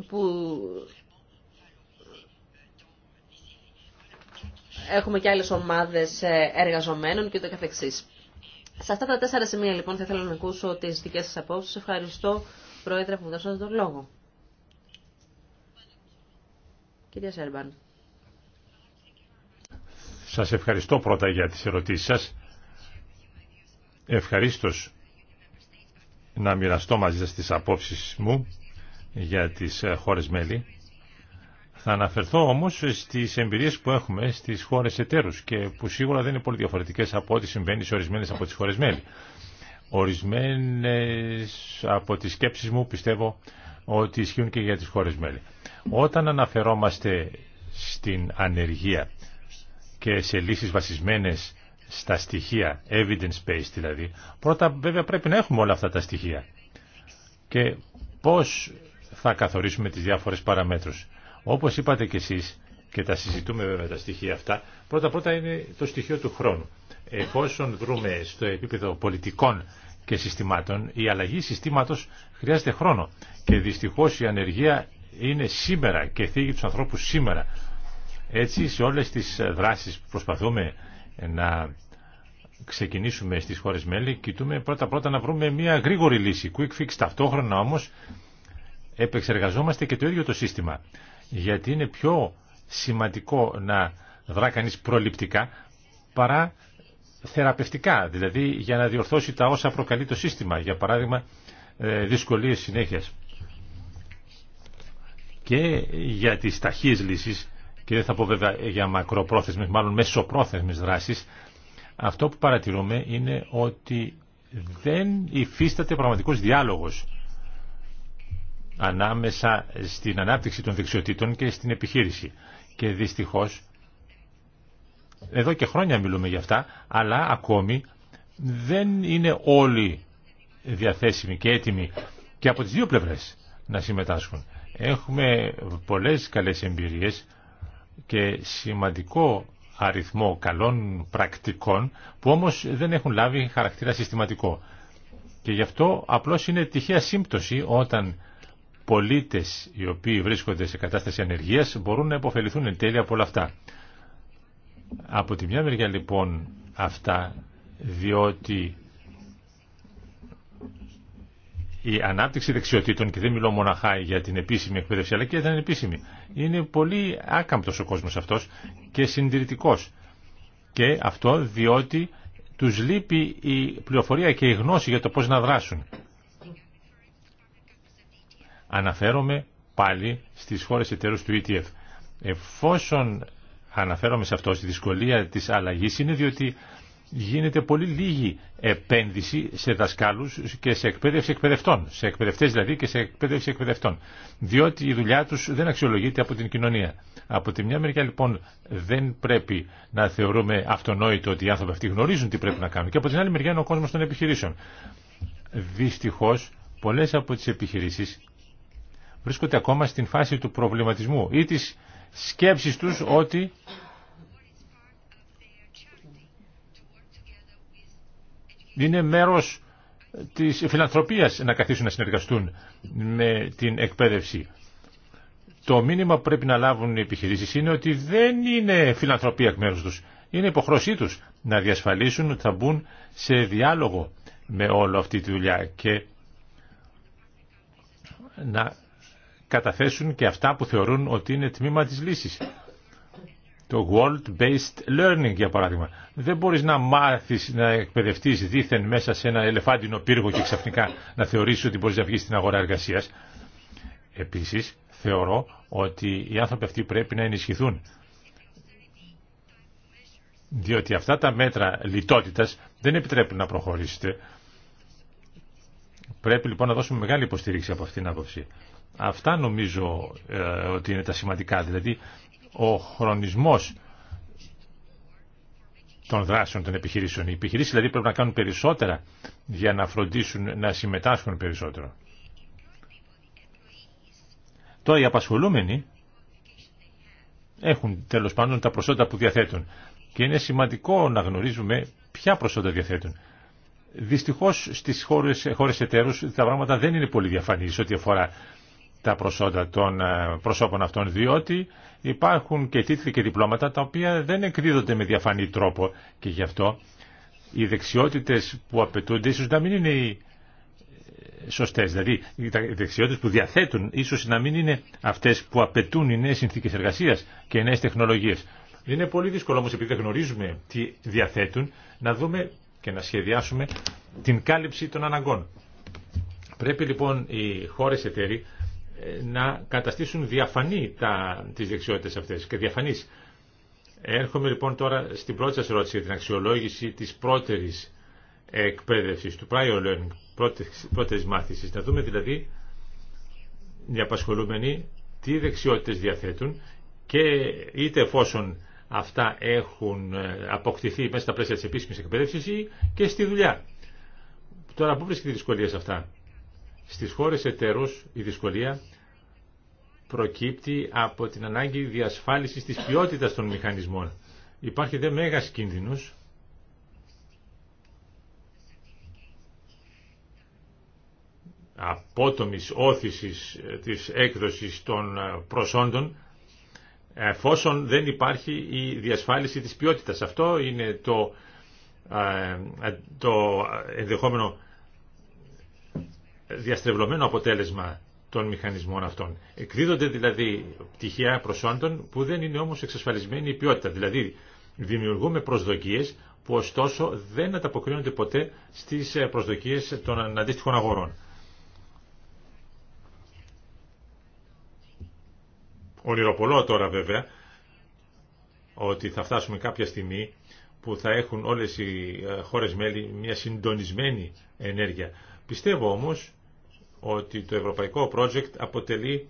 που έχουμε και άλλες ομάδες ε, εργαζομένων και το καθεξής. Σε αυτά τα τέσσερα σημεία λοιπόν θα ήθελα να ακούσω τις δικές σας απόψεις. Ευχαριστώ Πρόεδρε που μου δώσατε τον λόγο. Κυρία Σέρμπαν. Σας ευχαριστώ πρώτα για τις ερωτήσεις σας. Ευχαριστώ να μοιραστώ μαζί σας τις απόψεις μου για τις ε, χώρες μέλη. Θα αναφερθώ όμως στις εμπειρίες που έχουμε στις χώρες εταίρους και που σίγουρα δεν είναι πολύ διαφορετικές από ό,τι συμβαίνει σε ορισμένες από τις χώρες μέλη. Ορισμένες από τις σκέψεις μου πιστεύω ότι ισχύουν και για τις χώρες μέλη. Όταν αναφερόμαστε στην ανεργία και σε λύσεις βασισμένες στα στοιχεία, evidence-based δηλαδή, πρώτα βέβαια πρέπει να έχουμε όλα αυτά τα στοιχεία. Και πώς θα καθορίσουμε τις διάφορες παραμέτρους. Όπως είπατε κι εσείς, και τα συζητούμε βέβαια τα στοιχεία αυτά, πρώτα-πρώτα είναι το στοιχείο του χρόνου. Εφόσον βρούμε στο επίπεδο πολιτικών και συστημάτων, η αλλαγή συστήματος χρειάζεται χρόνο. Και δυστυχώς η ανεργία είναι σήμερα και θίγει τους ανθρώπους σήμερα. Έτσι σε όλες τις δράσεις που προσπαθούμε να ξεκινήσουμε στις χώρες μέλη, κοιτούμε πρώτα-πρώτα να βρούμε μια γρήγορη λύση, quick fix ταυτόχρονα όμως επεξεργαζόμαστε και το ίδιο το σύστημα. Γιατί είναι πιο σημαντικό να δρά κανείς προληπτικά παρά θεραπευτικά, δηλαδή για να διορθώσει τα όσα προκαλεί το σύστημα, για παράδειγμα ε, δυσκολίες συνέχειας. Και για τις ταχύες λύσεις, και δεν θα πω βέβαια για μακροπρόθεσμες, μάλλον μεσοπρόθεσμες δράσεις, αυτό που παρατηρούμε είναι ότι δεν υφίσταται πραγματικός διάλογος ανάμεσα στην ανάπτυξη των δεξιοτήτων και στην επιχείρηση. Και δυστυχώς, εδώ και χρόνια μιλούμε για αυτά, αλλά ακόμη δεν είναι όλοι διαθέσιμοι και έτοιμοι και από τις δύο πλευρές να συμμετάσχουν. Έχουμε πολλές καλές εμπειρίες και σημαντικό αριθμό καλών πρακτικών που όμως δεν έχουν λάβει χαρακτήρα συστηματικό. Και γι' αυτό απλώς είναι τυχαία σύμπτωση όταν πολίτες οι οποίοι βρίσκονται σε κατάσταση ανεργίας μπορούν να υποφεληθούν εν τέλει από όλα αυτά. Από τη μια μεριά λοιπόν αυτά διότι η ανάπτυξη δεξιοτήτων και δεν μιλώ μοναχά για την επίσημη εκπαίδευση αλλά και για την επίσημη. είναι πολύ άκαμπτος ο κόσμος αυτός και συντηρητικός και αυτό διότι τους λείπει η πληροφορία και η γνώση για το πώς να δράσουν αναφέρομαι πάλι στις χώρες εταίρους του ETF. Εφόσον αναφέρομαι σε αυτό, στη δυσκολία της αλλαγής, είναι διότι γίνεται πολύ λίγη επένδυση σε δασκάλους και σε εκπαίδευση εκπαιδευτών. Σε εκπαιδευτές δηλαδή και σε εκπαίδευση εκπαιδευτών. Διότι η δουλειά τους δεν αξιολογείται από την κοινωνία. Από τη μια μεριά λοιπόν δεν πρέπει να θεωρούμε αυτονόητο ότι οι άνθρωποι αυτοί γνωρίζουν τι πρέπει να κάνουν. Και από την άλλη μεριά είναι ο κόσμος των επιχειρήσεων. Δυστυχώς πολλές από τις επιχειρήσεις βρίσκονται ακόμα στην φάση του προβληματισμού ή της σκέψης τους ότι είναι μέρος της φιλανθρωπίας να καθίσουν να συνεργαστούν με την εκπαίδευση. Το μήνυμα που πρέπει να λάβουν οι επιχειρήσεις είναι ότι δεν είναι φιλανθρωπία εκ μέρους τους. Είναι υποχρεωσή τους να διασφαλίσουν ότι θα μπουν σε διάλογο με όλη αυτή τη δουλειά και να καταθέσουν και αυτά που θεωρούν ότι είναι τμήμα της λύσης. Το world-based learning, για παράδειγμα. Δεν μπορείς να μάθεις, να εκπαιδευτείς δίθεν μέσα σε ένα ελεφάντινο πύργο και ξαφνικά να θεωρήσεις ότι μπορείς να βγεις στην αγορά εργασίας. Επίσης, θεωρώ ότι οι άνθρωποι αυτοί πρέπει να ενισχυθούν. Διότι αυτά τα μέτρα λιτότητας δεν επιτρέπουν να προχωρήσετε. Πρέπει λοιπόν να δώσουμε μεγάλη υποστήριξη από αυτήν την άποψη. Αυτά νομίζω ε, ότι είναι τα σημαντικά. Δηλαδή ο χρονισμός των δράσεων των επιχειρήσεων. Οι επιχειρήσεις δηλαδή πρέπει να κάνουν περισσότερα για να φροντίσουν να συμμετάσχουν περισσότερο. Τώρα οι απασχολούμενοι έχουν τέλος πάντων τα προσόντα που διαθέτουν και είναι σημαντικό να γνωρίζουμε ποια προσόντα διαθέτουν. Δυστυχώς στις χώρες, χώρες εταίρους τα πράγματα δεν είναι πολύ διαφανείς ό,τι αφορά τα προσόντα των ε, προσώπων αυτών, διότι υπάρχουν και τίτλοι και διπλώματα τα οποία δεν εκδίδονται με διαφανή τρόπο και γι' αυτό οι δεξιότητες που απαιτούνται ίσως να μην είναι οι ε, σωστές, δηλαδή οι δεξιότητες που διαθέτουν ίσως να μην είναι αυτές που απαιτούν οι νέες συνθήκες εργασίας και οι νέες τεχνολογίες. Είναι πολύ δύσκολο όμως επειδή δεν γνωρίζουμε τι διαθέτουν να δούμε και να σχεδιάσουμε την κάλυψη των αναγκών. Πρέπει λοιπόν οι χώρε εταίροι να καταστήσουν διαφανή τα, τις δεξιότητες αυτές και διαφανείς. Έρχομαι λοιπόν τώρα στην πρώτη σας ερώτηση για την αξιολόγηση της πρώτερης εκπαίδευσης, του prior learning, πρώτης, πρώτερης μάθησης. Να δούμε δηλαδή οι απασχολούμενοι τι δεξιότητες διαθέτουν και είτε εφόσον αυτά έχουν ε, αποκτηθεί μέσα στα πλαίσια της επίσημης εκπαίδευσης ή και στη δουλειά. Τώρα πού βρίσκεται η δυσκολία σε αυτά. Στις χώρες εταίρους η δυσκολία προκύπτει από την ανάγκη διασφάλισης της ποιότητας των μηχανισμών. Υπάρχει δε μέγας κίνδυνος απότομης όθησης της έκδοσης των προσόντων εφόσον δεν υπάρχει η διασφάλιση της ποιότητας. Αυτό είναι το, ε, το ενδεχόμενο διαστρεβλωμένο αποτέλεσμα των μηχανισμών αυτών. Εκδίδονται δηλαδή πτυχία προσόντων που δεν είναι όμως εξασφαλισμένη η ποιότητα. Δηλαδή δημιουργούμε προσδοκίες που ωστόσο δεν ανταποκρίνονται ποτέ στις ε, προσδοκίες των αντίστοιχων αγορών. Ονειροπολώ τώρα βέβαια ότι θα φτάσουμε κάποια στιγμή που θα έχουν όλες οι ε, χώρες μέλη μια συντονισμένη ενέργεια. Πιστεύω όμως ότι το ευρωπαϊκό project αποτελεί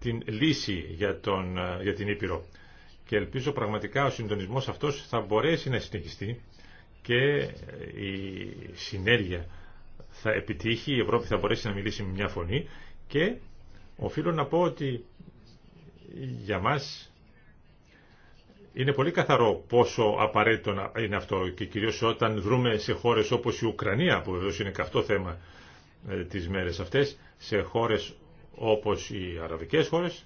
την λύση για, τον, ε, για την Ήπειρο. Και ελπίζω πραγματικά ο συντονισμός αυτός θα μπορέσει να συνεχιστεί και ε, η συνέργεια θα επιτύχει, η Ευρώπη θα μπορέσει να μιλήσει με μια φωνή και οφείλω να πω ότι για μας είναι πολύ καθαρό πόσο απαραίτητο είναι αυτό και κυρίως όταν βρούμε σε χώρες όπως η Ουκρανία που εδώ είναι καυτό θέμα ε, τις μέρες αυτές σε χώρες όπως οι αραβικές χώρες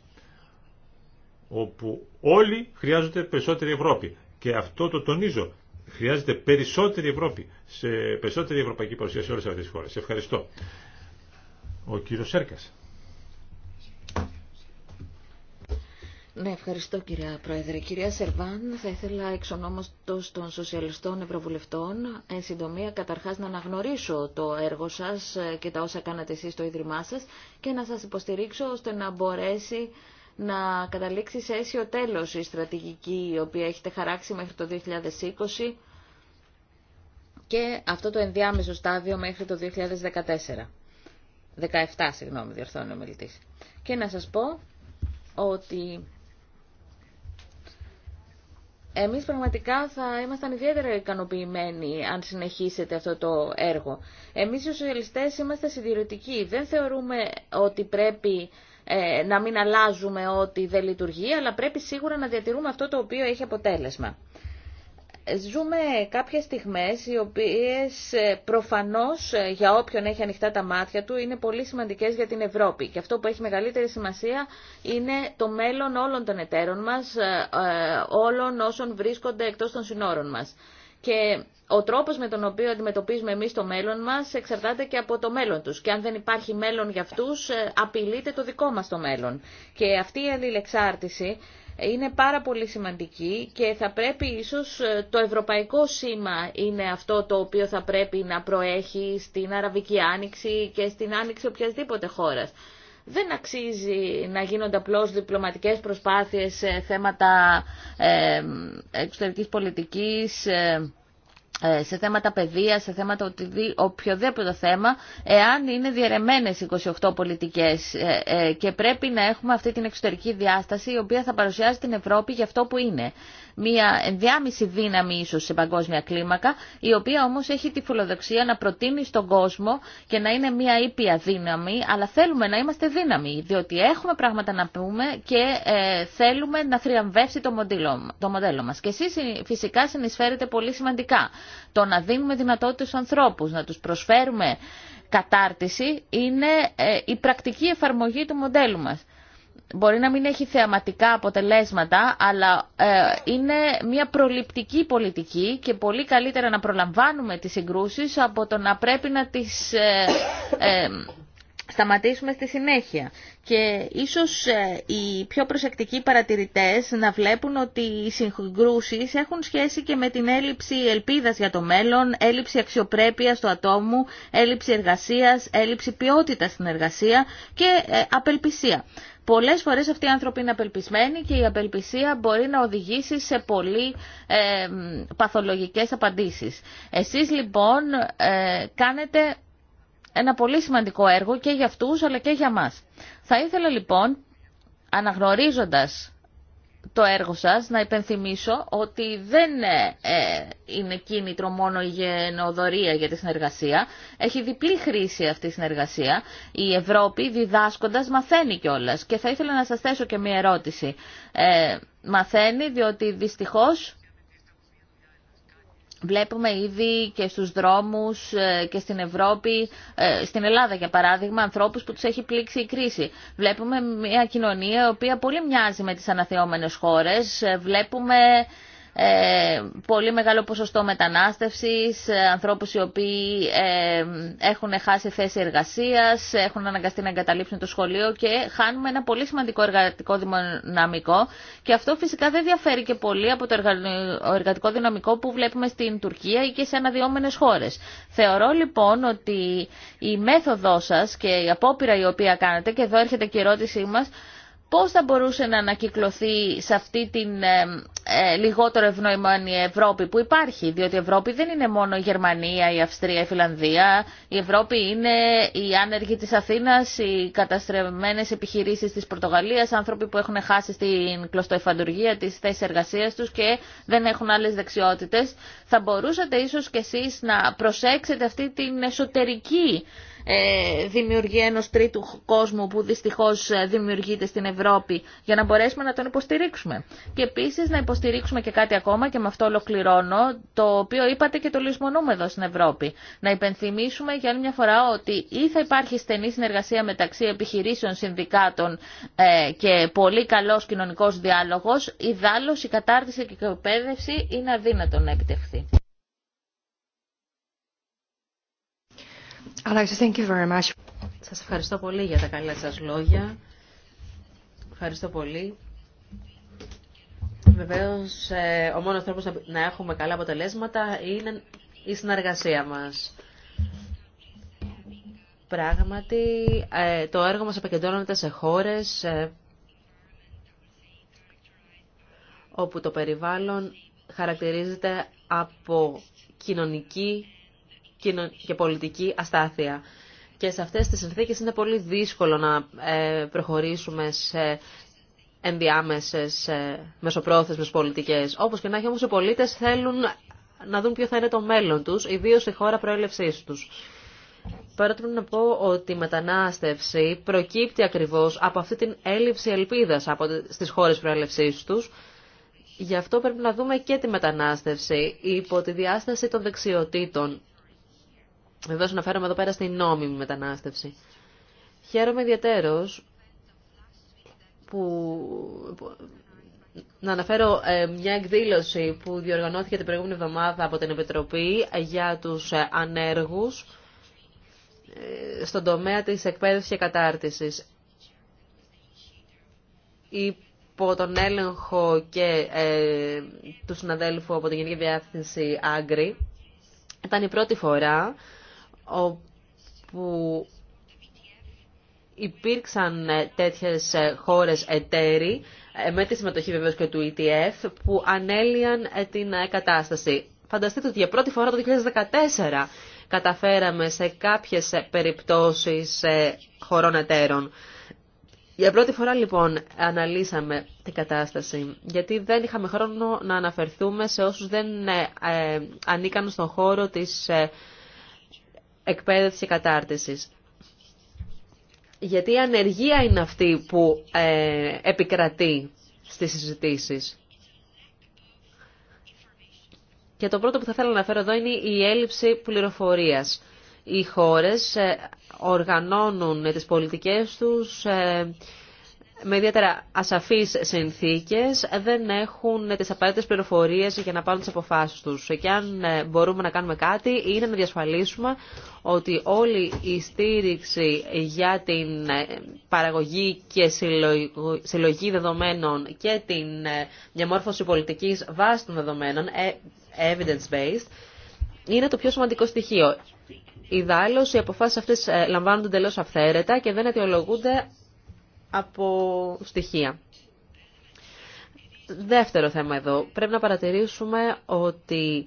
όπου όλοι χρειάζονται περισσότερη Ευρώπη και αυτό το τονίζω χρειάζεται περισσότερη Ευρώπη σε περισσότερη ευρωπαϊκή παρουσία σε όλες αυτές τις χώρες. Ευχαριστώ. Ο κύριος Σέρκας. Ναι, ευχαριστώ κυρία Πρόεδρε. Κυρία Σερβάν, θα ήθελα εξ ονόμαστος των Σοσιαλιστών Ευρωβουλευτών, εν συντομία καταρχάς να αναγνωρίσω το έργο σας και τα όσα κάνατε εσείς στο Ίδρυμά σας και να σας υποστηρίξω ώστε να μπορέσει να καταλήξει σε αίσιο τέλος η στρατηγική η οποία έχετε χαράξει μέχρι το 2020 και αυτό το ενδιάμεσο στάδιο μέχρι το 2014. 17, συγγνώμη, διορθώνει ο Και να σας πω ότι εμείς πραγματικά θα ήμασταν ιδιαίτερα ικανοποιημένοι αν συνεχίσετε αυτό το έργο. Εμείς οι σοσιαλιστές είμαστε συντηρητικοί. Δεν θεωρούμε ότι πρέπει ε, να μην αλλάζουμε ό,τι δεν λειτουργεί, αλλά πρέπει σίγουρα να διατηρούμε αυτό το οποίο έχει αποτέλεσμα. Ζούμε κάποιες στιγμές οι οποίες ε, προφανώς ε, για όποιον έχει ανοιχτά τα μάτια του είναι πολύ σημαντικές για την Ευρώπη και αυτό που έχει μεγαλύτερη σημασία είναι το μέλλον όλων των εταίρων μας, ε, όλων όσων βρίσκονται εκτός των συνόρων μας και ο τρόπος με τον οποίο αντιμετωπίζουμε εμείς το μέλλον μας εξαρτάται και από το μέλλον τους. Και αν δεν υπάρχει μέλλον για αυτούς, ε, απειλείται το δικό μας το μέλλον. Και αυτή η αλληλεξάρτηση είναι πάρα πολύ σημαντική και θα πρέπει ίσως ε, το ευρωπαϊκό σήμα είναι αυτό το οποίο θα πρέπει να προέχει στην Αραβική Άνοιξη και στην Άνοιξη οποιασδήποτε χώρας. Δεν αξίζει να γίνονται απλώ διπλωματικές προσπάθειες σε θέματα ε, εξωτερικής πολιτικής, ε, ε, σε θέματα παιδεία, σε θέματα οποιοδήποτε θέμα, εάν είναι διαιρεμένες 28 πολιτικές και πρέπει να έχουμε αυτή την εξωτερική διάσταση η οποία θα παρουσιάζει την Ευρώπη για αυτό που είναι μια ενδιάμεση δύναμη ίσως σε παγκόσμια κλίμακα, η οποία όμως έχει τη φιλοδοξία να προτείνει στον κόσμο και να είναι μια ήπια δύναμη, αλλά θέλουμε να είμαστε δύναμοι, διότι έχουμε πράγματα να πούμε και ε, θέλουμε να θριαμβεύσει το μοντέλο, το μοντέλο μας. Και εσείς φυσικά συνεισφέρετε πολύ σημαντικά. Το να δίνουμε δυνατότητες στους ανθρώπους, να τους προσφέρουμε κατάρτιση είναι ε, η πρακτική εφαρμογή του μοντέλου μας μπορεί να μην έχει θεαματικά αποτελέσματα, αλλά ε, είναι μια προληπτική πολιτική και πολύ καλύτερα να προλαμβάνουμε τις συγκρούσεις από το να πρέπει να τις ε, ε σταματήσουμε στη συνέχεια. Και ίσως ε, οι πιο προσεκτικοί παρατηρητές να βλέπουν ότι οι συγκρούσεις έχουν σχέση και με την έλλειψη ελπίδας για το μέλλον, έλλειψη αξιοπρέπειας του ατόμου, έλλειψη εργασίας, έλλειψη ποιότητας στην εργασία και απελπισία. Πολλές φορές αυτοί οι άνθρωποι είναι απελπισμένοι και η απελπισία μπορεί να οδηγήσει σε πολύ ε, παθολογικές απαντήσεις. Εσείς λοιπόν ε, κάνετε ένα πολύ σημαντικό έργο και για αυτούς αλλά και για μας. Θα ήθελα λοιπόν αναγνωρίζοντας το έργο σας, να υπενθυμίσω ότι δεν ε, είναι κίνητρο μόνο η γενοδορία για τη συνεργασία. Έχει διπλή χρήση αυτή η συνεργασία. Η Ευρώπη διδάσκοντας μαθαίνει κιόλα. Και θα ήθελα να σας θέσω και μία ερώτηση. Ε, μαθαίνει διότι δυστυχώς Βλέπουμε ήδη και στους δρόμους ε, και στην Ευρώπη, ε, στην Ελλάδα για παράδειγμα, ανθρώπους που τους έχει πλήξει η κρίση. Βλέπουμε μια κοινωνία η οποία πολύ μοιάζει με τις αναθεώμενες χώρες. Ε, βλέπουμε ε, πολύ μεγάλο ποσοστό μετανάστευσης, ε, ανθρώπους οι οποίοι ε, έχουν χάσει θέση εργασίας, έχουν αναγκαστεί να εγκαταλείψουν το σχολείο και χάνουμε ένα πολύ σημαντικό εργατικό δυναμικό και αυτό φυσικά δεν διαφέρει και πολύ από το εργατικό δυναμικό που βλέπουμε στην Τουρκία ή και σε αναδυόμενες χώρες. Θεωρώ λοιπόν ότι η μέθοδό σας και η απόπειρα η οποία κάνετε, και εδώ έρχεται και η ερώτησή μας, πώς θα μπορούσε να ανακυκλωθεί σε αυτή την ε, ε, λιγότερο ευνοημένη Ευρώπη που υπάρχει, διότι η Ευρώπη δεν είναι μόνο η Γερμανία, η Αυστρία, η Φιλανδία, η Ευρώπη είναι οι άνεργοι της Αθήνας, οι καταστρεμμένες επιχειρήσεις της Πορτογαλίας, άνθρωποι που έχουν χάσει την κλωστοεφαντουργία τις θέσεις εργασίας τους και δεν έχουν άλλες δεξιότητες. Θα μπορούσατε ίσως και εσείς να προσέξετε αυτή την εσωτερική ε, δημιουργία ενός τρίτου κόσμου που δυστυχώς ε, δημιουργείται στην Ευρώπη για να μπορέσουμε να τον υποστηρίξουμε. Και επίσης να υποστηρίξουμε και κάτι ακόμα και με αυτό ολοκληρώνω, το οποίο είπατε και το λησμονούμε εδώ στην Ευρώπη. Να υπενθυμίσουμε για άλλη μια φορά ότι ή θα υπάρχει στενή συνεργασία μεταξύ επιχειρήσεων, συνδικάτων ε, και πολύ καλός κοινωνικός διάλογος, ιδάλλως η θα υπαρχει στενη συνεργασια μεταξυ επιχειρησεων συνδικατων και πολυ καλος κοινωνικος διαλογος δαλωση η καταρτιση και η εκπαίδευση είναι αδύνατο να επιτευχθεί. Σα Σας ευχαριστώ πολύ για τα καλά σας λόγια. Ευχαριστώ πολύ. Βεβαίω, ε, ο μόνος τρόπος να έχουμε καλά αποτελέσματα είναι η συνεργασία μας. Πράγματι, ε, το έργο μας επικεντρώνεται σε χώρες ε, όπου το περιβάλλον χαρακτηρίζεται από κοινωνική και πολιτική αστάθεια. Και σε αυτές τις συνθήκες είναι πολύ δύσκολο να ε, προχωρήσουμε σε ενδιάμεσες ε, μεσοπρόθεσμες πολιτικές. Όπως και να έχει όμως οι πολίτες θέλουν να δουν ποιο θα είναι το μέλλον τους, ιδίως στη χώρα προέλευσής τους. Παρά να πω ότι η μετανάστευση προκύπτει ακριβώς από αυτή την έλλειψη ελπίδας από στις χώρες προέλευσής τους. Γι' αυτό πρέπει να δούμε και τη μετανάστευση υπό τη διάσταση των δεξιοτήτων Βεβαίω αναφέρομαι εδώ πέρα στην νόμιμη μετανάστευση. Χαίρομαι ιδιαίτερω που... Να αναφέρω ε, μια εκδήλωση που διοργανώθηκε την προηγούμενη εβδομάδα από την Επιτροπή για τους ε, ανέργους ε, στον τομέα της εκπαίδευσης και κατάρτισης. Υπό τον έλεγχο και του συναδέλφου από την Γενική Διάθεση Άγκρη, ήταν η πρώτη φορά όπου υπήρξαν ε, τέτοιες ε, χώρες εταίροι, ε, με τη συμμετοχή βεβαίω και του ETF, που ανέλυαν την κατάσταση. Φανταστείτε ότι για πρώτη φορά το 2014 καταφέραμε σε κάποιες περιπτώσεις χωρών εταίρων. Για πρώτη φορά λοιπόν αναλύσαμε την κατάσταση, γιατί δεν είχαμε χρόνο να αναφερθούμε σε όσους δεν ανήκαν στον χώρο της εκπαίδευση και κατάρτισης. Γιατί η ανεργία είναι αυτή που ε, επικρατεί στις συζητήσεις. Και το πρώτο που θα θέλω να φέρω εδώ είναι η έλλειψη πληροφορίας. Οι χώρες ε, οργανώνουν τις πολιτικές τους ε, με ιδιαίτερα ασαφείς συνθήκε δεν έχουν τι απαραίτητε πληροφορίε για να πάρουν τι αποφάσει του. Και αν ε, μπορούμε να κάνουμε κάτι είναι να διασφαλίσουμε ότι όλη η στήριξη για την ε, παραγωγή και συλλογή δεδομένων και την ε, διαμόρφωση πολιτική βάση των δεδομένων, evidence-based, είναι το πιο σημαντικό στοιχείο. Ιδάλλω, οι αποφάσει αυτέ λαμβάνονται εντελώ αυθαίρετα και δεν αιτιολογούνται από στοιχεία. Δεύτερο θέμα εδώ. Πρέπει να παρατηρήσουμε ότι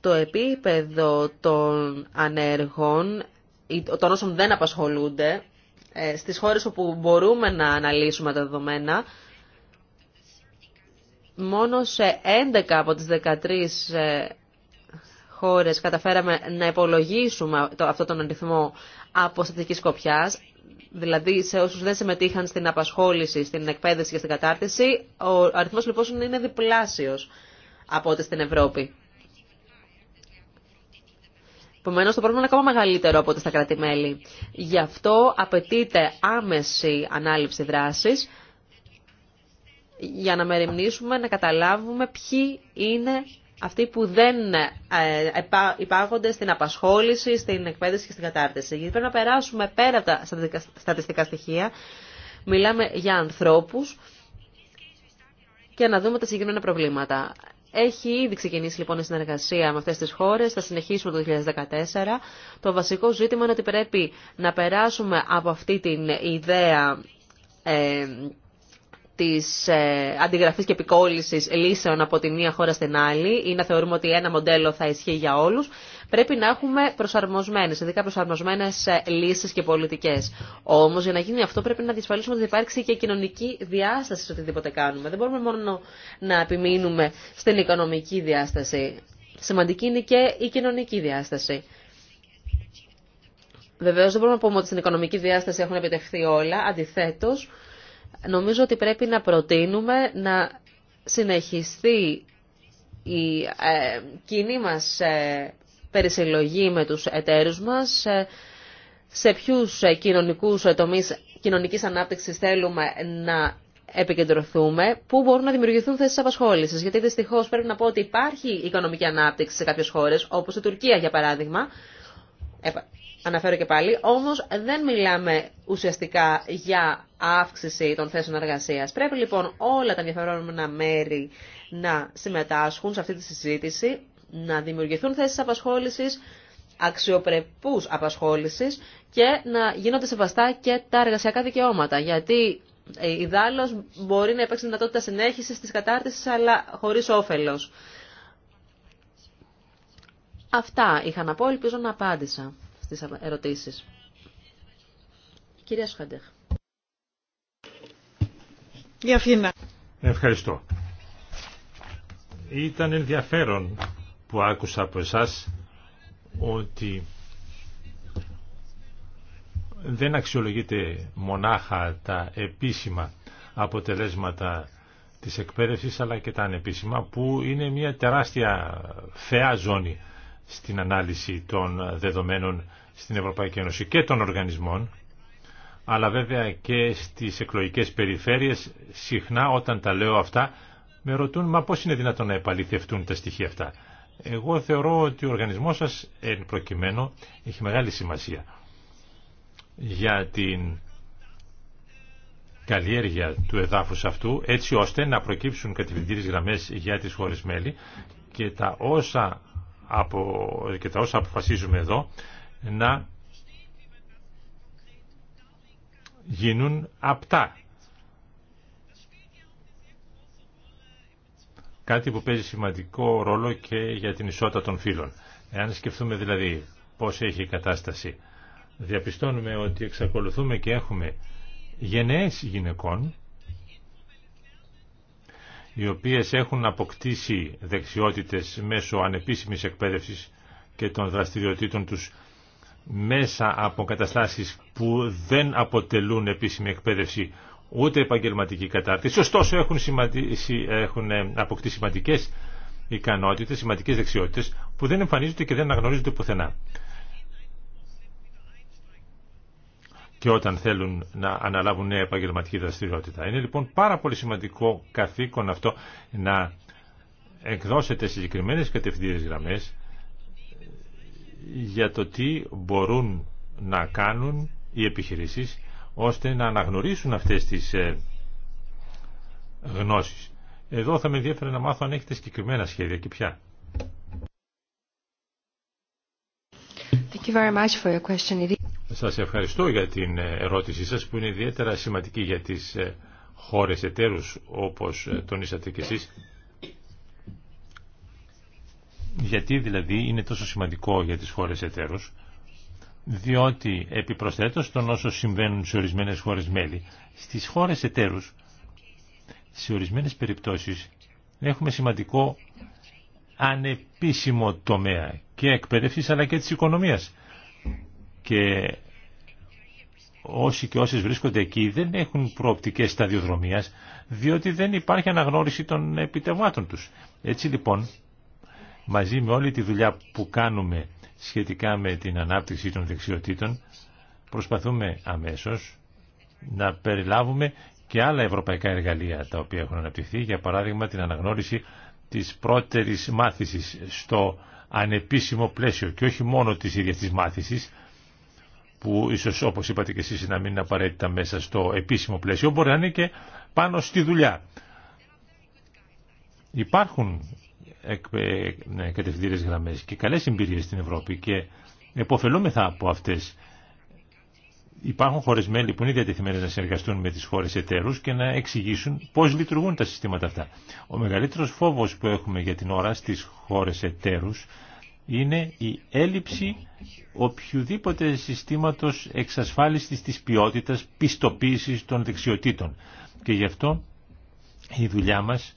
το επίπεδο των ανέργων, των όσων δεν απασχολούνται, ε, στις χώρες όπου μπορούμε να αναλύσουμε τα δεδομένα, μόνο σε 11 από τις 13 ε, χώρες καταφέραμε να υπολογίσουμε αυτό τον αριθμό από στατική σκοπιάς δηλαδή σε όσους δεν συμμετείχαν στην απασχόληση, στην εκπαίδευση και στην κατάρτιση, ο αριθμός λοιπόν είναι διπλάσιος από ό,τι στην Ευρώπη. Επομένω, το πρόβλημα είναι ακόμα μεγαλύτερο από ό,τι στα κράτη-μέλη. Γι' αυτό απαιτείται άμεση ανάληψη δράσης για να μεριμνήσουμε, να καταλάβουμε ποιοι είναι αυτοί που δεν ε, υπάγονται στην απασχόληση, στην εκπαίδευση και στην κατάρτιση. Γιατί πρέπει να περάσουμε πέρα από τα στατιστικά στοιχεία. Μιλάμε για ανθρώπους και να δούμε τα συγκεκριμένα προβλήματα. Έχει ήδη ξεκινήσει λοιπόν η συνεργασία με αυτές τις χώρες, θα συνεχίσουμε το 2014. Το βασικό ζήτημα είναι ότι πρέπει να περάσουμε από αυτή την ιδέα ε, της ε, αντιγραφή και επικόλυση λύσεων από τη μία χώρα στην άλλη ή να θεωρούμε ότι ένα μοντέλο θα ισχύει για όλου, πρέπει να έχουμε προσαρμοσμένε, ειδικά προσαρμοσμένε ε, λύσει και πολιτικέ. Όμω για να γίνει αυτό πρέπει να διασφαλίσουμε ότι υπάρξει και κοινωνική διάσταση σε οτιδήποτε κάνουμε. Δεν μπορούμε μόνο να επιμείνουμε στην οικονομική διάσταση. Σημαντική είναι και η κοινωνική διάσταση. Βεβαίω δεν μπορούμε να πούμε ότι στην οικονομική διάσταση έχουν επιτευχθεί όλα. αντιθέτω νομίζω ότι πρέπει να προτείνουμε να συνεχιστεί η ε, κοινή μας ε, περισυλλογή με τους εταίρους μας, ε, σε ποιους ε, κοινωνικούς τομείς κοινωνικής ανάπτυξης θέλουμε να επικεντρωθούμε, πού μπορούν να δημιουργηθούν θέσεις απασχόλησης. Γιατί δυστυχώς πρέπει να πω ότι υπάρχει οικονομική ανάπτυξη σε κάποιες χώρες, όπως η Τουρκία για παράδειγμα, αναφέρω και πάλι, όμως δεν μιλάμε ουσιαστικά για αύξηση των θέσεων εργασίας. Πρέπει λοιπόν όλα τα ενδιαφερόμενα μέρη να συμμετάσχουν σε αυτή τη συζήτηση, να δημιουργηθούν θέσεις απασχόλησης, αξιοπρεπούς απασχόλησης και να γίνονται σεβαστά και τα εργασιακά δικαιώματα. Γιατί δάλος μπορεί να υπάρξει δυνατότητα συνέχισης της κατάρτισης, αλλά χωρίς όφελος. Αυτά είχα να πω, ελπίζω να απάντησα ερωτήσεις. Κυρία Σχαντεχ. Ευχαριστώ. Ήταν ενδιαφέρον που άκουσα από εσάς ότι δεν αξιολογείται μονάχα τα επίσημα αποτελέσματα της εκπαίδευσης αλλά και τα ανεπίσημα που είναι μια τεράστια θεά ζώνη στην ανάλυση των δεδομένων στην Ευρωπαϊκή Ένωση και των οργανισμών, αλλά βέβαια και στις εκλογικές περιφέρειες συχνά όταν τα λέω αυτά με ρωτούν μα πώς είναι δυνατόν να επαληθευτούν τα στοιχεία αυτά. Εγώ θεωρώ ότι ο οργανισμός σας εν προκειμένου έχει μεγάλη σημασία για την καλλιέργεια του εδάφους αυτού έτσι ώστε να προκύψουν κατευθυντήριες γραμμές για τις χώρες μέλη και τα όσα, απο... και τα όσα αποφασίζουμε εδώ να γίνουν απτά. Κάτι που παίζει σημαντικό ρόλο και για την ισότητα των φύλων. Εάν σκεφτούμε δηλαδή πώς έχει η κατάσταση, διαπιστώνουμε ότι εξακολουθούμε και έχουμε γενναίες γυναικών, οι οποίες έχουν αποκτήσει δεξιότητες μέσω ανεπίσημης εκπαίδευσης και των δραστηριοτήτων τους μέσα από καταστάσεις που δεν αποτελούν επίσημη εκπαίδευση ούτε επαγγελματική κατάρτιση. Ωστόσο έχουν, έχουν ε, αποκτήσει σημαντικές ικανότητες, σημαντικές δεξιότητες που δεν εμφανίζονται και δεν αναγνωρίζονται πουθενά. και όταν θέλουν να αναλάβουν νέα επαγγελματική δραστηριότητα. Είναι λοιπόν πάρα πολύ σημαντικό καθήκον αυτό να εκδώσετε συγκεκριμένες κατευθύνες γραμμές για το τι μπορούν να κάνουν οι επιχειρήσεις ώστε να αναγνωρίσουν αυτές τις ε, γνώσεις. Εδώ θα με ενδιαφέρει να μάθω αν έχετε συγκεκριμένα σχέδια και ποια. Thank Σας ευχαριστώ για την ε, ερώτησή σας που είναι ιδιαίτερα σημαντική για τις ε, χώρες εταίρους όπως τονίσατε και εσείς. Γιατί δηλαδή είναι τόσο σημαντικό για τις χώρες εταίρους, διότι επιπροσθέτως των όσων συμβαίνουν σε ορισμένες χώρες μέλη, στις χώρες εταίρους, σε ορισμένες περιπτώσεις, έχουμε σημαντικό ανεπίσημο τομέα και εκπαίδευσης αλλά και της οικονομίας. Και όσοι και όσες βρίσκονται εκεί δεν έχουν προοπτικές σταδιοδρομίας διότι δεν υπάρχει αναγνώριση των επιτευμάτων τους. Έτσι λοιπόν μαζί με όλη τη δουλειά που κάνουμε σχετικά με την ανάπτυξη των δεξιοτήτων, προσπαθούμε αμέσως να περιλάβουμε και άλλα ευρωπαϊκά εργαλεία τα οποία έχουν αναπτυχθεί, για παράδειγμα την αναγνώριση της πρώτερης μάθησης στο ανεπίσημο πλαίσιο και όχι μόνο της ίδιας της μάθησης, που ίσως όπως είπατε και εσείς να μην είναι απαραίτητα μέσα στο επίσημο πλαίσιο, μπορεί να είναι και πάνω στη δουλειά. Υπάρχουν ναι, κατευθυντήρες γραμμές και καλές εμπειρίες στην Ευρώπη και εποφελούμεθα από αυτές. Υπάρχουν χώρες μέλη που είναι διατεθειμένες να συνεργαστούν με τις χώρες εταίρους και να εξηγήσουν πώς λειτουργούν τα συστήματα αυτά. Ο μεγαλύτερος φόβος που έχουμε για την ώρα στις χώρες εταίρους είναι η έλλειψη οποιοδήποτε συστήματος εξασφάλισης της ποιότητας πιστοποίησης των δεξιοτήτων. Και γι' αυτό η δουλειά μας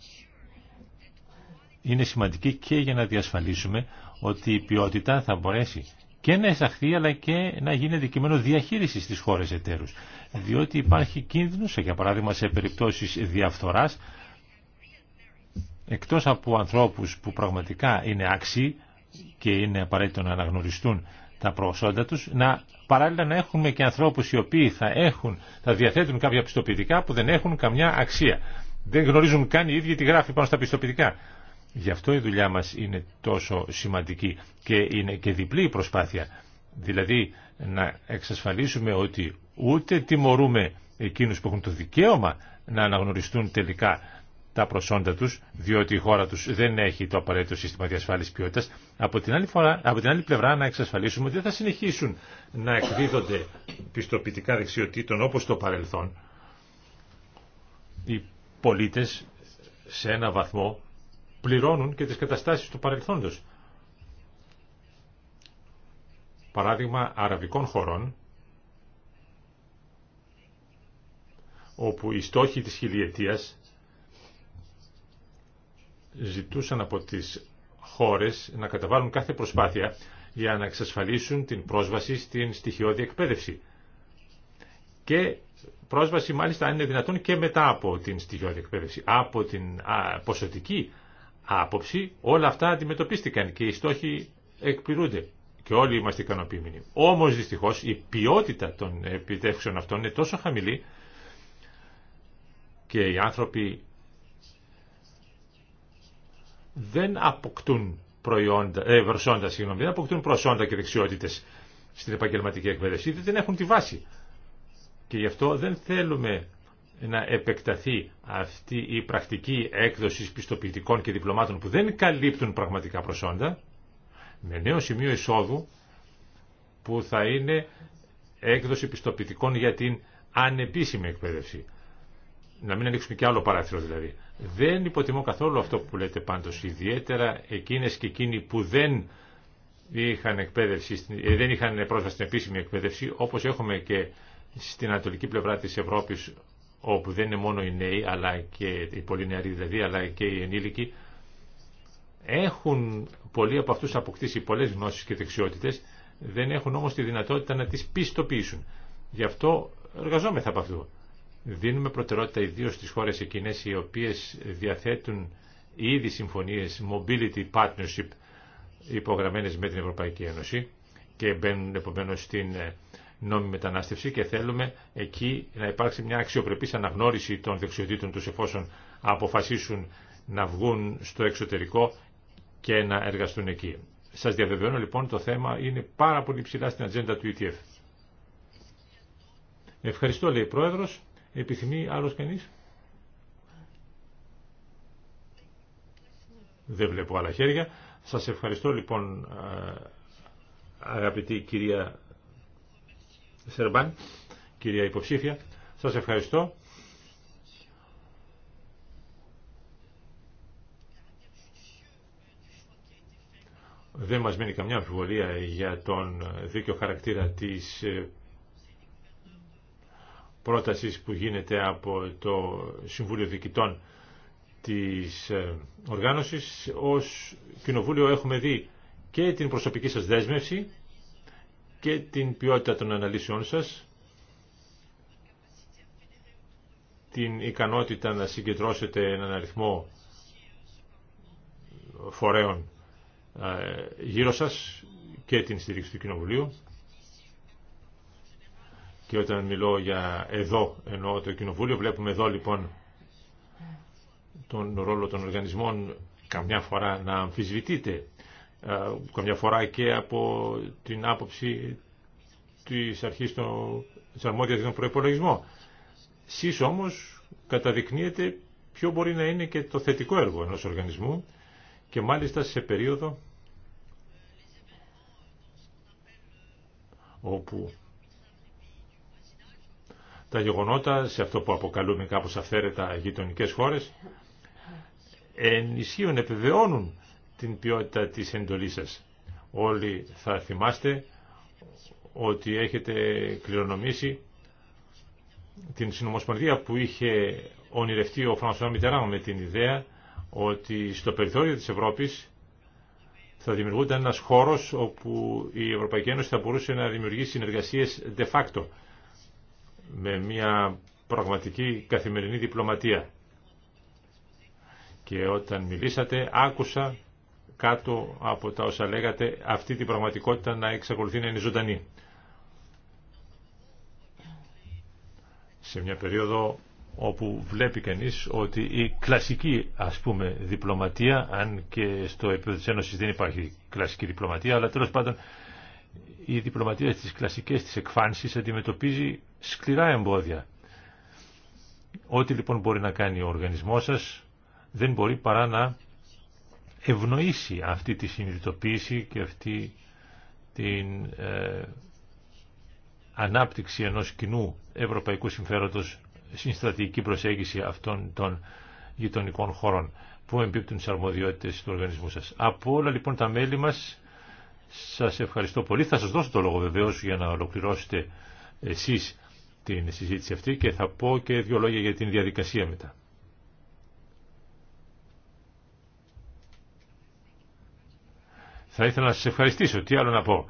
είναι σημαντική και για να διασφαλίσουμε ότι η ποιότητα θα μπορέσει και να εισαχθεί αλλά και να γίνει αντικείμενο διαχείριση στις χώρες εταίρους. Διότι υπάρχει κίνδυνος, για παράδειγμα σε περιπτώσεις διαφθοράς, εκτός από ανθρώπους που πραγματικά είναι άξιοι και είναι απαραίτητο να αναγνωριστούν τα προσόντα τους, να παράλληλα να έχουμε και ανθρώπους οι οποίοι θα, έχουν, θα διαθέτουν κάποια πιστοποιητικά που δεν έχουν καμιά αξία. Δεν γνωρίζουν καν οι ίδιοι τι γράφει πάνω στα πιστοποιητικά. Γι' αυτό η δουλειά μας είναι τόσο σημαντική και είναι και διπλή η προσπάθεια. Δηλαδή να εξασφαλίσουμε ότι ούτε τιμωρούμε εκείνους που έχουν το δικαίωμα να αναγνωριστούν τελικά τα προσόντα τους, διότι η χώρα τους δεν έχει το απαραίτητο σύστημα διασφάλισης ποιότητας, από την άλλη, από την άλλη πλευρά να εξασφαλίσουμε ότι δεν θα συνεχίσουν να εκδίδονται πιστοποιητικά δεξιοτήτων όπως το παρελθόν. Οι πολίτες σε ένα βαθμό πληρώνουν και τις καταστάσεις του παρελθόντος. Παράδειγμα αραβικών χωρών, όπου οι στόχοι της χιλιετίας ζητούσαν από τις χώρες να καταβάλουν κάθε προσπάθεια για να εξασφαλίσουν την πρόσβαση στην στοιχειώδη εκπαίδευση. Και πρόσβαση μάλιστα αν είναι δυνατόν και μετά από την στοιχειώδη εκπαίδευση, από την ποσοτική άποψη όλα αυτά αντιμετωπίστηκαν και οι στόχοι εκπληρούνται και όλοι είμαστε ικανοποιημένοι. Όμω δυστυχώ η ποιότητα των επιτεύξεων αυτών είναι τόσο χαμηλή και οι άνθρωποι δεν αποκτούν προϊόντα, ε, δεν αποκτούν προσόντα και δεξιότητε στην επαγγελματική εκπαίδευση, δεν έχουν τη βάση. Και γι' αυτό δεν θέλουμε να επεκταθεί αυτή η πρακτική έκδοση πιστοποιητικών και διπλωμάτων που δεν καλύπτουν πραγματικά προσόντα με νέο σημείο εισόδου που θα είναι έκδοση πιστοποιητικών για την ανεπίσημη εκπαίδευση. Να μην ανοίξουμε και άλλο παράθυρο δηλαδή. Δεν υποτιμώ καθόλου αυτό που λέτε πάντως, ιδιαίτερα εκείνες και εκείνοι που δεν είχαν, εκπαίδευση, ε, πρόσβαση στην επίσημη εκπαίδευση, όπως έχουμε και στην ανατολική πλευρά της Ευρώπης όπου δεν είναι μόνο οι νέοι, αλλά και οι πολύ νεαροί δηλαδή, αλλά και οι ενήλικοι, έχουν πολλοί από αυτούς αποκτήσει πολλές γνώσεις και δεξιότητες, δεν έχουν όμως τη δυνατότητα να τις πιστοποιήσουν. Γι' αυτό εργαζόμεθα από αυτού. Δίνουμε προτεραιότητα ιδίως στις χώρες εκείνες οι οποίες διαθέτουν ήδη συμφωνίες Mobility Partnership υπογραμμένες με την Ευρωπαϊκή Ένωση και μπαίνουν επομένως στην ε, νόμιμη μετανάστευση και θέλουμε εκεί να υπάρξει μια αξιοπρεπής αναγνώριση των δεξιοτήτων τους εφόσον αποφασίσουν να βγουν στο εξωτερικό και να εργαστούν εκεί. Σας διαβεβαιώνω λοιπόν το θέμα είναι πάρα πολύ ψηλά στην ατζέντα του ETF. Ευχαριστώ λέει η Πρόεδρος. Επιθυμεί άλλος κανείς. Δεν βλέπω άλλα χέρια. Σας ευχαριστώ λοιπόν ε, αγαπητή κυρία Σερμπάν, κυρία υποψήφια. Σας ευχαριστώ. Δεν μας μένει καμιά αμφιβολία για τον δίκαιο χαρακτήρα της ε, πρότασης που γίνεται από το Συμβούλιο Διοικητών της ε, οργάνωσης. Ως Κοινοβούλιο έχουμε δει και την προσωπική σας δέσμευση και την ποιότητα των αναλύσεών σας, την ικανότητα να συγκεντρώσετε έναν αριθμό φορέων ε, γύρω σας και την στήριξη του Κοινοβουλίου. Και όταν μιλώ για εδώ, εννοώ το Κοινοβούλιο, βλέπουμε εδώ λοιπόν τον ρόλο των οργανισμών καμιά φορά να αμφισβητείτε ε, καμιά φορά και από την άποψη της αρχής των, της αρμόδιας για τον προϋπολογισμό. Σεις όμως καταδεικνύεται ποιο μπορεί να είναι και το θετικό έργο ενός οργανισμού και μάλιστα σε περίοδο όπου τα γεγονότα σε αυτό που αποκαλούμε κάπως αυθαίρετα γειτονικέ χώρες ενισχύουν, επιβεώνουν την ποιότητα της εντολής σας. Όλοι θα θυμάστε ότι έχετε κληρονομήσει την συνομοσπονδία που είχε ονειρευτεί ο Φρανσουά Μιτεράν με την ιδέα ότι στο περιθώριο της Ευρώπης θα δημιουργούνταν ένας χώρος όπου η Ευρωπαϊκή Ένωση θα μπορούσε να δημιουργήσει συνεργασίες de facto με μια πραγματική καθημερινή διπλωματία. Και όταν μιλήσατε άκουσα κάτω από τα όσα λέγατε αυτή την πραγματικότητα να εξακολουθεί να είναι ζωντανή. Σε μια περίοδο όπου βλέπει κανείς ότι η κλασική ας πούμε διπλωματία αν και στο επίπεδο της Ένωσης δεν υπάρχει κλασική διπλωματία αλλά τέλος πάντων η διπλωματία στις κλασικές της εκφάνσεις αντιμετωπίζει σκληρά εμπόδια. Ό,τι λοιπόν μπορεί να κάνει ο οργανισμός σας δεν μπορεί παρά να ευνοήσει αυτή τη συνειδητοποίηση και αυτή την ε, ανάπτυξη ενός κοινού ευρωπαϊκού συμφέροντος στην στρατηγική προσέγγιση αυτών των γειτονικών χωρών που εμπίπτουν τις αρμοδιότητες του οργανισμού σας. Από όλα λοιπόν τα μέλη μας σας ευχαριστώ πολύ. Θα σας δώσω το λόγο βεβαίω για να ολοκληρώσετε εσείς την συζήτηση αυτή και θα πω και δύο λόγια για την διαδικασία μετά. Θα ήθελα να σας ευχαριστήσω. Τι άλλο να πω.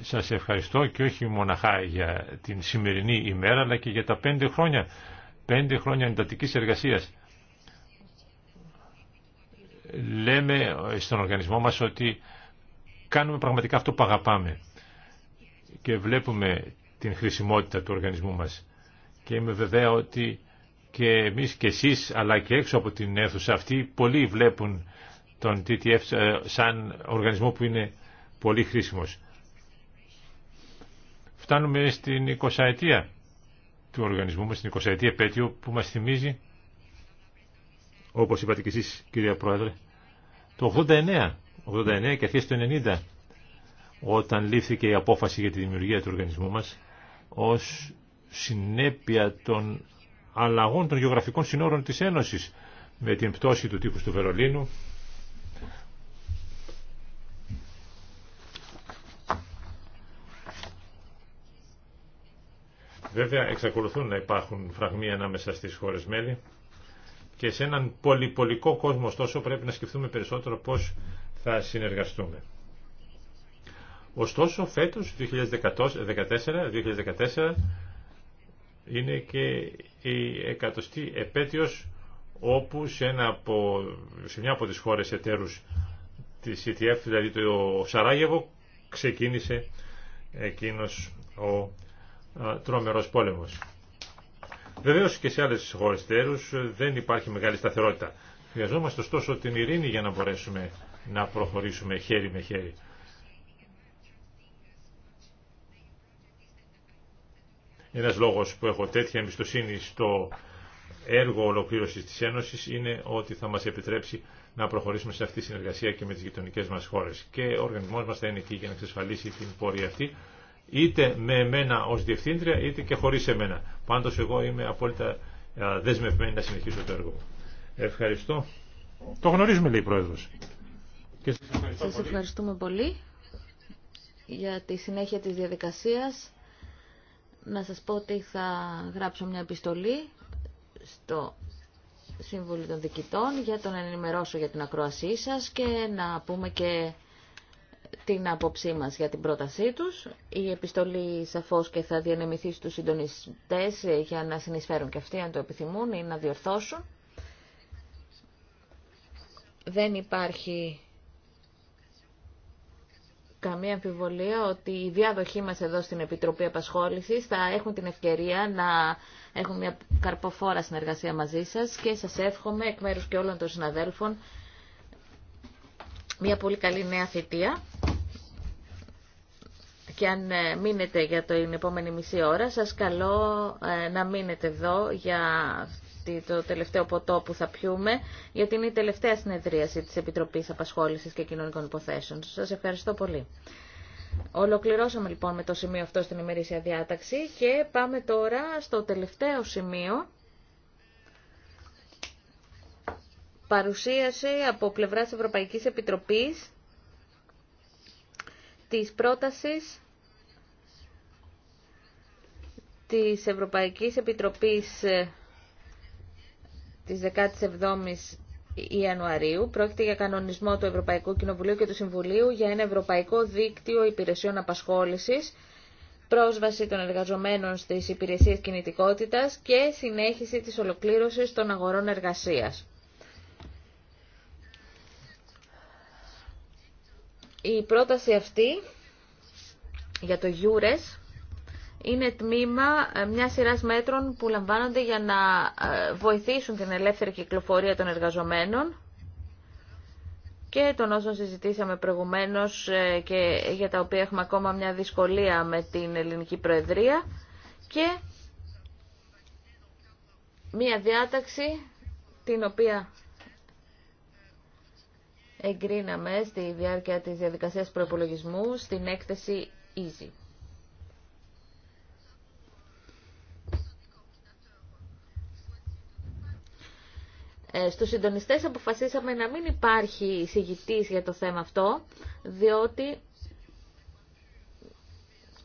Σας ευχαριστώ και όχι μοναχά για την σημερινή ημέρα, αλλά και για τα πέντε χρόνια, πέντε χρόνια εντατικής εργασίας. Λέμε στον οργανισμό μας ότι κάνουμε πραγματικά αυτό που αγαπάμε και βλέπουμε την χρησιμότητα του οργανισμού μας. Και είμαι βέβαια ότι και εμείς και εσείς αλλά και έξω από την αίθουσα αυτή πολλοί βλέπουν τον TTF ε, σαν οργανισμό που είναι πολύ χρήσιμος. Φτάνουμε στην 20 ετία του οργανισμού μας, στην 20 ετία επέτειο που μας θυμίζει, όπως είπατε και εσείς κυρία Πρόεδρε, το 89, 89 και αρχές του 90, όταν λήφθηκε η απόφαση για τη δημιουργία του οργανισμού μας, ως συνέπεια των αλλαγών των γεωγραφικών συνόρων της Ένωσης, με την πτώση του τείχους του Βερολίνου, Βέβαια εξακολουθούν να υπάρχουν φραγμοί ανάμεσα στις χώρες μέλη και σε έναν πολυπολικό κόσμο ωστόσο πρέπει να σκεφτούμε περισσότερο πώς θα συνεργαστούμε. Ωστόσο φέτος 2014, 2014 είναι και η εκατοστή επέτειος όπου σε, ένα από, σε μια από τις χώρες εταίρους της ETF, δηλαδή το Σαράγεβο, ξεκίνησε εκείνος ο τρόμερος πόλεμος. Βεβαίως και σε άλλες χώρες τέρους ε, δεν υπάρχει μεγάλη σταθερότητα. Χρειαζόμαστε ωστόσο την ειρήνη για να μπορέσουμε να προχωρήσουμε χέρι με χέρι. Ένας λόγος που έχω τέτοια εμπιστοσύνη στο έργο ολοκλήρωσης της Ένωσης είναι ότι θα μας επιτρέψει να προχωρήσουμε σε αυτή τη συνεργασία και με τις γειτονικές μας χώρες. Και ο οργανισμός μας θα είναι εκεί για να εξασφαλίσει την πορεία αυτή είτε με εμένα ως διευθύντρια είτε και χωρίς εμένα. Πάντως εγώ είμαι απόλυτα ε, δεσμευμένη να συνεχίσω το έργο μου. Ευχαριστώ. Το γνωρίζουμε λέει η Πρόεδρος. Και σας, ευχαριστούμε πολύ για τη συνέχεια της διαδικασίας. Να σας πω ότι θα γράψω μια επιστολή στο Σύμβουλο των Δικητών για τον ενημερώσω για την ακροασή σας και να πούμε και την άποψή μας για την πρότασή τους. Η επιστολή σαφώς και θα διανεμηθεί στους συντονιστές για να συνεισφέρουν και αυτοί αν το επιθυμούν ή να διορθώσουν. Δεν υπάρχει καμία αμφιβολία ότι οι διάδοχοί μας εδώ στην Επιτροπή Απασχόλησης θα έχουν την ευκαιρία να έχουν μια καρποφόρα συνεργασία μαζί σας και σας εύχομαι εκ μέρους και όλων των συναδέλφων μια πολύ καλή νέα θητεία και αν ε, μείνετε για την επόμενη μισή ώρα, σας καλώ ε, να μείνετε εδώ για το τελευταίο ποτό που θα πιούμε, γιατί είναι η τελευταία συνεδρίαση της Επιτροπής Απασχόλησης και Κοινωνικών Υποθέσεων. Σας ευχαριστώ πολύ. Ολοκληρώσαμε λοιπόν με το σημείο αυτό στην ημερήσια διάταξη και πάμε τώρα στο τελευταίο σημείο Παρουσίασε από πλευρά της Ευρωπαϊκής Επιτροπής τις πρότασεις της Ευρωπαϊκής Επιτροπής της 17ης ε, Ιανουαρίου. Πρόκειται για κανονισμό του Ευρωπαϊκού Κοινοβουλίου και του Συμβουλίου για ένα ευρωπαϊκό δίκτυο υπηρεσιών απασχόλησης, πρόσβαση των εργαζομένων στις υπηρεσίες κινητικότητας και συνέχιση της ολοκλήρωσης των αγορών εργασίας. Η πρόταση αυτή για το Γιούρες είναι τμήμα ε, μια σειρά μέτρων που λαμβάνονται για να ε, βοηθήσουν την ελεύθερη κυκλοφορία των εργαζομένων και των όσων συζητήσαμε προηγουμένως ε, και για τα οποία έχουμε ακόμα μια δυσκολία με την ελληνική προεδρία και μια διάταξη την οποία εγκρίναμε στη διάρκεια της διαδικασίας προπολογισμού στην έκθεση EASY. Ε, στους συντονιστές αποφασίσαμε να μην υπάρχει εισηγητής για το θέμα αυτό, διότι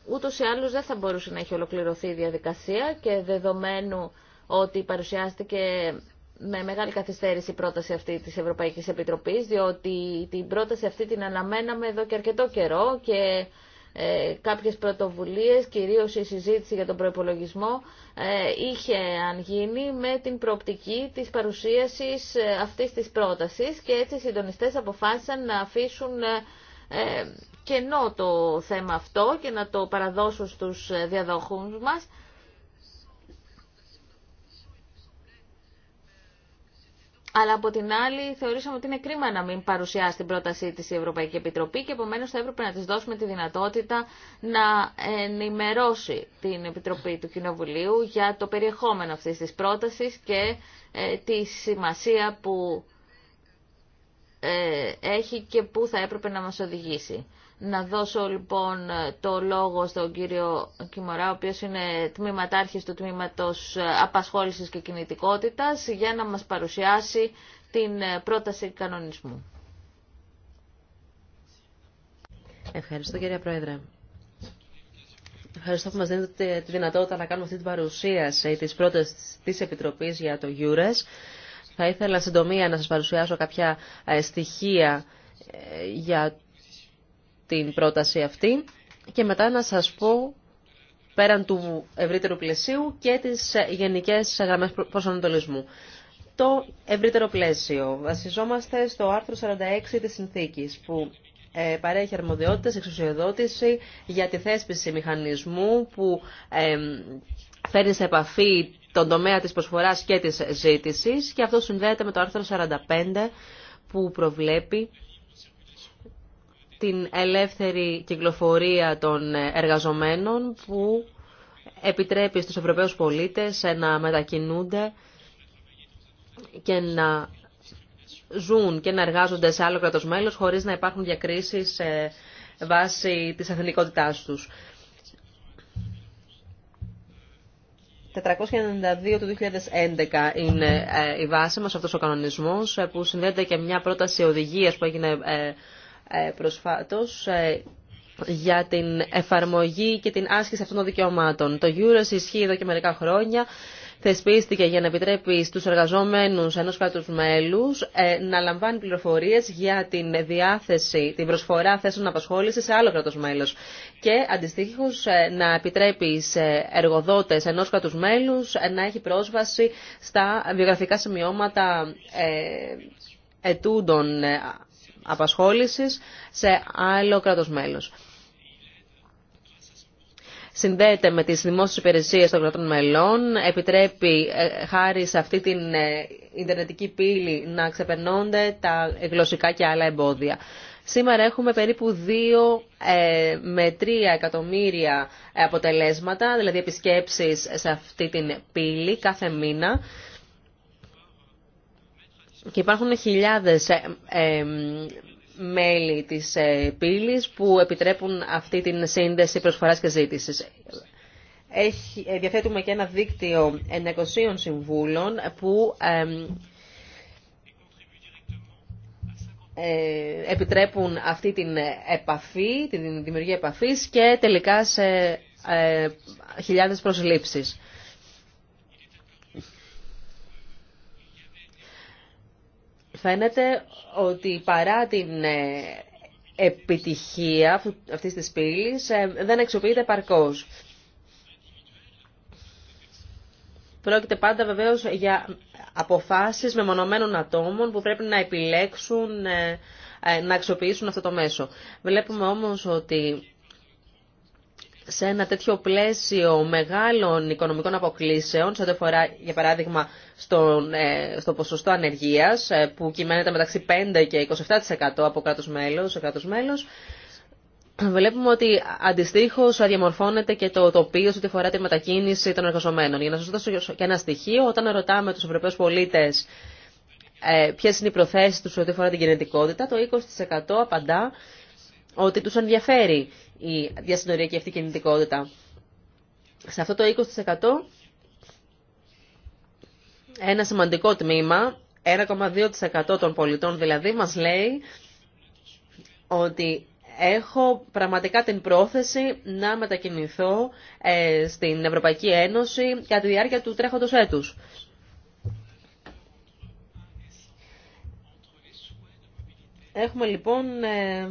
ούτως ή άλλως δεν θα μπορούσε να έχει ολοκληρωθεί η διαδικασία και δεδομένου ότι παρουσιάστηκε με μεγάλη καθυστέρηση η πρόταση αυτή της Ευρωπαϊκής Επιτροπής, διότι την πρόταση αυτή την αναμέναμε εδώ και αρκετό καιρό και ε, κάποιες πρωτοβουλίες, κυρίως η συζήτηση για τον προϋπολογισμό, ε, είχε αν γίνει με την προοπτική της παρουσίασης ε, αυτής της πρότασης και έτσι οι συντονιστές αποφάσισαν να αφήσουν ε, ε κενό το θέμα αυτό και να το παραδώσουν στους διαδόχους μας αλλά από την άλλη θεωρήσαμε ότι είναι κρίμα να μην παρουσιάσει την πρότασή της η Ευρωπαϊκή Επιτροπή και επομένως θα έπρεπε να της δώσουμε τη δυνατότητα να ενημερώσει την Επιτροπή του Κοινοβουλίου για το περιεχόμενο αυτής της πρότασης και ε, τη σημασία που ε, έχει και που θα έπρεπε να μας οδηγήσει. Να δώσω λοιπόν το λόγο στον κύριο Κιμωρά, ο οποίος είναι τμήματάρχης του Τμήματος Απασχόλησης και Κινητικότητας, για να μας παρουσιάσει την πρόταση κανονισμού. Ευχαριστώ κύριε Πρόεδρε. Ευχαριστώ που μας δίνετε τη δυνατότητα να κάνουμε αυτή την παρουσίαση της πρώτης της Επιτροπής για το EURES. Θα ήθελα συντομία να σας παρουσιάσω κάποια ε, στοιχεία ε, για την πρόταση αυτή και μετά να σας πω πέραν του ευρύτερου πλαισίου και τις γενικές γραμμές προσανατολισμού. Το ευρύτερο πλαίσιο βασιζόμαστε στο άρθρο 46 της συνθήκης που ε, παρέχει αρμοδιότητες, εξουσιοδότηση για τη θέσπιση μηχανισμού που φέρνει σε επαφή τον τομέα της προσφοράς και της ζήτησης και αυτό συνδέεται με το άρθρο 45 που προβλέπει την ελεύθερη κυκλοφορία των εργαζομένων που επιτρέπει στους Ευρωπαίους πολίτες να μετακινούνται και να ζουν και να εργάζονται σε άλλο κράτος μέλος χωρίς να υπάρχουν διακρίσεις βάση της εθνικότητάς τους. 492 του 2011 είναι ε, η βάση μας αυτός ο κανονισμός ε, που συνδέεται και μια πρόταση οδηγίας που έγινε ε, ε, προσφάτως ε, για την εφαρμογή και την άσκηση αυτών των δικαιωμάτων. Το Euros ισχύει εδώ και μερικά χρόνια. Θεσπίστηκε για να επιτρέπει στους εργαζόμενους ενός κράτους μέλους ε, να λαμβάνει πληροφορίες για την διάθεση, την προσφορά θέσεων απασχόλησης σε άλλο κράτος μέλος και αντιστοίχως να επιτρέπει σε εργοδότες ενός κράτους μέλους να έχει πρόσβαση στα βιογραφικά σημειώματα ετούντων απασχόλησης σε άλλο κράτος μέλος. Συνδέεται με τις δημόσιες υπηρεσίες των κρατών μελών, επιτρέπει ε, χάρη σε αυτή την ε, Ιντερνετική πύλη να ξεπερνώνται τα γλωσσικά και άλλα εμπόδια. Σήμερα έχουμε περίπου 2 ε, με 3 εκατομμύρια αποτελέσματα, δηλαδή επισκέψεις σε αυτή την πύλη κάθε μήνα. Και υπάρχουν χιλιάδες ε, ε, μέλη της ε, πύλης που επιτρέπουν αυτή την σύνδεση προσφοράς και ζήτησης. Έχει, διαθέτουμε και ένα δίκτυο 900 συμβούλων που επιτρέπουν αυτή την επαφή, την δημιουργία επαφής και τελικά σε χιλιάδες προσλήψεις. φαίνεται ότι παρά την ε, επιτυχία αυτής της πύλης ε, δεν αξιοποιείται παρκώς. Πρόκειται πάντα βεβαίως για αποφάσεις μεμονωμένων ατόμων που πρέπει να επιλέξουν ε, να αξιοποιήσουν αυτό το μέσο. Βλέπουμε όμως ότι σε ένα τέτοιο πλαίσιο μεγάλων οικονομικών αποκλήσεων, σε ό,τι αφορά, για παράδειγμα, στον, ε, στο ποσοστό ανεργίας, ε, που κυμαίνεται μεταξύ 5 και 27% από κράτος μέλος σε κράτος μέλος, βλέπουμε ότι αντιστοίχω διαμορφώνεται και το τοπίο σε ό,τι αφορά τη μετακίνηση των εργαζομένων. Για να σα δώσω και ένα στοιχείο, όταν ρωτάμε του Ευρωπαίου πολίτε ε, ποιε είναι οι προθέσει του ό,τι αφορά την κινητικότητα, το 20% απαντά ότι του ενδιαφέρει η διασυνοριακή αυτή κινητικότητα. Σε αυτό το 20% ένα σημαντικό τμήμα, 1,2% των πολιτών δηλαδή, μας λέει ότι έχω πραγματικά την πρόθεση να μετακινηθώ ε, στην Ευρωπαϊκή Ένωση κατά τη διάρκεια του τρέχοντος έτους. Έχουμε λοιπόν ε,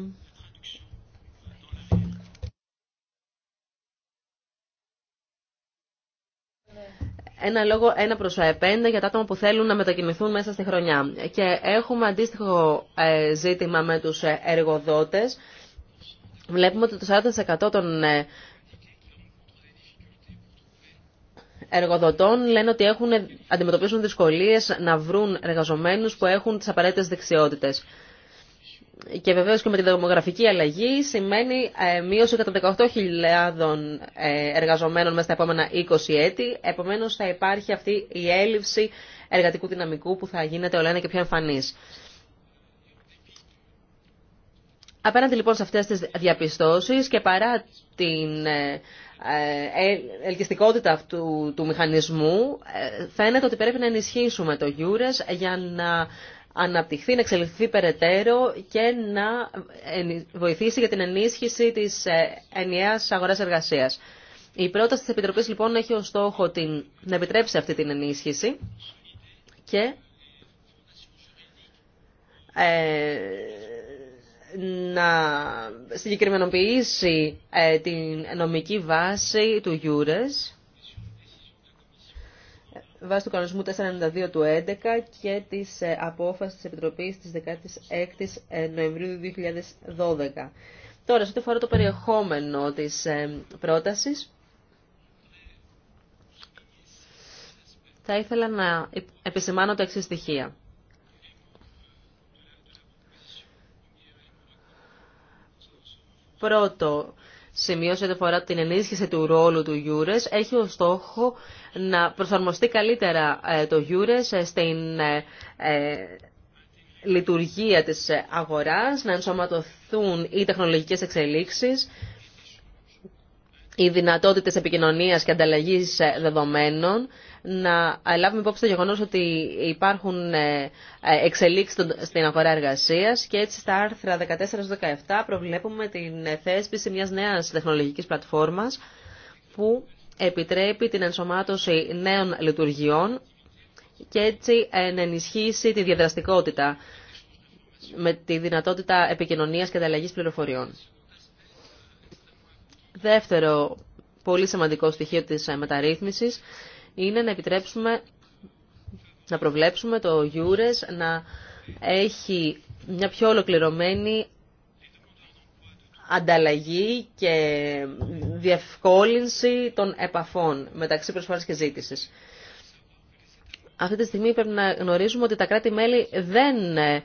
ένα λόγο 1 προς 5 για τα άτομα που θέλουν να μετακινηθούν μέσα στη χρονιά. Και έχουμε αντίστοιχο ε, ζήτημα με τους ε, εργοδότες. Βλέπουμε ότι το 40% των ε, εργοδοτών λένε ότι έχουν, αντιμετωπίζουν δυσκολίες να βρουν εργαζομένους που έχουν τις απαραίτητες δεξιότητες και βεβαίως και με την δημογραφική αλλαγή σημαίνει ε, μείωση κατά 18.000 ε, εργαζομένων μέσα στα επόμενα 20 έτη. Επομένως θα υπάρχει αυτή η έλλειψη εργατικού δυναμικού που θα γίνεται όλα ένα και πιο εμφανής. Απέναντι λοιπόν σε αυτές τις διαπιστώσεις και παρά την ε, ελκυστικότητα αυτού του μηχανισμού φαίνεται ότι πρέπει να ενισχύσουμε το EURES για να αναπτυχθεί, να εξελιχθεί περαιτέρω και να βοηθήσει για την ενίσχυση της ε, ενιαίας αγοράς εργασίας. Η πρόταση της Επιτροπής λοιπόν έχει ως στόχο την, να επιτρέψει αυτή την ενίσχυση και ε, να συγκεκριμενοποιήσει ε, την νομική βάση του Γιούρες βάσει του κανονισμού 492 του 11 και της ε, απόφασης τη Επιτροπής της 16 η ε, Νοεμβρίου 2012. Τώρα, σε ό,τι αφορά το περιεχόμενο της ε, πρότασης, θα ήθελα να επισημάνω τα εξή στοιχεία. Πρώτο, σημείο σε ό,τι αφορά την ενίσχυση του ρόλου του Γιούρες έχει ως στόχο να προσαρμοστεί καλύτερα ε, το Γιούρες στην ε, ε, λειτουργία της αγοράς, να ενσωματωθούν οι τεχνολογικές εξελίξεις οι δυνατότητε επικοινωνία και ανταλλαγή ε, δεδομένων, να ε, λάβουμε υπόψη το γεγονό ότι υπάρχουν ε, εξελίξει στην αγορά εργασία και έτσι στα άρθρα 14-17 προβλέπουμε την θέσπιση μια νέα τεχνολογική πλατφόρμα που επιτρέπει την ενσωμάτωση νέων λειτουργιών και έτσι να ενισχύσει τη διαδραστικότητα με τη δυνατότητα επικοινωνίας και ανταλλαγής πληροφοριών. Δεύτερο πολύ σημαντικό στοιχείο της ε, μεταρρύθμισης είναι να επιτρέψουμε να προβλέψουμε το Γιούρες να έχει μια πιο ολοκληρωμένη ανταλλαγή και διευκόλυνση των επαφών μεταξύ προσφοράς και ζήτησης. Αυτή τη στιγμή πρέπει να γνωρίζουμε ότι τα κράτη-μέλη δεν ε,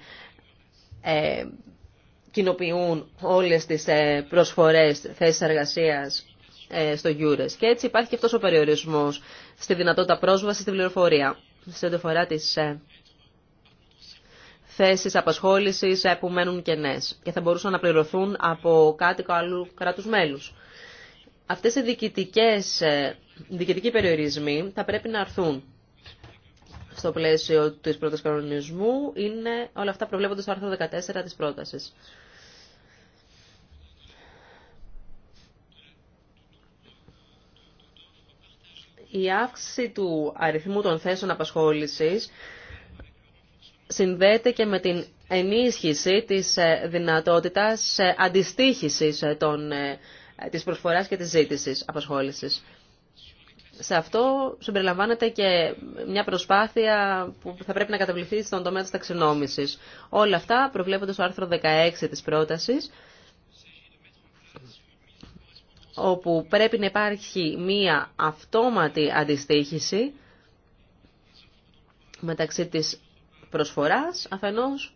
ε, κοινοποιούν όλες τις ε, προσφορές θέσεις εργασίας ε, στο Γιούρες. Και έτσι υπάρχει και αυτός ο περιορισμός στη δυνατότητα πρόσβαση στην πληροφορία. Σε ό,τι αφορά τις ε, θέσεις απασχόλησης που μένουν κενές και θα μπορούσαν να πληρωθούν από κάτι άλλου κράτους μέλους. Αυτές οι διοικητικές, διοικητικοί περιορισμοί θα πρέπει να αρθούν στο πλαίσιο της πρώτας κανονισμού. Είναι όλα αυτά προβλέπονται στο άρθρο 14 της πρότασης. η αύξηση του αριθμού των θέσεων απασχόλησης συνδέεται και με την ενίσχυση της ε, δυνατότητας ε, αντιστήχησης ε, των, της προσφοράς και της ζήτησης απασχόλησης. Σε αυτό συμπεριλαμβάνεται και μια προσπάθεια που θα πρέπει να καταβληθεί στον τομέα της ταξινόμησης. Όλα αυτά προβλέπονται στο άρθρο 16 της πρότασης όπου πρέπει να υπάρχει μία αυτόματη αντιστοίχηση μεταξύ της προσφοράς αφενός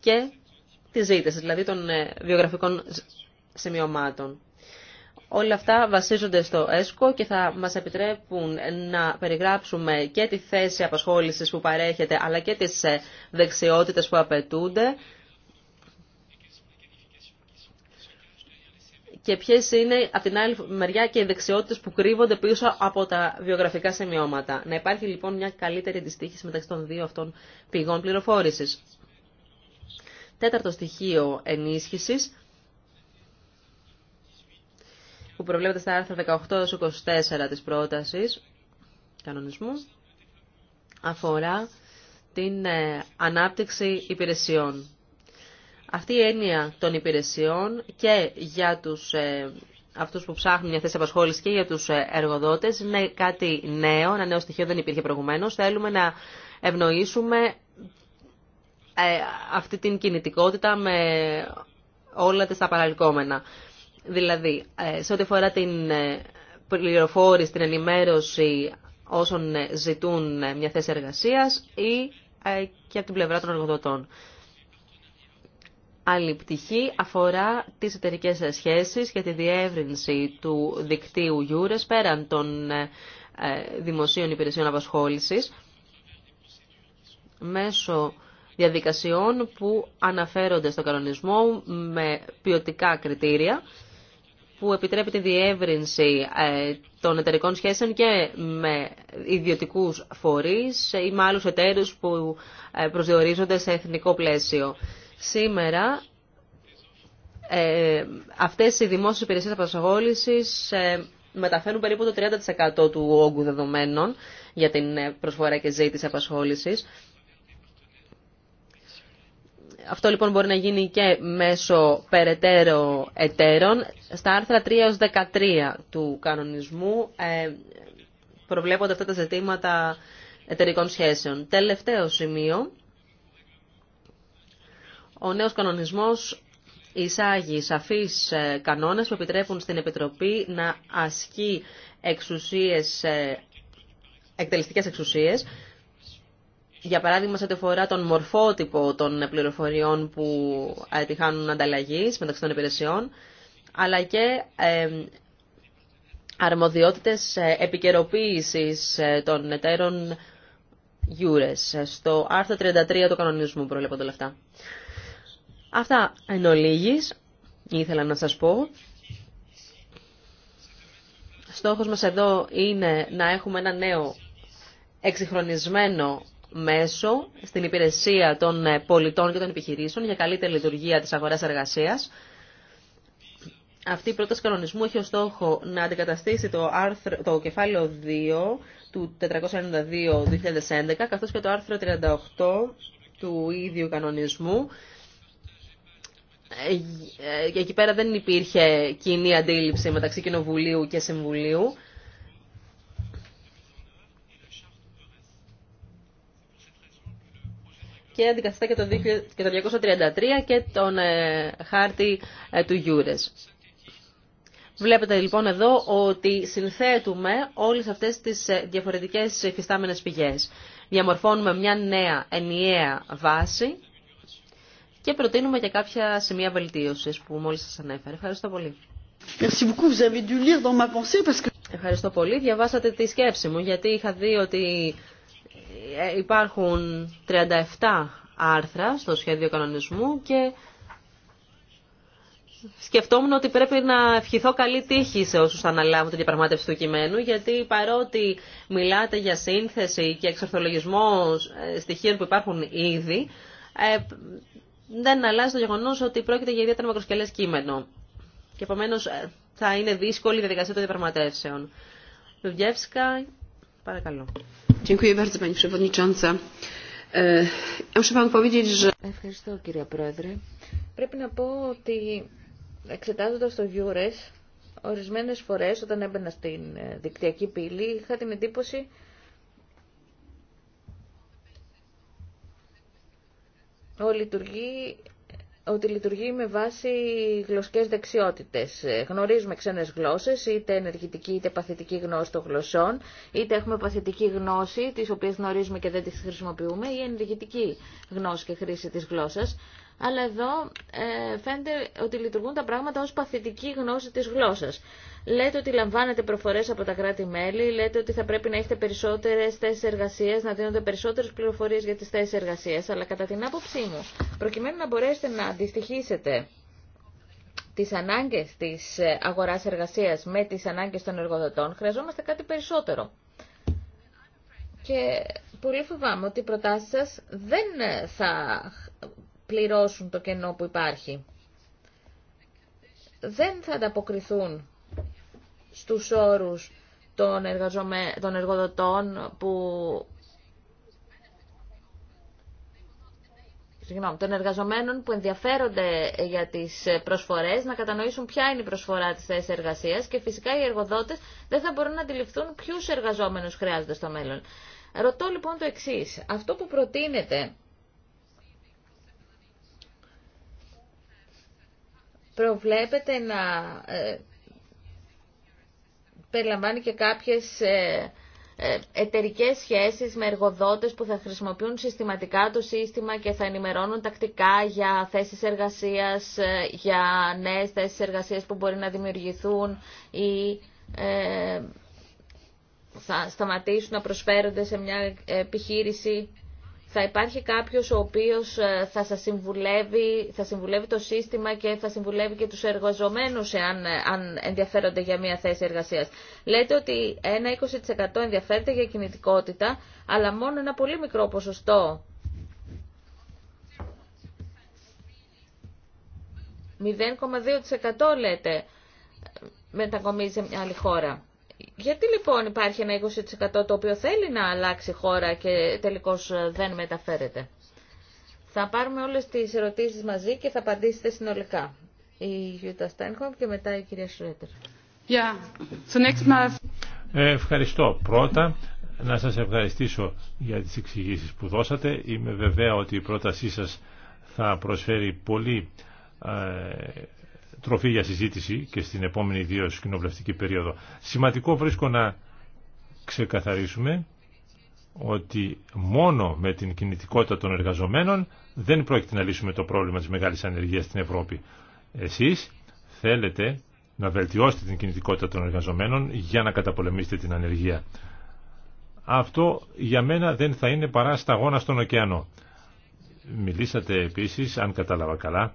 και της ζήτησης, δηλαδή των ε, βιογραφικών σημειωμάτων. Όλα αυτά βασίζονται στο ΕΣΚΟ και θα μας επιτρέπουν να περιγράψουμε και τη θέση απασχόλησης που παρέχεται αλλά και τις ε, δεξιότητες που απαιτούνται και ποιε είναι από την άλλη μεριά και οι δεξιότητε που κρύβονται πίσω από τα βιογραφικά σημειώματα. Να υπάρχει λοιπόν μια καλύτερη αντιστοίχηση μεταξύ των δύο αυτών πηγών πληροφόρηση. Τέταρτο στοιχείο ενίσχυση, που προβλέπεται στα άρθρα 18-24 της πρότασης κανονισμού αφορά την ε, ανάπτυξη υπηρεσιών. Αυτή η έννοια των υπηρεσιών και για τους, ε, αυτούς που ψάχνουν μια θέση απασχόληση και για τους ε, εργοδότες είναι κάτι νέο, ένα νέο στοιχείο δεν υπήρχε προηγουμένως. Θέλουμε να ευνοήσουμε ε, αυτή την κινητικότητα με όλα τα παραλυκόμενα. Δηλαδή, σε ό,τι αφορά την πληροφόρηση, την ενημέρωση όσων ζητούν μια θέση εργασίας ή και από την πλευρά των εργοδοτών άλλη πτυχή αφορά τις εταιρικές σχέσεις και τη διεύρυνση του δικτύου Γιούρες πέραν των ε, δημοσίων υπηρεσιών απασχόλησης μέσω διαδικασιών που αναφέρονται στο κανονισμό με ποιοτικά κριτήρια που επιτρέπει τη διεύρυνση ε, των εταιρικών σχέσεων και με ιδιωτικούς φορείς ή με άλλους εταίρους που ε, προσδιορίζονται σε εθνικό πλαίσιο. Σήμερα ε, αυτές οι δημόσιες υπηρεσίες απασχόλησης ε, μεταφέρουν περίπου το 30% του όγκου δεδομένων για την ε, προσφορά και ζήτηση απασχόλησης. Αυτό λοιπόν μπορεί να γίνει και μέσω περαιτέρω εταίρων. Στα άρθρα 3 13 του κανονισμού ε, προβλέπονται αυτά τα ζητήματα εταιρικών σχέσεων. Τελευταίο σημείο ο νέος κανονισμός εισάγει σαφείς ε, κανόνες που επιτρέπουν στην Επιτροπή να ασκεί εξουσίες, ε, εκτελεστικές εξουσίες, για παράδειγμα, σε ό,τι αφορά τον μορφότυπο των πληροφοριών που επιχάνουν ανταλλαγή μεταξύ των υπηρεσιών, αλλά και ε, αρμοδιότητες επικαιροποίησης των εταίρων γιούρες. Στο άρθρο 33 του κανονισμού προβλέπονται όλα αυτά. Αυτά εν ολίγης, ήθελα να σας πω. Στόχος μας εδώ είναι να έχουμε ένα νέο εξυγχρονισμένο μέσο στην υπηρεσία των πολιτών και των επιχειρήσεων για καλύτερη λειτουργία της αγοράς εργασίας. Αυτή η πρόταση κανονισμού έχει ως στόχο να αντικαταστήσει το, άρθρο, το κεφάλαιο 2 του 492-2011 καθώς και το άρθρο 38 του ίδιου κανονισμού ε, ε, εκεί πέρα δεν υπήρχε κοινή αντίληψη μεταξύ Κοινοβουλίου και Συμβουλίου. Και αντικαθιστά και το 233 και τον ε, χάρτη του Γιούρες. Βλέπετε λοιπόν εδώ ότι συνθέτουμε όλες αυτές τις διαφορετικές υφιστάμενες πηγές. Διαμορφώνουμε μια νέα ενιαία βάση και προτείνουμε και κάποια σημεία βελτίωσης που μόλις σας ανέφερα. Ευχαριστώ πολύ. Ευχαριστώ πολύ. Διαβάσατε τη σκέψη μου γιατί είχα δει ότι ε, υπάρχουν 37 άρθρα στο σχέδιο κανονισμού και σκεφτόμουν ότι πρέπει να ευχηθώ καλή τύχη σε όσους αναλάβουν την διαπραγμάτευση του κειμένου, γιατί παρότι μιλάτε για σύνθεση και εξορθολογισμό ε, στοιχείων που υπάρχουν ήδη, ε, δεν αλλάζει το γεγονό ότι πρόκειται για ιδιαίτερα μακροσκελέ κείμενο. Και επομένω ε, θα είναι δύσκολη η διαδικασία των διαπραγματεύσεων. Λουβιεύσκα, παρακαλώ. E, Ευχαριστώ κύριε Πρόεδρε. Πρέπει να πω ότι εξετάζοντα το Γιούρες, ορισμένε φορέ όταν έμπαινα στην ε, δικτυακή πύλη είχα την εντύπωση ο λειτουργεί ότι λειτουργεί με βάση γλωσσικές δεξιότητες. Γνωρίζουμε ξένες γλώσσες, είτε ενεργητική είτε παθητική γνώση των γλωσσών, είτε έχουμε παθητική γνώση, τις οποίες γνωρίζουμε και δεν τις χρησιμοποιούμε, ή ενεργητική γνώση και χρήση της γλώσσας αλλά εδώ ε, φαίνεται ότι λειτουργούν τα πράγματα ως παθητική γνώση της γλώσσας. Λέτε ότι λαμβάνετε προφορές από τα κράτη-μέλη, λέτε ότι θα πρέπει να έχετε περισσότερες θέσεις εργασίας, να δίνονται περισσότερες πληροφορίες για τις θέσεις εργασίας, αλλά κατά την άποψή μου, προκειμένου να μπορέσετε να αντιστοιχίσετε τις ανάγκες της ε, αγοράς εργασίας με τις ανάγκες των εργοδοτών, χρειαζόμαστε κάτι περισσότερο. Και πολύ φοβάμαι ότι οι προτάσεις σας δεν θα πληρώσουν το κενό που υπάρχει. Δεν θα ανταποκριθούν στους όρους των, εργαζομε... των εργοδοτών που συγγνώμη, των εργαζομένων που ενδιαφέρονται για τις προσφορές, να κατανοήσουν ποια είναι η προσφορά της θέσης εργασίας και φυσικά οι εργοδότες δεν θα μπορούν να αντιληφθούν ποιους εργαζόμενους χρειάζονται στο μέλλον. Ρωτώ λοιπόν το εξής. Αυτό που προτείνεται προβλέπεται να ε, περιλαμβάνει και κάποιες ε, ε, εταιρικές σχέσεις με εργοδότες που θα χρησιμοποιούν συστηματικά το σύστημα και θα ενημερώνουν τακτικά για θέσεις εργασίας, για νέες θέσεις εργασίας που μπορεί να δημιουργηθούν ή θα σταματήσουν να προσφέρονται σε μια επιχείρηση θα υπάρχει κάποιος ο οποίος ε, θα σας συμβουλεύει, θα συμβουλεύει το σύστημα και θα συμβουλεύει και τους εργαζομένους εάν ε, αν ενδιαφέρονται για μια θέση εργασίας. Λέτε ότι ένα 20% ενδιαφέρεται για κινητικότητα, αλλά μόνο ένα πολύ μικρό ποσοστό 0,2% λέτε μετακομίζει σε μια άλλη χώρα. Γιατί λοιπόν υπάρχει ένα 20% το οποίο θέλει να αλλάξει χώρα και τελικώς ε, δεν μεταφέρεται. Θα πάρουμε όλες τις ερωτήσεις μαζί και θα απαντήσετε συνολικά. Η Γιούτα Στάνχομ και μετά η κυρία Σουρέτερ. Ε, ευχαριστώ. Πρώτα να σας ευχαριστήσω για τις εξηγήσεις που δώσατε. Είμαι βεβαία ότι η πρότασή σας θα προσφέρει πολύ ε, τροφή για συζήτηση και στην επόμενη δύο κοινοβουλευτική περίοδο. Σημαντικό βρίσκω να ξεκαθαρίσουμε ότι μόνο με την κινητικότητα των εργαζομένων δεν πρόκειται να λύσουμε το πρόβλημα της μεγάλης ανεργίας στην Ευρώπη. Εσείς θέλετε να βελτιώσετε την κινητικότητα των εργαζομένων για να καταπολεμήσετε την ανεργία. Αυτό για μένα δεν θα είναι παρά σταγόνα στον ωκεανό. Μιλήσατε επίσης, αν κατάλαβα καλά,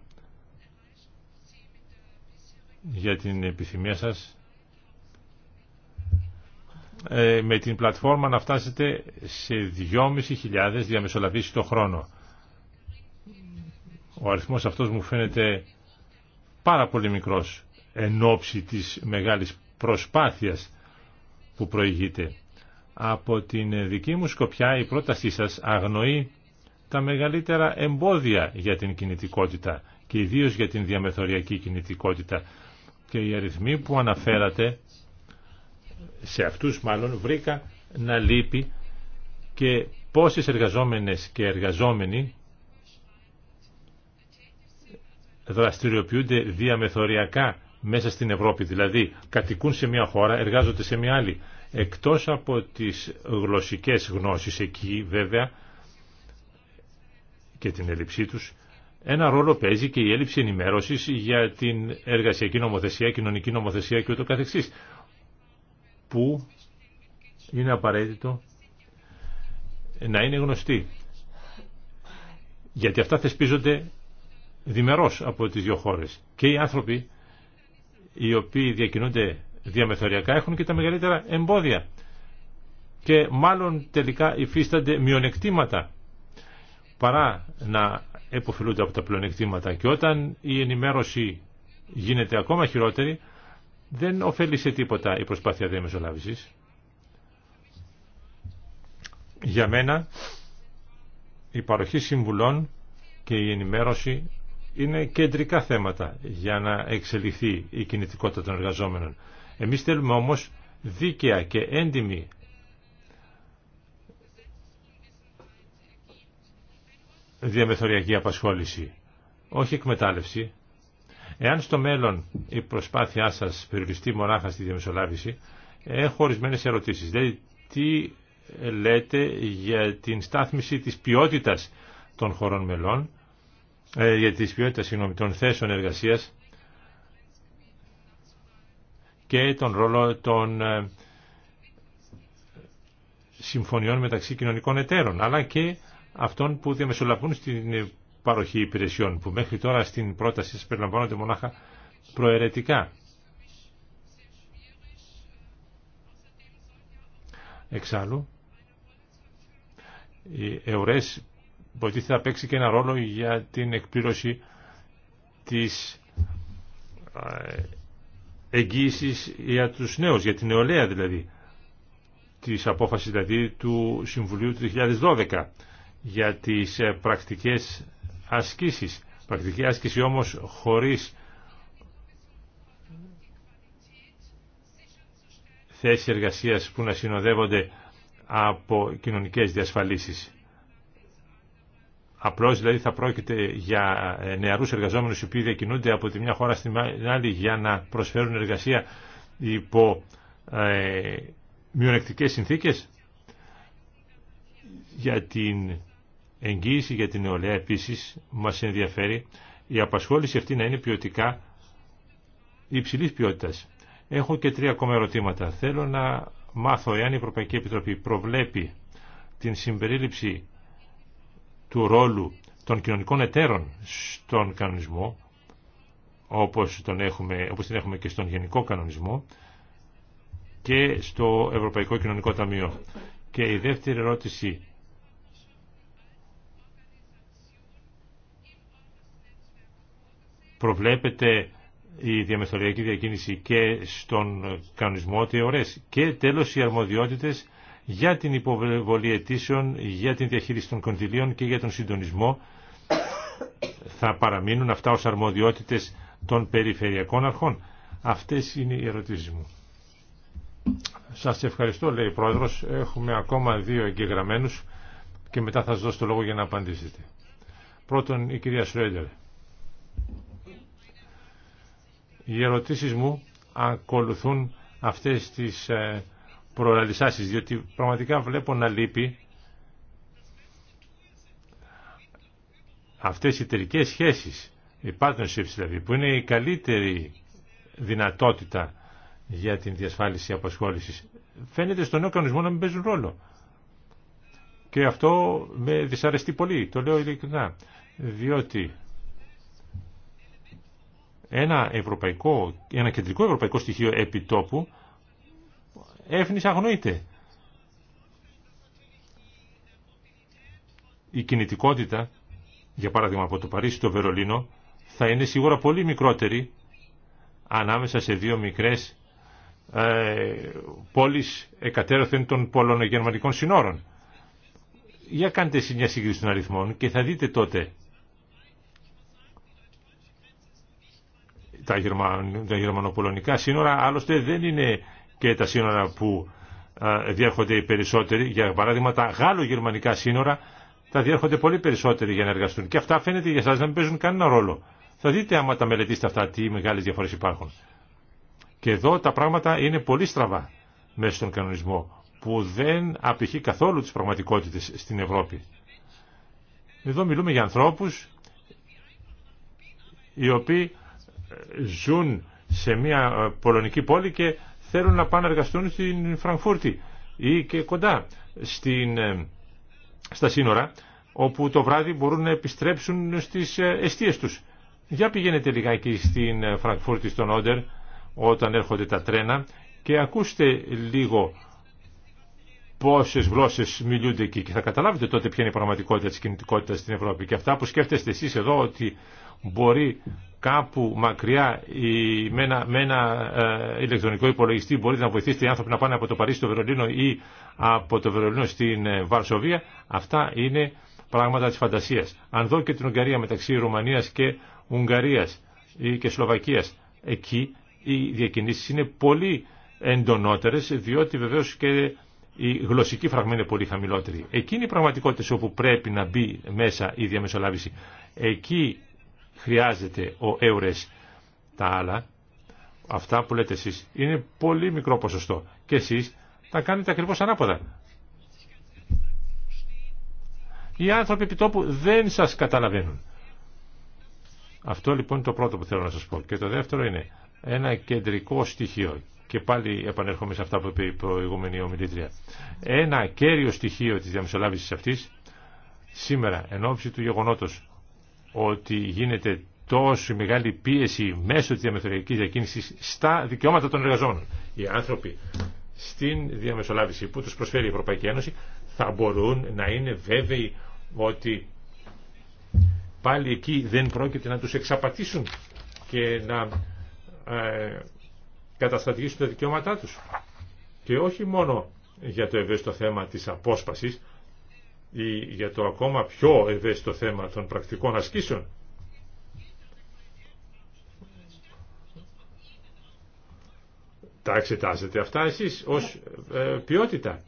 για την επιθυμία σας ε, με την πλατφόρμα να φτάσετε σε 2.500 διαμεσολαβήσεις το χρόνο. Ο αριθμός αυτός μου φαίνεται πάρα πολύ μικρός εν ώψη της μεγάλης προσπάθειας που προηγείται. Από την δική μου σκοπιά η πρότασή σας αγνοεί τα μεγαλύτερα εμπόδια για την κινητικότητα και ιδίως για την διαμεθοριακή κινητικότητα και οι αριθμοί που αναφέρατε σε αυτούς μάλλον βρήκα να λείπει και πόσες εργαζόμενες και εργαζόμενοι δραστηριοποιούνται διαμεθοριακά μέσα στην Ευρώπη, δηλαδή κατοικούν σε μια χώρα, εργάζονται σε μια άλλη. Εκτός από τις γλωσσικές γνώσεις εκεί βέβαια και την έλλειψή τους, ένα ρόλο παίζει και η έλλειψη ενημέρωση για την εργασιακή νομοθεσία, κοινωνική νομοθεσία και ούτω καθεξής, που είναι απαραίτητο να είναι γνωστή. Γιατί αυτά θεσπίζονται διμερώς από τις δύο χώρες. Και οι άνθρωποι οι οποίοι διακινούνται διαμεθοριακά έχουν και τα μεγαλύτερα εμπόδια. Και μάλλον τελικά υφίστανται μειονεκτήματα παρά να εποφελούνται από τα πλεονεκτήματα και όταν η ενημέρωση γίνεται ακόμα χειρότερη δεν ωφέλει σε τίποτα η προσπάθεια διαμεσολάβησης. Για μένα η παροχή συμβουλών και η ενημέρωση είναι κεντρικά θέματα για να εξελιχθεί η κινητικότητα των εργαζόμενων. Εμείς θέλουμε όμως δίκαια και έντιμη διαμεθοριακή απασχόληση, όχι εκμετάλλευση. Εάν στο μέλλον η προσπάθειά σας περιοριστεί μονάχα στη διαμεσολάβηση, έχω ορισμένες ερωτήσεις. Δηλαδή, τι λέτε για την στάθμιση της ποιότητας των χωρών μελών, ε, για τις ποιότητες συγγνώμη, των θέσεων εργασίας και τον ρόλο των ε, συμφωνιών μεταξύ κοινωνικών εταίρων, αλλά και αυτών που διαμεσολαβούν στην ε, παροχή υπηρεσιών, που μέχρι τώρα στην πρόταση σας περιλαμβάνονται μονάχα προαιρετικά. Εξάλλου, η ΕΟΡΕΣ μπορεί να παίξει και ένα ρόλο για την εκπλήρωση της ε, εγγύηση για τους νέους, για την νεολαία δηλαδή, της απόφασης δηλαδή του Συμβουλίου του 2012 για τις ε, πρακτικές ασκήσεις. Πρακτική άσκηση όμως χωρίς θέσεις εργασίας που να συνοδεύονται από κοινωνικές διασφαλίσεις. Απλώς δηλαδή θα πρόκειται για ε, νεαρούς εργαζόμενους οι οποίοι διακινούνται από τη μια χώρα στην άλλη για να προσφέρουν εργασία υπό ε, μειονεκτικές συνθήκες για την εγγύηση για την νεολαία επίση μα ενδιαφέρει η απασχόληση αυτή να είναι ποιοτικά υψηλή ποιότητα. Έχω και τρία ακόμα ερωτήματα. Θέλω να μάθω εάν η Ευρωπαϊκή Επιτροπή προβλέπει την συμπερίληψη του ρόλου των κοινωνικών εταίρων στον κανονισμό, όπως, τον έχουμε, όπως την έχουμε και στον γενικό κανονισμό, και στο Ευρωπαϊκό Κοινωνικό Ταμείο. Και η δεύτερη ερώτηση προβλέπεται η διαμεθοριακή διακίνηση και στον κανονισμό ότι ωραίες. Και τέλος οι αρμοδιότητες για την υποβολή αιτήσεων, για την διαχείριση των κοντιλίων και για τον συντονισμό θα παραμείνουν αυτά ως αρμοδιότητες των περιφερειακών αρχών. Αυτές είναι οι ερωτήσεις μου. Σας ευχαριστώ, λέει ο Πρόεδρος. Έχουμε ακόμα δύο εγγεγραμμένους και μετά θα σας δώσω το λόγο για να απαντήσετε. Πρώτον, η κυρία Σρέντερ. Οι ερωτήσεις μου ακολουθούν αυτές τις ε, προαλυσάσεις, διότι πραγματικά βλέπω να λείπει αυτές οι εταιρικέ σχέσεις, οι partnerships δηλαδή, που είναι η καλύτερη δυνατότητα για την διασφάλιση απασχόλησης, φαίνεται στον νέο κανονισμό να μην παίζουν ρόλο. Και αυτό με δυσαρεστεί πολύ, το λέω ειλικρινά, διότι ένα, ευρωπαϊκό, ένα κεντρικό ευρωπαϊκό στοιχείο επιτόπου έφνης αγνοείται. Η κινητικότητα, για παράδειγμα από το Παρίσι στο Βερολίνο, θα είναι σίγουρα πολύ μικρότερη ανάμεσα σε δύο μικρές ε, πόλεις εκατέρωθεν των πολωνογερμανικών συνόρων. Για κάντε μια σύγκριση των αριθμών και θα δείτε τότε τα, γερμαν, τα γερμανοπολωνικά σύνορα άλλωστε δεν είναι και τα σύνορα που διέρχονται οι περισσότεροι. Για παράδειγμα τα γάλλο-γερμανικά σύνορα τα διέρχονται πολύ περισσότεροι για να εργαστούν. Και αυτά φαίνεται για εσά να μην παίζουν κανένα ρόλο. Θα δείτε άμα τα μελετήσετε αυτά τι μεγάλε διαφορέ υπάρχουν. Και εδώ τα πράγματα είναι πολύ στραβά μέσα στον κανονισμό που δεν απηχεί καθόλου τις πραγματικότητες στην Ευρώπη. Εδώ μιλούμε για ανθρώπους οι οποίοι ζουν σε μια ε, πολωνική πόλη και θέλουν να πάνε να εργαστούν στην Φραγκφούρτη ή και κοντά στην, ε, στα σύνορα όπου το βράδυ μπορούν να επιστρέψουν στις εστίες τους. Για πηγαίνετε λιγάκι στην ε, Φραγκφούρτη, στον Όντερ, όταν έρχονται τα τρένα και ακούστε λίγο πόσες γλώσσες μιλούνται εκεί και θα καταλάβετε τότε ποια είναι η πραγματικότητα της κινητικότητας στην Ευρώπη. Και αυτά που σκέφτεστε εσείς εδώ ότι μπορεί κάπου μακριά ή με ένα, με ένα ε, ηλεκτρονικό υπολογιστή μπορείτε να βοηθήσετε οι άνθρωποι να πάνε από το Παρίσι στο Βερολίνο ή από το Βερολίνο στην ε, Βαρσοβία, αυτά είναι πράγματα της φαντασίας. Αν δω και την Ουγγαρία μεταξύ Ρουμανίας και Ουγγαρίας ή και Σλοβακίας, εκεί οι διακινήσεις είναι πολύ εντονότερες, διότι βεβαίως και η γλωσσική φραγμή είναι πολύ χαμηλότερη. Εκεί είναι οι πραγματικότητες όπου πρέπει να μπει μέσα η διαμεσολάβηση. Εκεί χρειάζεται ο Εύρες τα άλλα, αυτά που λέτε εσείς, είναι πολύ μικρό ποσοστό και εσείς τα κάνετε ακριβώς ανάποδα. Οι άνθρωποι επιτόπου δεν σας καταλαβαίνουν. Αυτό λοιπόν είναι το πρώτο που θέλω να σας πω. Και το δεύτερο είναι ένα κεντρικό στοιχείο. Και πάλι επανέρχομαι σε αυτά που είπε η προηγούμενη ομιλήτρια. Ένα κέριο στοιχείο της διαμεσολάβησης αυτής σήμερα εν ώψη του γεγονότος ότι γίνεται τόσο μεγάλη πίεση μέσω της διαμεθοριακής διακίνησης στα δικαιώματα των εργαζόμενων. Οι άνθρωποι στην διαμεσολάβηση που τους προσφέρει η Ευρωπαϊκή Ένωση θα μπορούν να είναι βέβαιοι ότι πάλι εκεί δεν πρόκειται να τους εξαπατήσουν και να ε, τα δικαιώματά τους. Και όχι μόνο για το ευαίσθητο θέμα της απόσπασης, ή για το ακόμα πιο ευαίσθητο θέμα των πρακτικών ασκήσεων. Τα εξετάζετε αυτά εσείς ως ε, ποιότητα.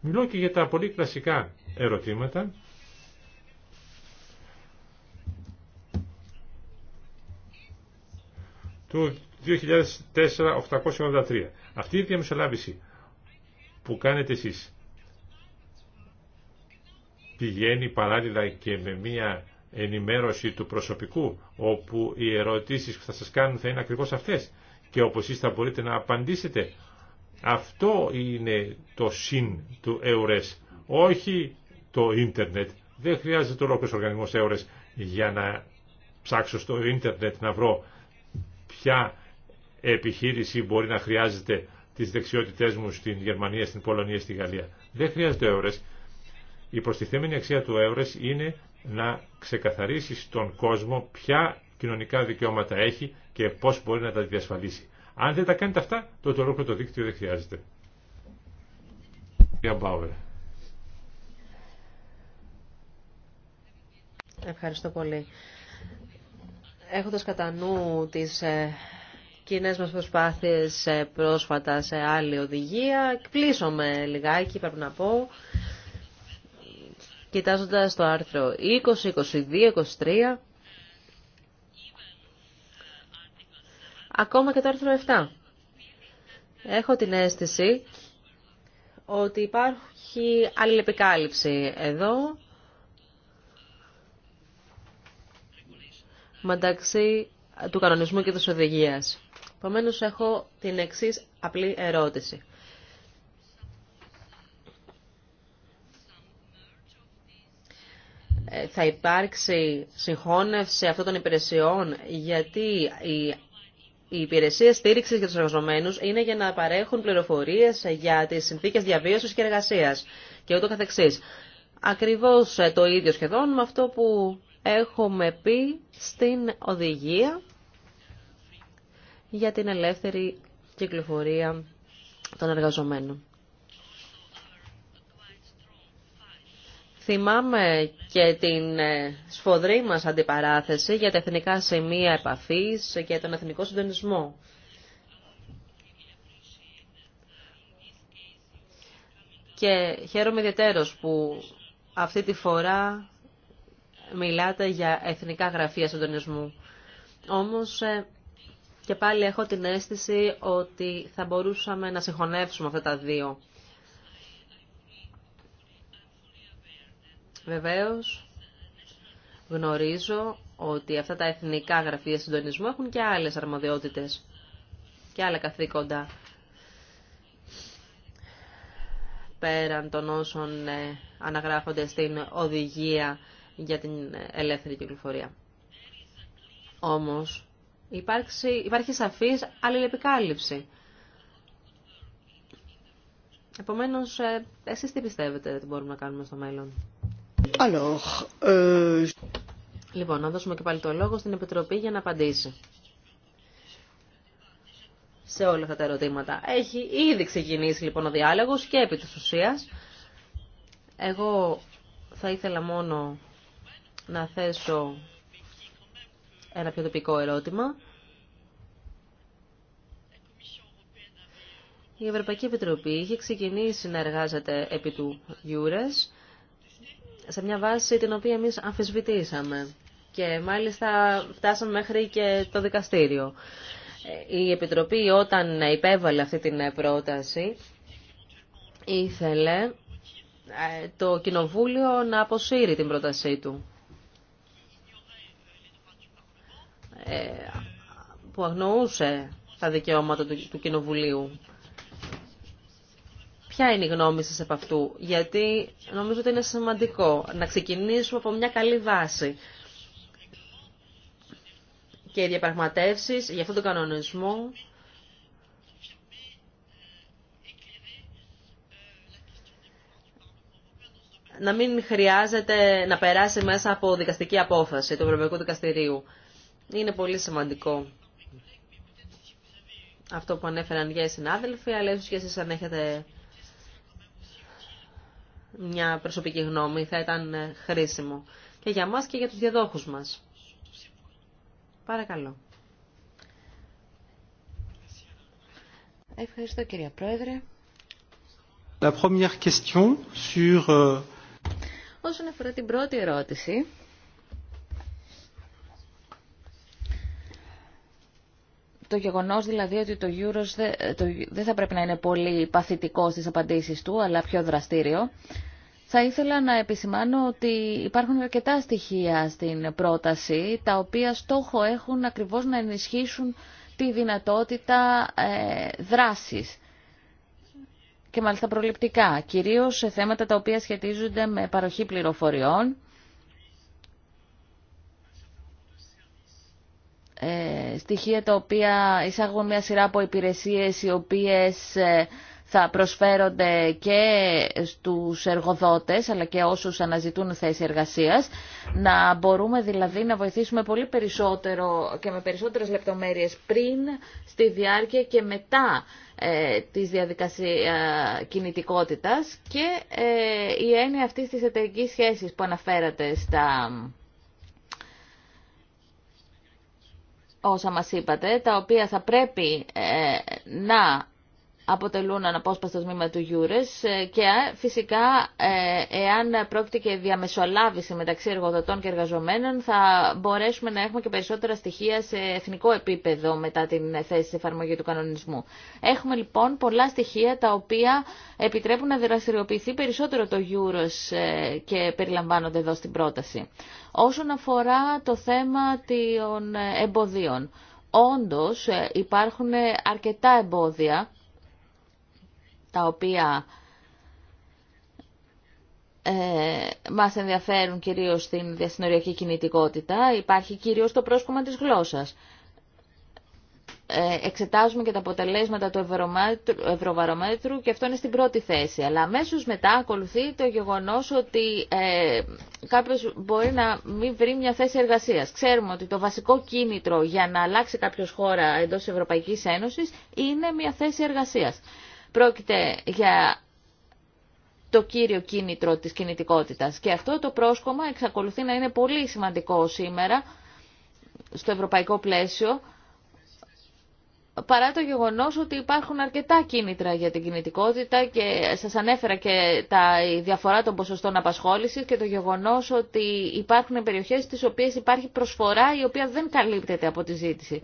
Μιλώ και για τα πολύ κλασικά ερωτήματα. του 2004-883. Αυτή η διαμεσολάβηση που κάνετε εσείς πηγαίνει παράλληλα και με μία ενημέρωση του προσωπικού όπου οι ερωτήσεις που θα σας κάνουν θα είναι ακριβώς αυτές και όπως εσείς θα μπορείτε να απαντήσετε. Αυτό είναι το συν του ΕΟΡΕΣ, όχι το ίντερνετ. Δεν χρειάζεται ολόκληρος οργανισμός ΕΟΡΕΣ για να ψάξω στο ίντερνετ να βρω ποια επιχείρηση μπορεί να χρειάζεται τι δεξιότητέ μου στην Γερμανία, στην Πολωνία, στη Γαλλία. Δεν χρειάζεται ο Η προστιθέμενη αξία του έωρε είναι να ξεκαθαρίσει τον κόσμο ποια κοινωνικά δικαιώματα έχει και πώς μπορεί να τα διασφαλίσει. Αν δεν τα κάνετε αυτά, τότε ολόκληρο το δίκτυο δεν χρειάζεται. Ευχαριστώ πολύ. Έχοντας κατά νου τις ε, κοινέ μας προσπάθειε ε, πρόσφατα σε άλλη οδηγία. με λιγάκι, πρέπει να πω. Κοιτάζοντα το άρθρο 20, 22, 23, ακόμα και το άρθρο 7. Έχω την αίσθηση ότι υπάρχει αλληλεπικάλυψη εδώ μεταξύ του κανονισμού και της οδηγίας. Επομένω έχω την εξής απλή ερώτηση. Ε, θα υπάρξει συγχώνευση αυτών των υπηρεσιών, γιατί οι, οι υπηρεσίες στήριξης για τους εργαζομένους είναι για να παρέχουν πληροφορίες για τις συνθήκες διαβίωσης και εργασίας και ούτω καθεξής. Ακριβώς ε, το ίδιο σχεδόν με αυτό που έχουμε πει στην οδηγία για την ελεύθερη κυκλοφορία των εργαζομένων. Θυμάμαι και την ε, σφοδρή μας αντιπαράθεση για τα εθνικά σημεία επαφής και τον εθνικό συντονισμό. Και χαίρομαι ιδιαίτερος που αυτή τη φορά μιλάτε για εθνικά γραφεία συντονισμού. Όμως ε, και πάλι έχω την αίσθηση ότι θα μπορούσαμε να συγχωνεύσουμε αυτά τα δύο. Βεβαίως, γνωρίζω ότι αυτά τα εθνικά γραφεία συντονισμού έχουν και άλλες αρμοδιότητες και άλλα καθήκοντα πέραν των όσων ε, αναγράφονται στην οδηγία για την ελεύθερη κυκλοφορία. Όμως, υπάρξει, υπάρχει σαφής αλληλεπικάλυψη. Επομένως, ε, εσείς τι πιστεύετε ότι μπορούμε να κάνουμε στο μέλλον. Alors, ε, Λοιπόν, να δώσουμε και πάλι το λόγο στην Επιτροπή για να απαντήσει σε όλα αυτά τα ερωτήματα. Έχει ήδη ξεκινήσει λοιπόν ο διάλογος και επί της ουσίας. Εγώ θα ήθελα μόνο να θέσω ένα πιο τοπικό ερώτημα. Η Ευρωπαϊκή Επιτροπή είχε ξεκινήσει να εργάζεται επί του Γιούρες σε μια βάση την οποία εμείς αμφισβητήσαμε και μάλιστα φτάσαμε μέχρι και το δικαστήριο. Η Επιτροπή όταν υπέβαλε αυτή την πρόταση ήθελε ε, το Κοινοβούλιο να αποσύρει την πρότασή του. Ε, που αγνοούσε τα δικαιώματα του Κοινοβουλίου. Ποια είναι η γνώμη σας από αυτού, γιατί νομίζω ότι είναι σημαντικό να ξεκινήσουμε από μια καλή βάση. Και οι διαπραγματεύσεις για αυτόν τον κανονισμό να μην χρειάζεται να περάσει μέσα από δικαστική απόφαση του Ευρωπαϊκού Δικαστηρίου είναι πολύ σημαντικό αυτό που ανέφεραν για οι συνάδελφοι, αλλά ίσως και εσείς αν έχετε μια προσωπική γνώμη θα ήταν ε, χρήσιμο και για μας και για τους διαδόχους μας. Παρακαλώ. Ευχαριστώ κυρία Πρόεδρε. La première question sur... Euh, Όσον αφορά την πρώτη ερώτηση, το γεγονός δηλαδή ότι το Euros δεν θα πρέπει να είναι πολύ παθητικό στις απαντήσεις του, αλλά πιο δραστήριο. Θα ήθελα να επισημάνω ότι υπάρχουν αρκετά στοιχεία στην πρόταση, τα οποία στόχο έχουν ακριβώς να ενισχύσουν τη δυνατότητα ε, δράσης και μάλιστα προληπτικά, κυρίως σε θέματα τα οποία σχετίζονται με παροχή πληροφοριών, Ε, στοιχεία τα οποία εισάγουν μια σειρά από υπηρεσίες οι οποίες ε, θα προσφέρονται και στους εργοδότες αλλά και όσους αναζητούν θέση εργασίας. Να μπορούμε δηλαδή να βοηθήσουμε πολύ περισσότερο και με περισσότερες λεπτομέρειες πριν, στη διάρκεια και μετά ε, της διαδικασία κινητικότητας και ε, η έννοια αυτής της εταιρικής σχέσης που αναφέρατε στα όσα μας είπατε, τα οποία θα πρέπει ε, να αποτελούν αναπόσπαστο τμήμα του Γιούρες και ε, φυσικά ε, εάν πρόκειται και διαμεσολάβηση μεταξύ εργοδοτών και εργαζομένων θα μπορέσουμε να έχουμε και περισσότερα στοιχεία σε εθνικό επίπεδο μετά την θέση εφαρμογή του κανονισμού. Έχουμε λοιπόν πολλά στοιχεία τα οποία επιτρέπουν να δραστηριοποιηθεί περισσότερο το Γιούρε και περιλαμβάνονται εδώ στην πρόταση. Όσον αφορά το θέμα των εμποδίων, όντως ε, υπάρχουν αρκετά εμπόδια τα οποία ε, μας ενδιαφέρουν κυρίως στην διασυνοριακή κινητικότητα. Υπάρχει κυρίως το πρόσκομα της γλώσσας. Ε, εξετάζουμε και τα αποτελέσματα του ευρωβαρομέτρου και αυτό είναι στην πρώτη θέση. Αλλά αμέσω μετά ακολουθεί το γεγονός ότι ε, κάποιος μπορεί να μην βρει μια θέση εργασίας. Ξέρουμε ότι το βασικό κίνητρο για να αλλάξει κάποιος χώρα εντός Ευρωπαϊκής Ένωσης είναι μια θέση εργασίας. Πρόκειται για το κύριο κίνητρο της κινητικότητας. Και αυτό το πρόσκομα εξακολουθεί να είναι πολύ σημαντικό σήμερα στο ευρωπαϊκό πλαίσιο, παρά το γεγονός ότι υπάρχουν αρκετά κίνητρα για την κινητικότητα και σας ανέφερα και τα, η διαφορά των ποσοστών απασχόλησης και το γεγονός ότι υπάρχουν περιοχές στις οποίες υπάρχει προσφορά η οποία δεν καλύπτεται από τη ζήτηση.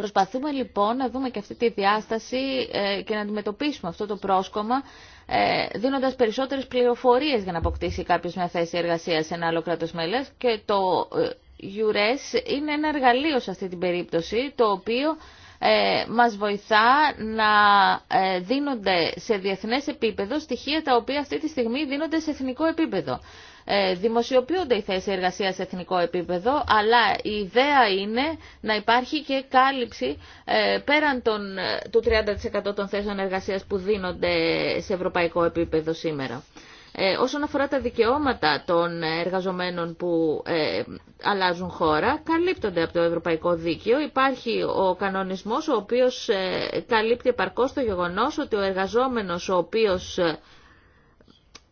Προσπαθούμε λοιπόν να δούμε και αυτή τη διάσταση ε, και να αντιμετωπίσουμε αυτό το πρόσκομα ε, δίνοντας περισσότερες πληροφορίες για να αποκτήσει κάποιος μια θέση εργασίας σε ένα άλλο κράτος μέλος και το ε, EURES είναι ένα εργαλείο σε αυτή την περίπτωση το οποίο μας βοηθά να δίνονται σε διεθνές επίπεδο στοιχεία τα οποία αυτή τη στιγμή δίνονται σε εθνικό επίπεδο. Ε, δημοσιοποιούνται οι θέσει εργασία σε εθνικό επίπεδο, αλλά η ιδέα είναι να υπάρχει και κάλυψη ε, πέραν των, ε, του 30% των θέσεων εργασίας που δίνονται σε ευρωπαϊκό επίπεδο σήμερα. όσον αφορά τα δικαιώματα των εργαζομένων που αλλάζουν χώρα, καλύπτονται από το Ευρωπαϊκό Δίκαιο. Υπάρχει ο κανονισμός ο οποίος καλύπτει επαρκώς το γεγονός ότι ο εργαζόμενος ο οποίος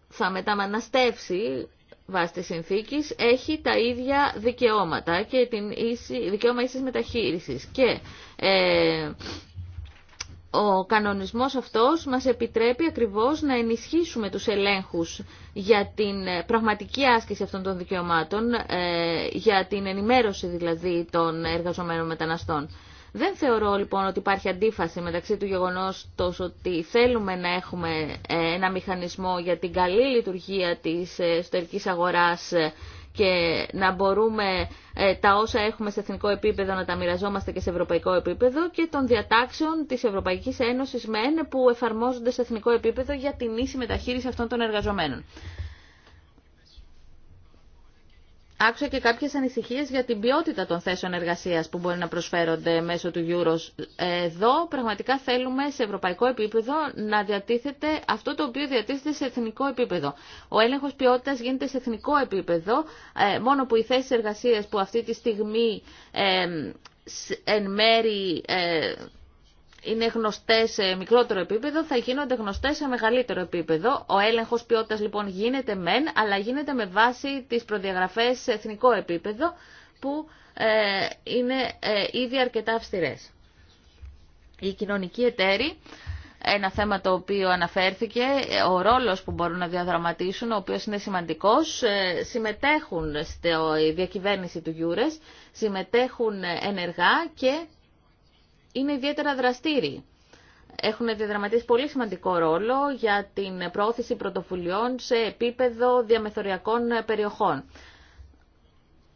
θα μεταμαναστεύσει βάσει της συνθήκης έχει τα ίδια δικαιώματα και την ίση, δικαίωμα ίσης μεταχείρισης. Και ε, ο κανονισμός αυτός μας επιτρέπει ακριβώς να ενισχύσουμε τους ελέγχους για την πραγματική άσκηση αυτών των δικαιωμάτων, ε, για την ενημέρωση δηλαδή των εργαζομένων μεταναστών. Δεν θεωρώ λοιπόν ότι υπάρχει αντίφαση μεταξύ του γεγονός τόσο ότι θέλουμε να έχουμε ε, ένα μηχανισμό για την καλή λειτουργία της εσωτερικής αγοράς και να μπορούμε ε, τα όσα έχουμε σε εθνικό επίπεδο να τα μοιραζόμαστε και σε ευρωπαϊκό επίπεδο και των διατάξεων της Ευρωπαϊκής Ένωσης ΜΕΝ που εφαρμόζονται σε εθνικό επίπεδο για την ίση μεταχείριση αυτών των εργαζομένων άκουσα και κάποιες ανησυχίες για την ποιότητα των θέσεων εργασίας που μπορεί να προσφέρονται μέσω του Euros. Εδώ πραγματικά θέλουμε σε ευρωπαϊκό επίπεδο να διατίθεται αυτό το οποίο διατίθεται σε εθνικό επίπεδο. Ο έλεγχος ποιότητας γίνεται σε εθνικό επίπεδο, ε, μόνο που οι θέσεις εργασίας που αυτή τη στιγμή ε, εν μέρη ε, είναι γνωστές σε μικρότερο επίπεδο, θα γίνονται γνωστές σε μεγαλύτερο επίπεδο. Ο έλεγχος ποιότητας λοιπόν γίνεται μεν, αλλά γίνεται με βάση τις προδιαγραφές σε εθνικό επίπεδο, που ε, είναι ε, ήδη αρκετά αυστηρές. Η κοινωνική εταίροι, ένα θέμα το οποίο αναφέρθηκε, ο ρόλος που μπορούν να διαδραματίσουν, ο οποίος είναι σημαντικός, ε, συμμετέχουν στη διακυβέρνηση του Γιούρες, συμμετέχουν ενεργά και είναι ιδιαίτερα δραστήριοι. Έχουν διαδραματίσει πολύ σημαντικό ρόλο για την προώθηση πρωτοφουλειών σε επίπεδο διαμεθοριακών περιοχών.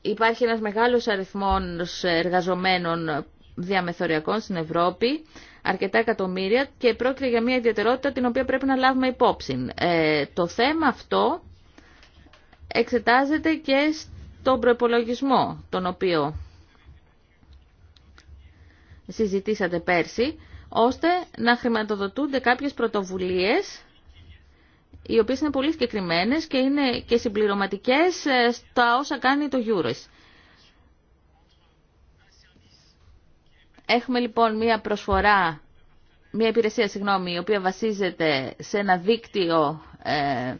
Υπάρχει ένας μεγάλος αριθμός εργαζομένων διαμεθοριακών στην Ευρώπη, αρκετά εκατομμύρια και πρόκειται για μια ιδιαιτερότητα την οποία πρέπει να λάβουμε υπόψη. Ε, το θέμα αυτό εξετάζεται και στον προπολογισμό, τον οποίο συζητήσατε πέρσι, ώστε να χρηματοδοτούνται κάποιες πρωτοβουλίες οι οποίες είναι πολύ συγκεκριμένε και είναι και συμπληρωματικές ε, στα όσα κάνει το Euros. Έχουμε λοιπόν μία προσφορά, μία υπηρεσία, συγγνώμη, η οποία βασίζεται σε ένα δίκτυο ε,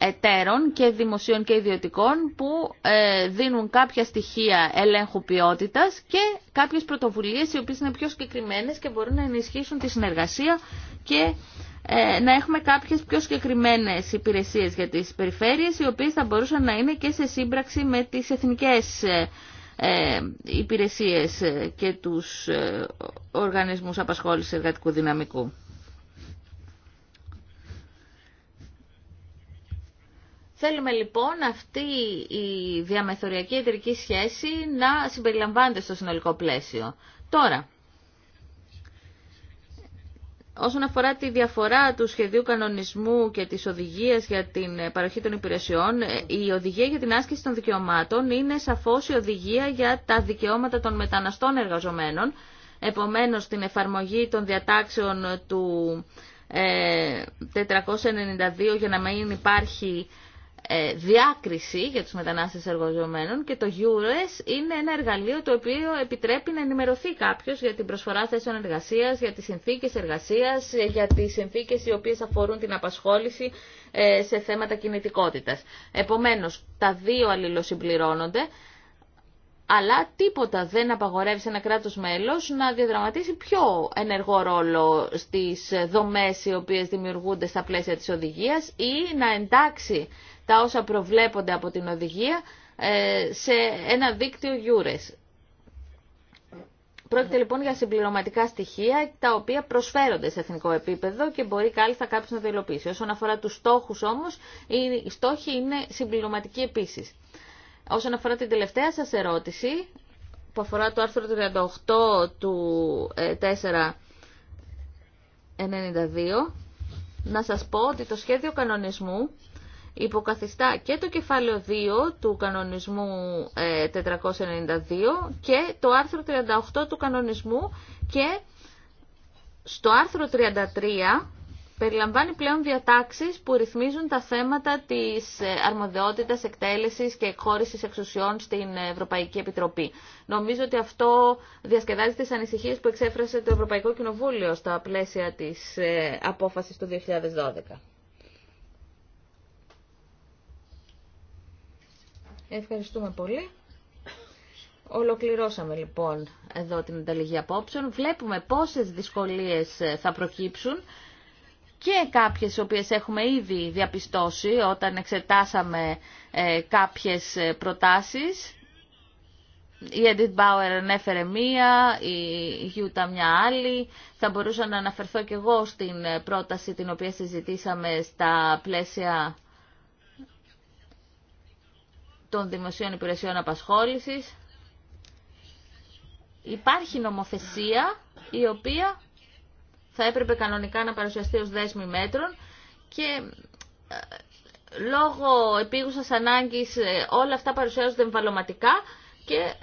εταίρων και δημοσίων και ιδιωτικών που ε, δίνουν κάποια στοιχεία ελέγχου ποιότητας και κάποιες πρωτοβουλίες οι οποίες είναι πιο συγκεκριμένες και μπορούν να ενισχύσουν τη συνεργασία και ε, να έχουμε κάποιες πιο συγκεκριμένες υπηρεσίες για τις περιφέρειες οι οποίες θα μπορούσαν να είναι και σε σύμπραξη με τις εθνικές ε, υπηρεσίες και τους οργανισμούς απασχόλησης εργατικού δυναμικού. Θέλουμε λοιπόν αυτή η διαμεθοριακή εταιρική σχέση να συμπεριλαμβάνεται στο συνολικό πλαίσιο. Τώρα, όσον αφορά τη διαφορά του σχεδίου κανονισμού και της οδηγίας για την παροχή των υπηρεσιών, η οδηγία για την άσκηση των δικαιωμάτων είναι σαφώς η οδηγία για τα δικαιώματα των μεταναστών εργαζομένων. Επομένως, την εφαρμογή των διατάξεων του 492 ε, για να μην υπάρχει ε, διάκριση για τους μετανάστες εργοζομένων και το EURES είναι ένα εργαλείο το οποίο επιτρέπει να ενημερωθεί κάποιος για την προσφορά θέσεων εργασίας, για τις συνθήκες εργασίας, για τις συνθήκες οι οποίες αφορούν την απασχόληση ε, σε θέματα κινητικότητας. Επομένως, τα δύο αλληλοσυμπληρώνονται. Αλλά τίποτα δεν απαγορεύει σε ένα κράτος μέλος να διαδραματίσει πιο ενεργό ρόλο στις δομές οι οποίες δημιουργούνται στα πλαίσια της οδηγίας ή να εντάξει τα όσα προβλέπονται από την οδηγία ε, σε ένα δίκτυο γιούρες. Πρόκειται λοιπόν για συμπληρωματικά στοιχεία τα οποία προσφέρονται σε εθνικό επίπεδο και μπορεί κάλλιστα κάποιο να τα υλοποιήσει. Όσον αφορά του στόχου όμω, οι στόχοι είναι συμπληρωματικοί επίση. Όσον αφορά την τελευταία σα ερώτηση, που αφορά το άρθρο 38 του 492, ε, να σα πω ότι το σχέδιο κανονισμού υποκαθιστά και το κεφάλαιο 2 του κανονισμού 492 ε, και το άρθρο 38 του κανονισμού και στο άρθρο 33 περιλαμβάνει πλέον διατάξεις που ρυθμίζουν τα θέματα της ε, αρμοδιότητας εκτέλεσης και εκχώρησης εξουσιών στην Ευρωπαϊκή Επιτροπή. Νομίζω ότι αυτό διασκεδάζει τις ανησυχίες που εξέφρασε το Ευρωπαϊκό Κοινοβούλιο στα πλαίσια της ε, απόφασης του 2012. Ευχαριστούμε πολύ. Ολοκληρώσαμε λοιπόν εδώ την ανταλλαγή απόψεων. Βλέπουμε πόσες δυσκολίες ε, θα προκύψουν και κάποιες οποίες έχουμε ήδη διαπιστώσει όταν εξετάσαμε ε, κάποιες ε, προτάσεις. Η Edith Bauer ανέφερε μία, η Γιούτα μια άλλη. Θα μπορούσα να αναφερθώ και εγώ στην πρόταση την οποία συζητήσαμε στα πλαίσια των δημοσίων υπηρεσιών απασχόλησης. Υπάρχει νομοθεσία η οποία θα έπρεπε κανονικά να παρουσιαστεί ως δέσμη μέτρων και ε, λόγω επίγουσας ανάγκης ε, όλα αυτά παρουσιάζονται εμβαλωματικά και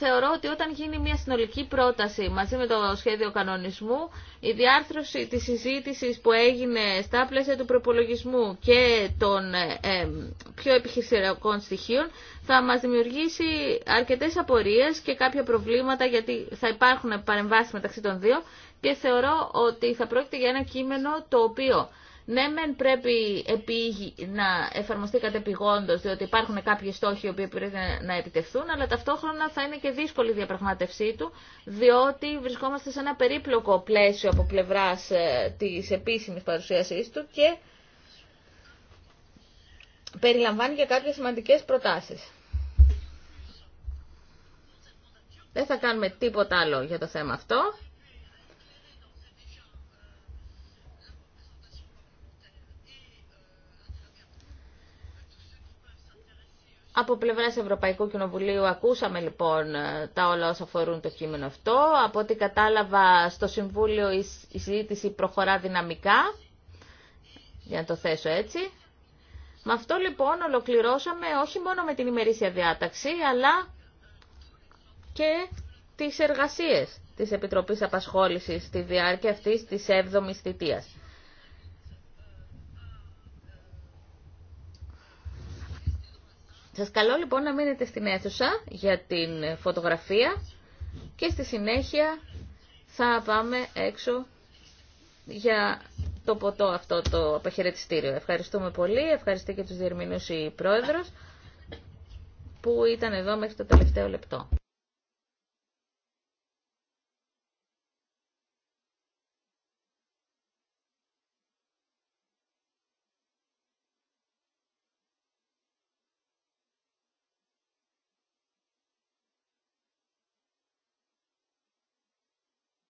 θεωρώ ότι όταν γίνει μια συνολική πρόταση μαζί με το σχέδιο κανονισμού, η διάρθρωση της συζήτησης που έγινε στα πλαίσια του προπολογισμού και των ε, πιο επιχειρησιακών στοιχείων θα μας δημιουργήσει αρκετές απορίες και κάποια προβλήματα γιατί θα υπάρχουν παρεμβάσεις μεταξύ των δύο και θεωρώ ότι θα πρόκειται για ένα κείμενο το οποίο ναι, μεν πρέπει να εφαρμοστεί κατεπηγόντω, διότι υπάρχουν κάποιοι στόχοι οι οποίοι πρέπει να επιτευχθούν, αλλά ταυτόχρονα θα είναι και δύσκολη η διαπραγμάτευσή του, διότι βρισκόμαστε σε ένα περίπλοκο πλαίσιο από πλευρά ε, τη επίσημη παρουσίασή του και περιλαμβάνει και κάποιες σημαντικές προτάσει. Δεν θα κάνουμε τίποτα άλλο για το θέμα αυτό. Από πλευράς Ευρωπαϊκού Κοινοβουλίου ακούσαμε λοιπόν τα όλα όσα αφορούν το κείμενο αυτό. Από ό,τι κατάλαβα στο Συμβούλιο η συζήτηση προχωρά δυναμικά, για να το θέσω έτσι. Με αυτό λοιπόν ολοκληρώσαμε όχι μόνο με την ημερήσια διάταξη, αλλά και τις εργασίες της Επιτροπής Απασχόλησης στη διάρκεια αυτής της 7ης θητείας. Σας καλώ λοιπόν να μείνετε στην αίθουσα για την φωτογραφία και στη συνέχεια θα πάμε έξω για το ποτό αυτό το αποχαιρετιστήριο. Ευχαριστούμε πολύ, ευχαριστώ και τους διερμηνούς η Πρόεδρος που ήταν εδώ μέχρι το τελευταίο λεπτό.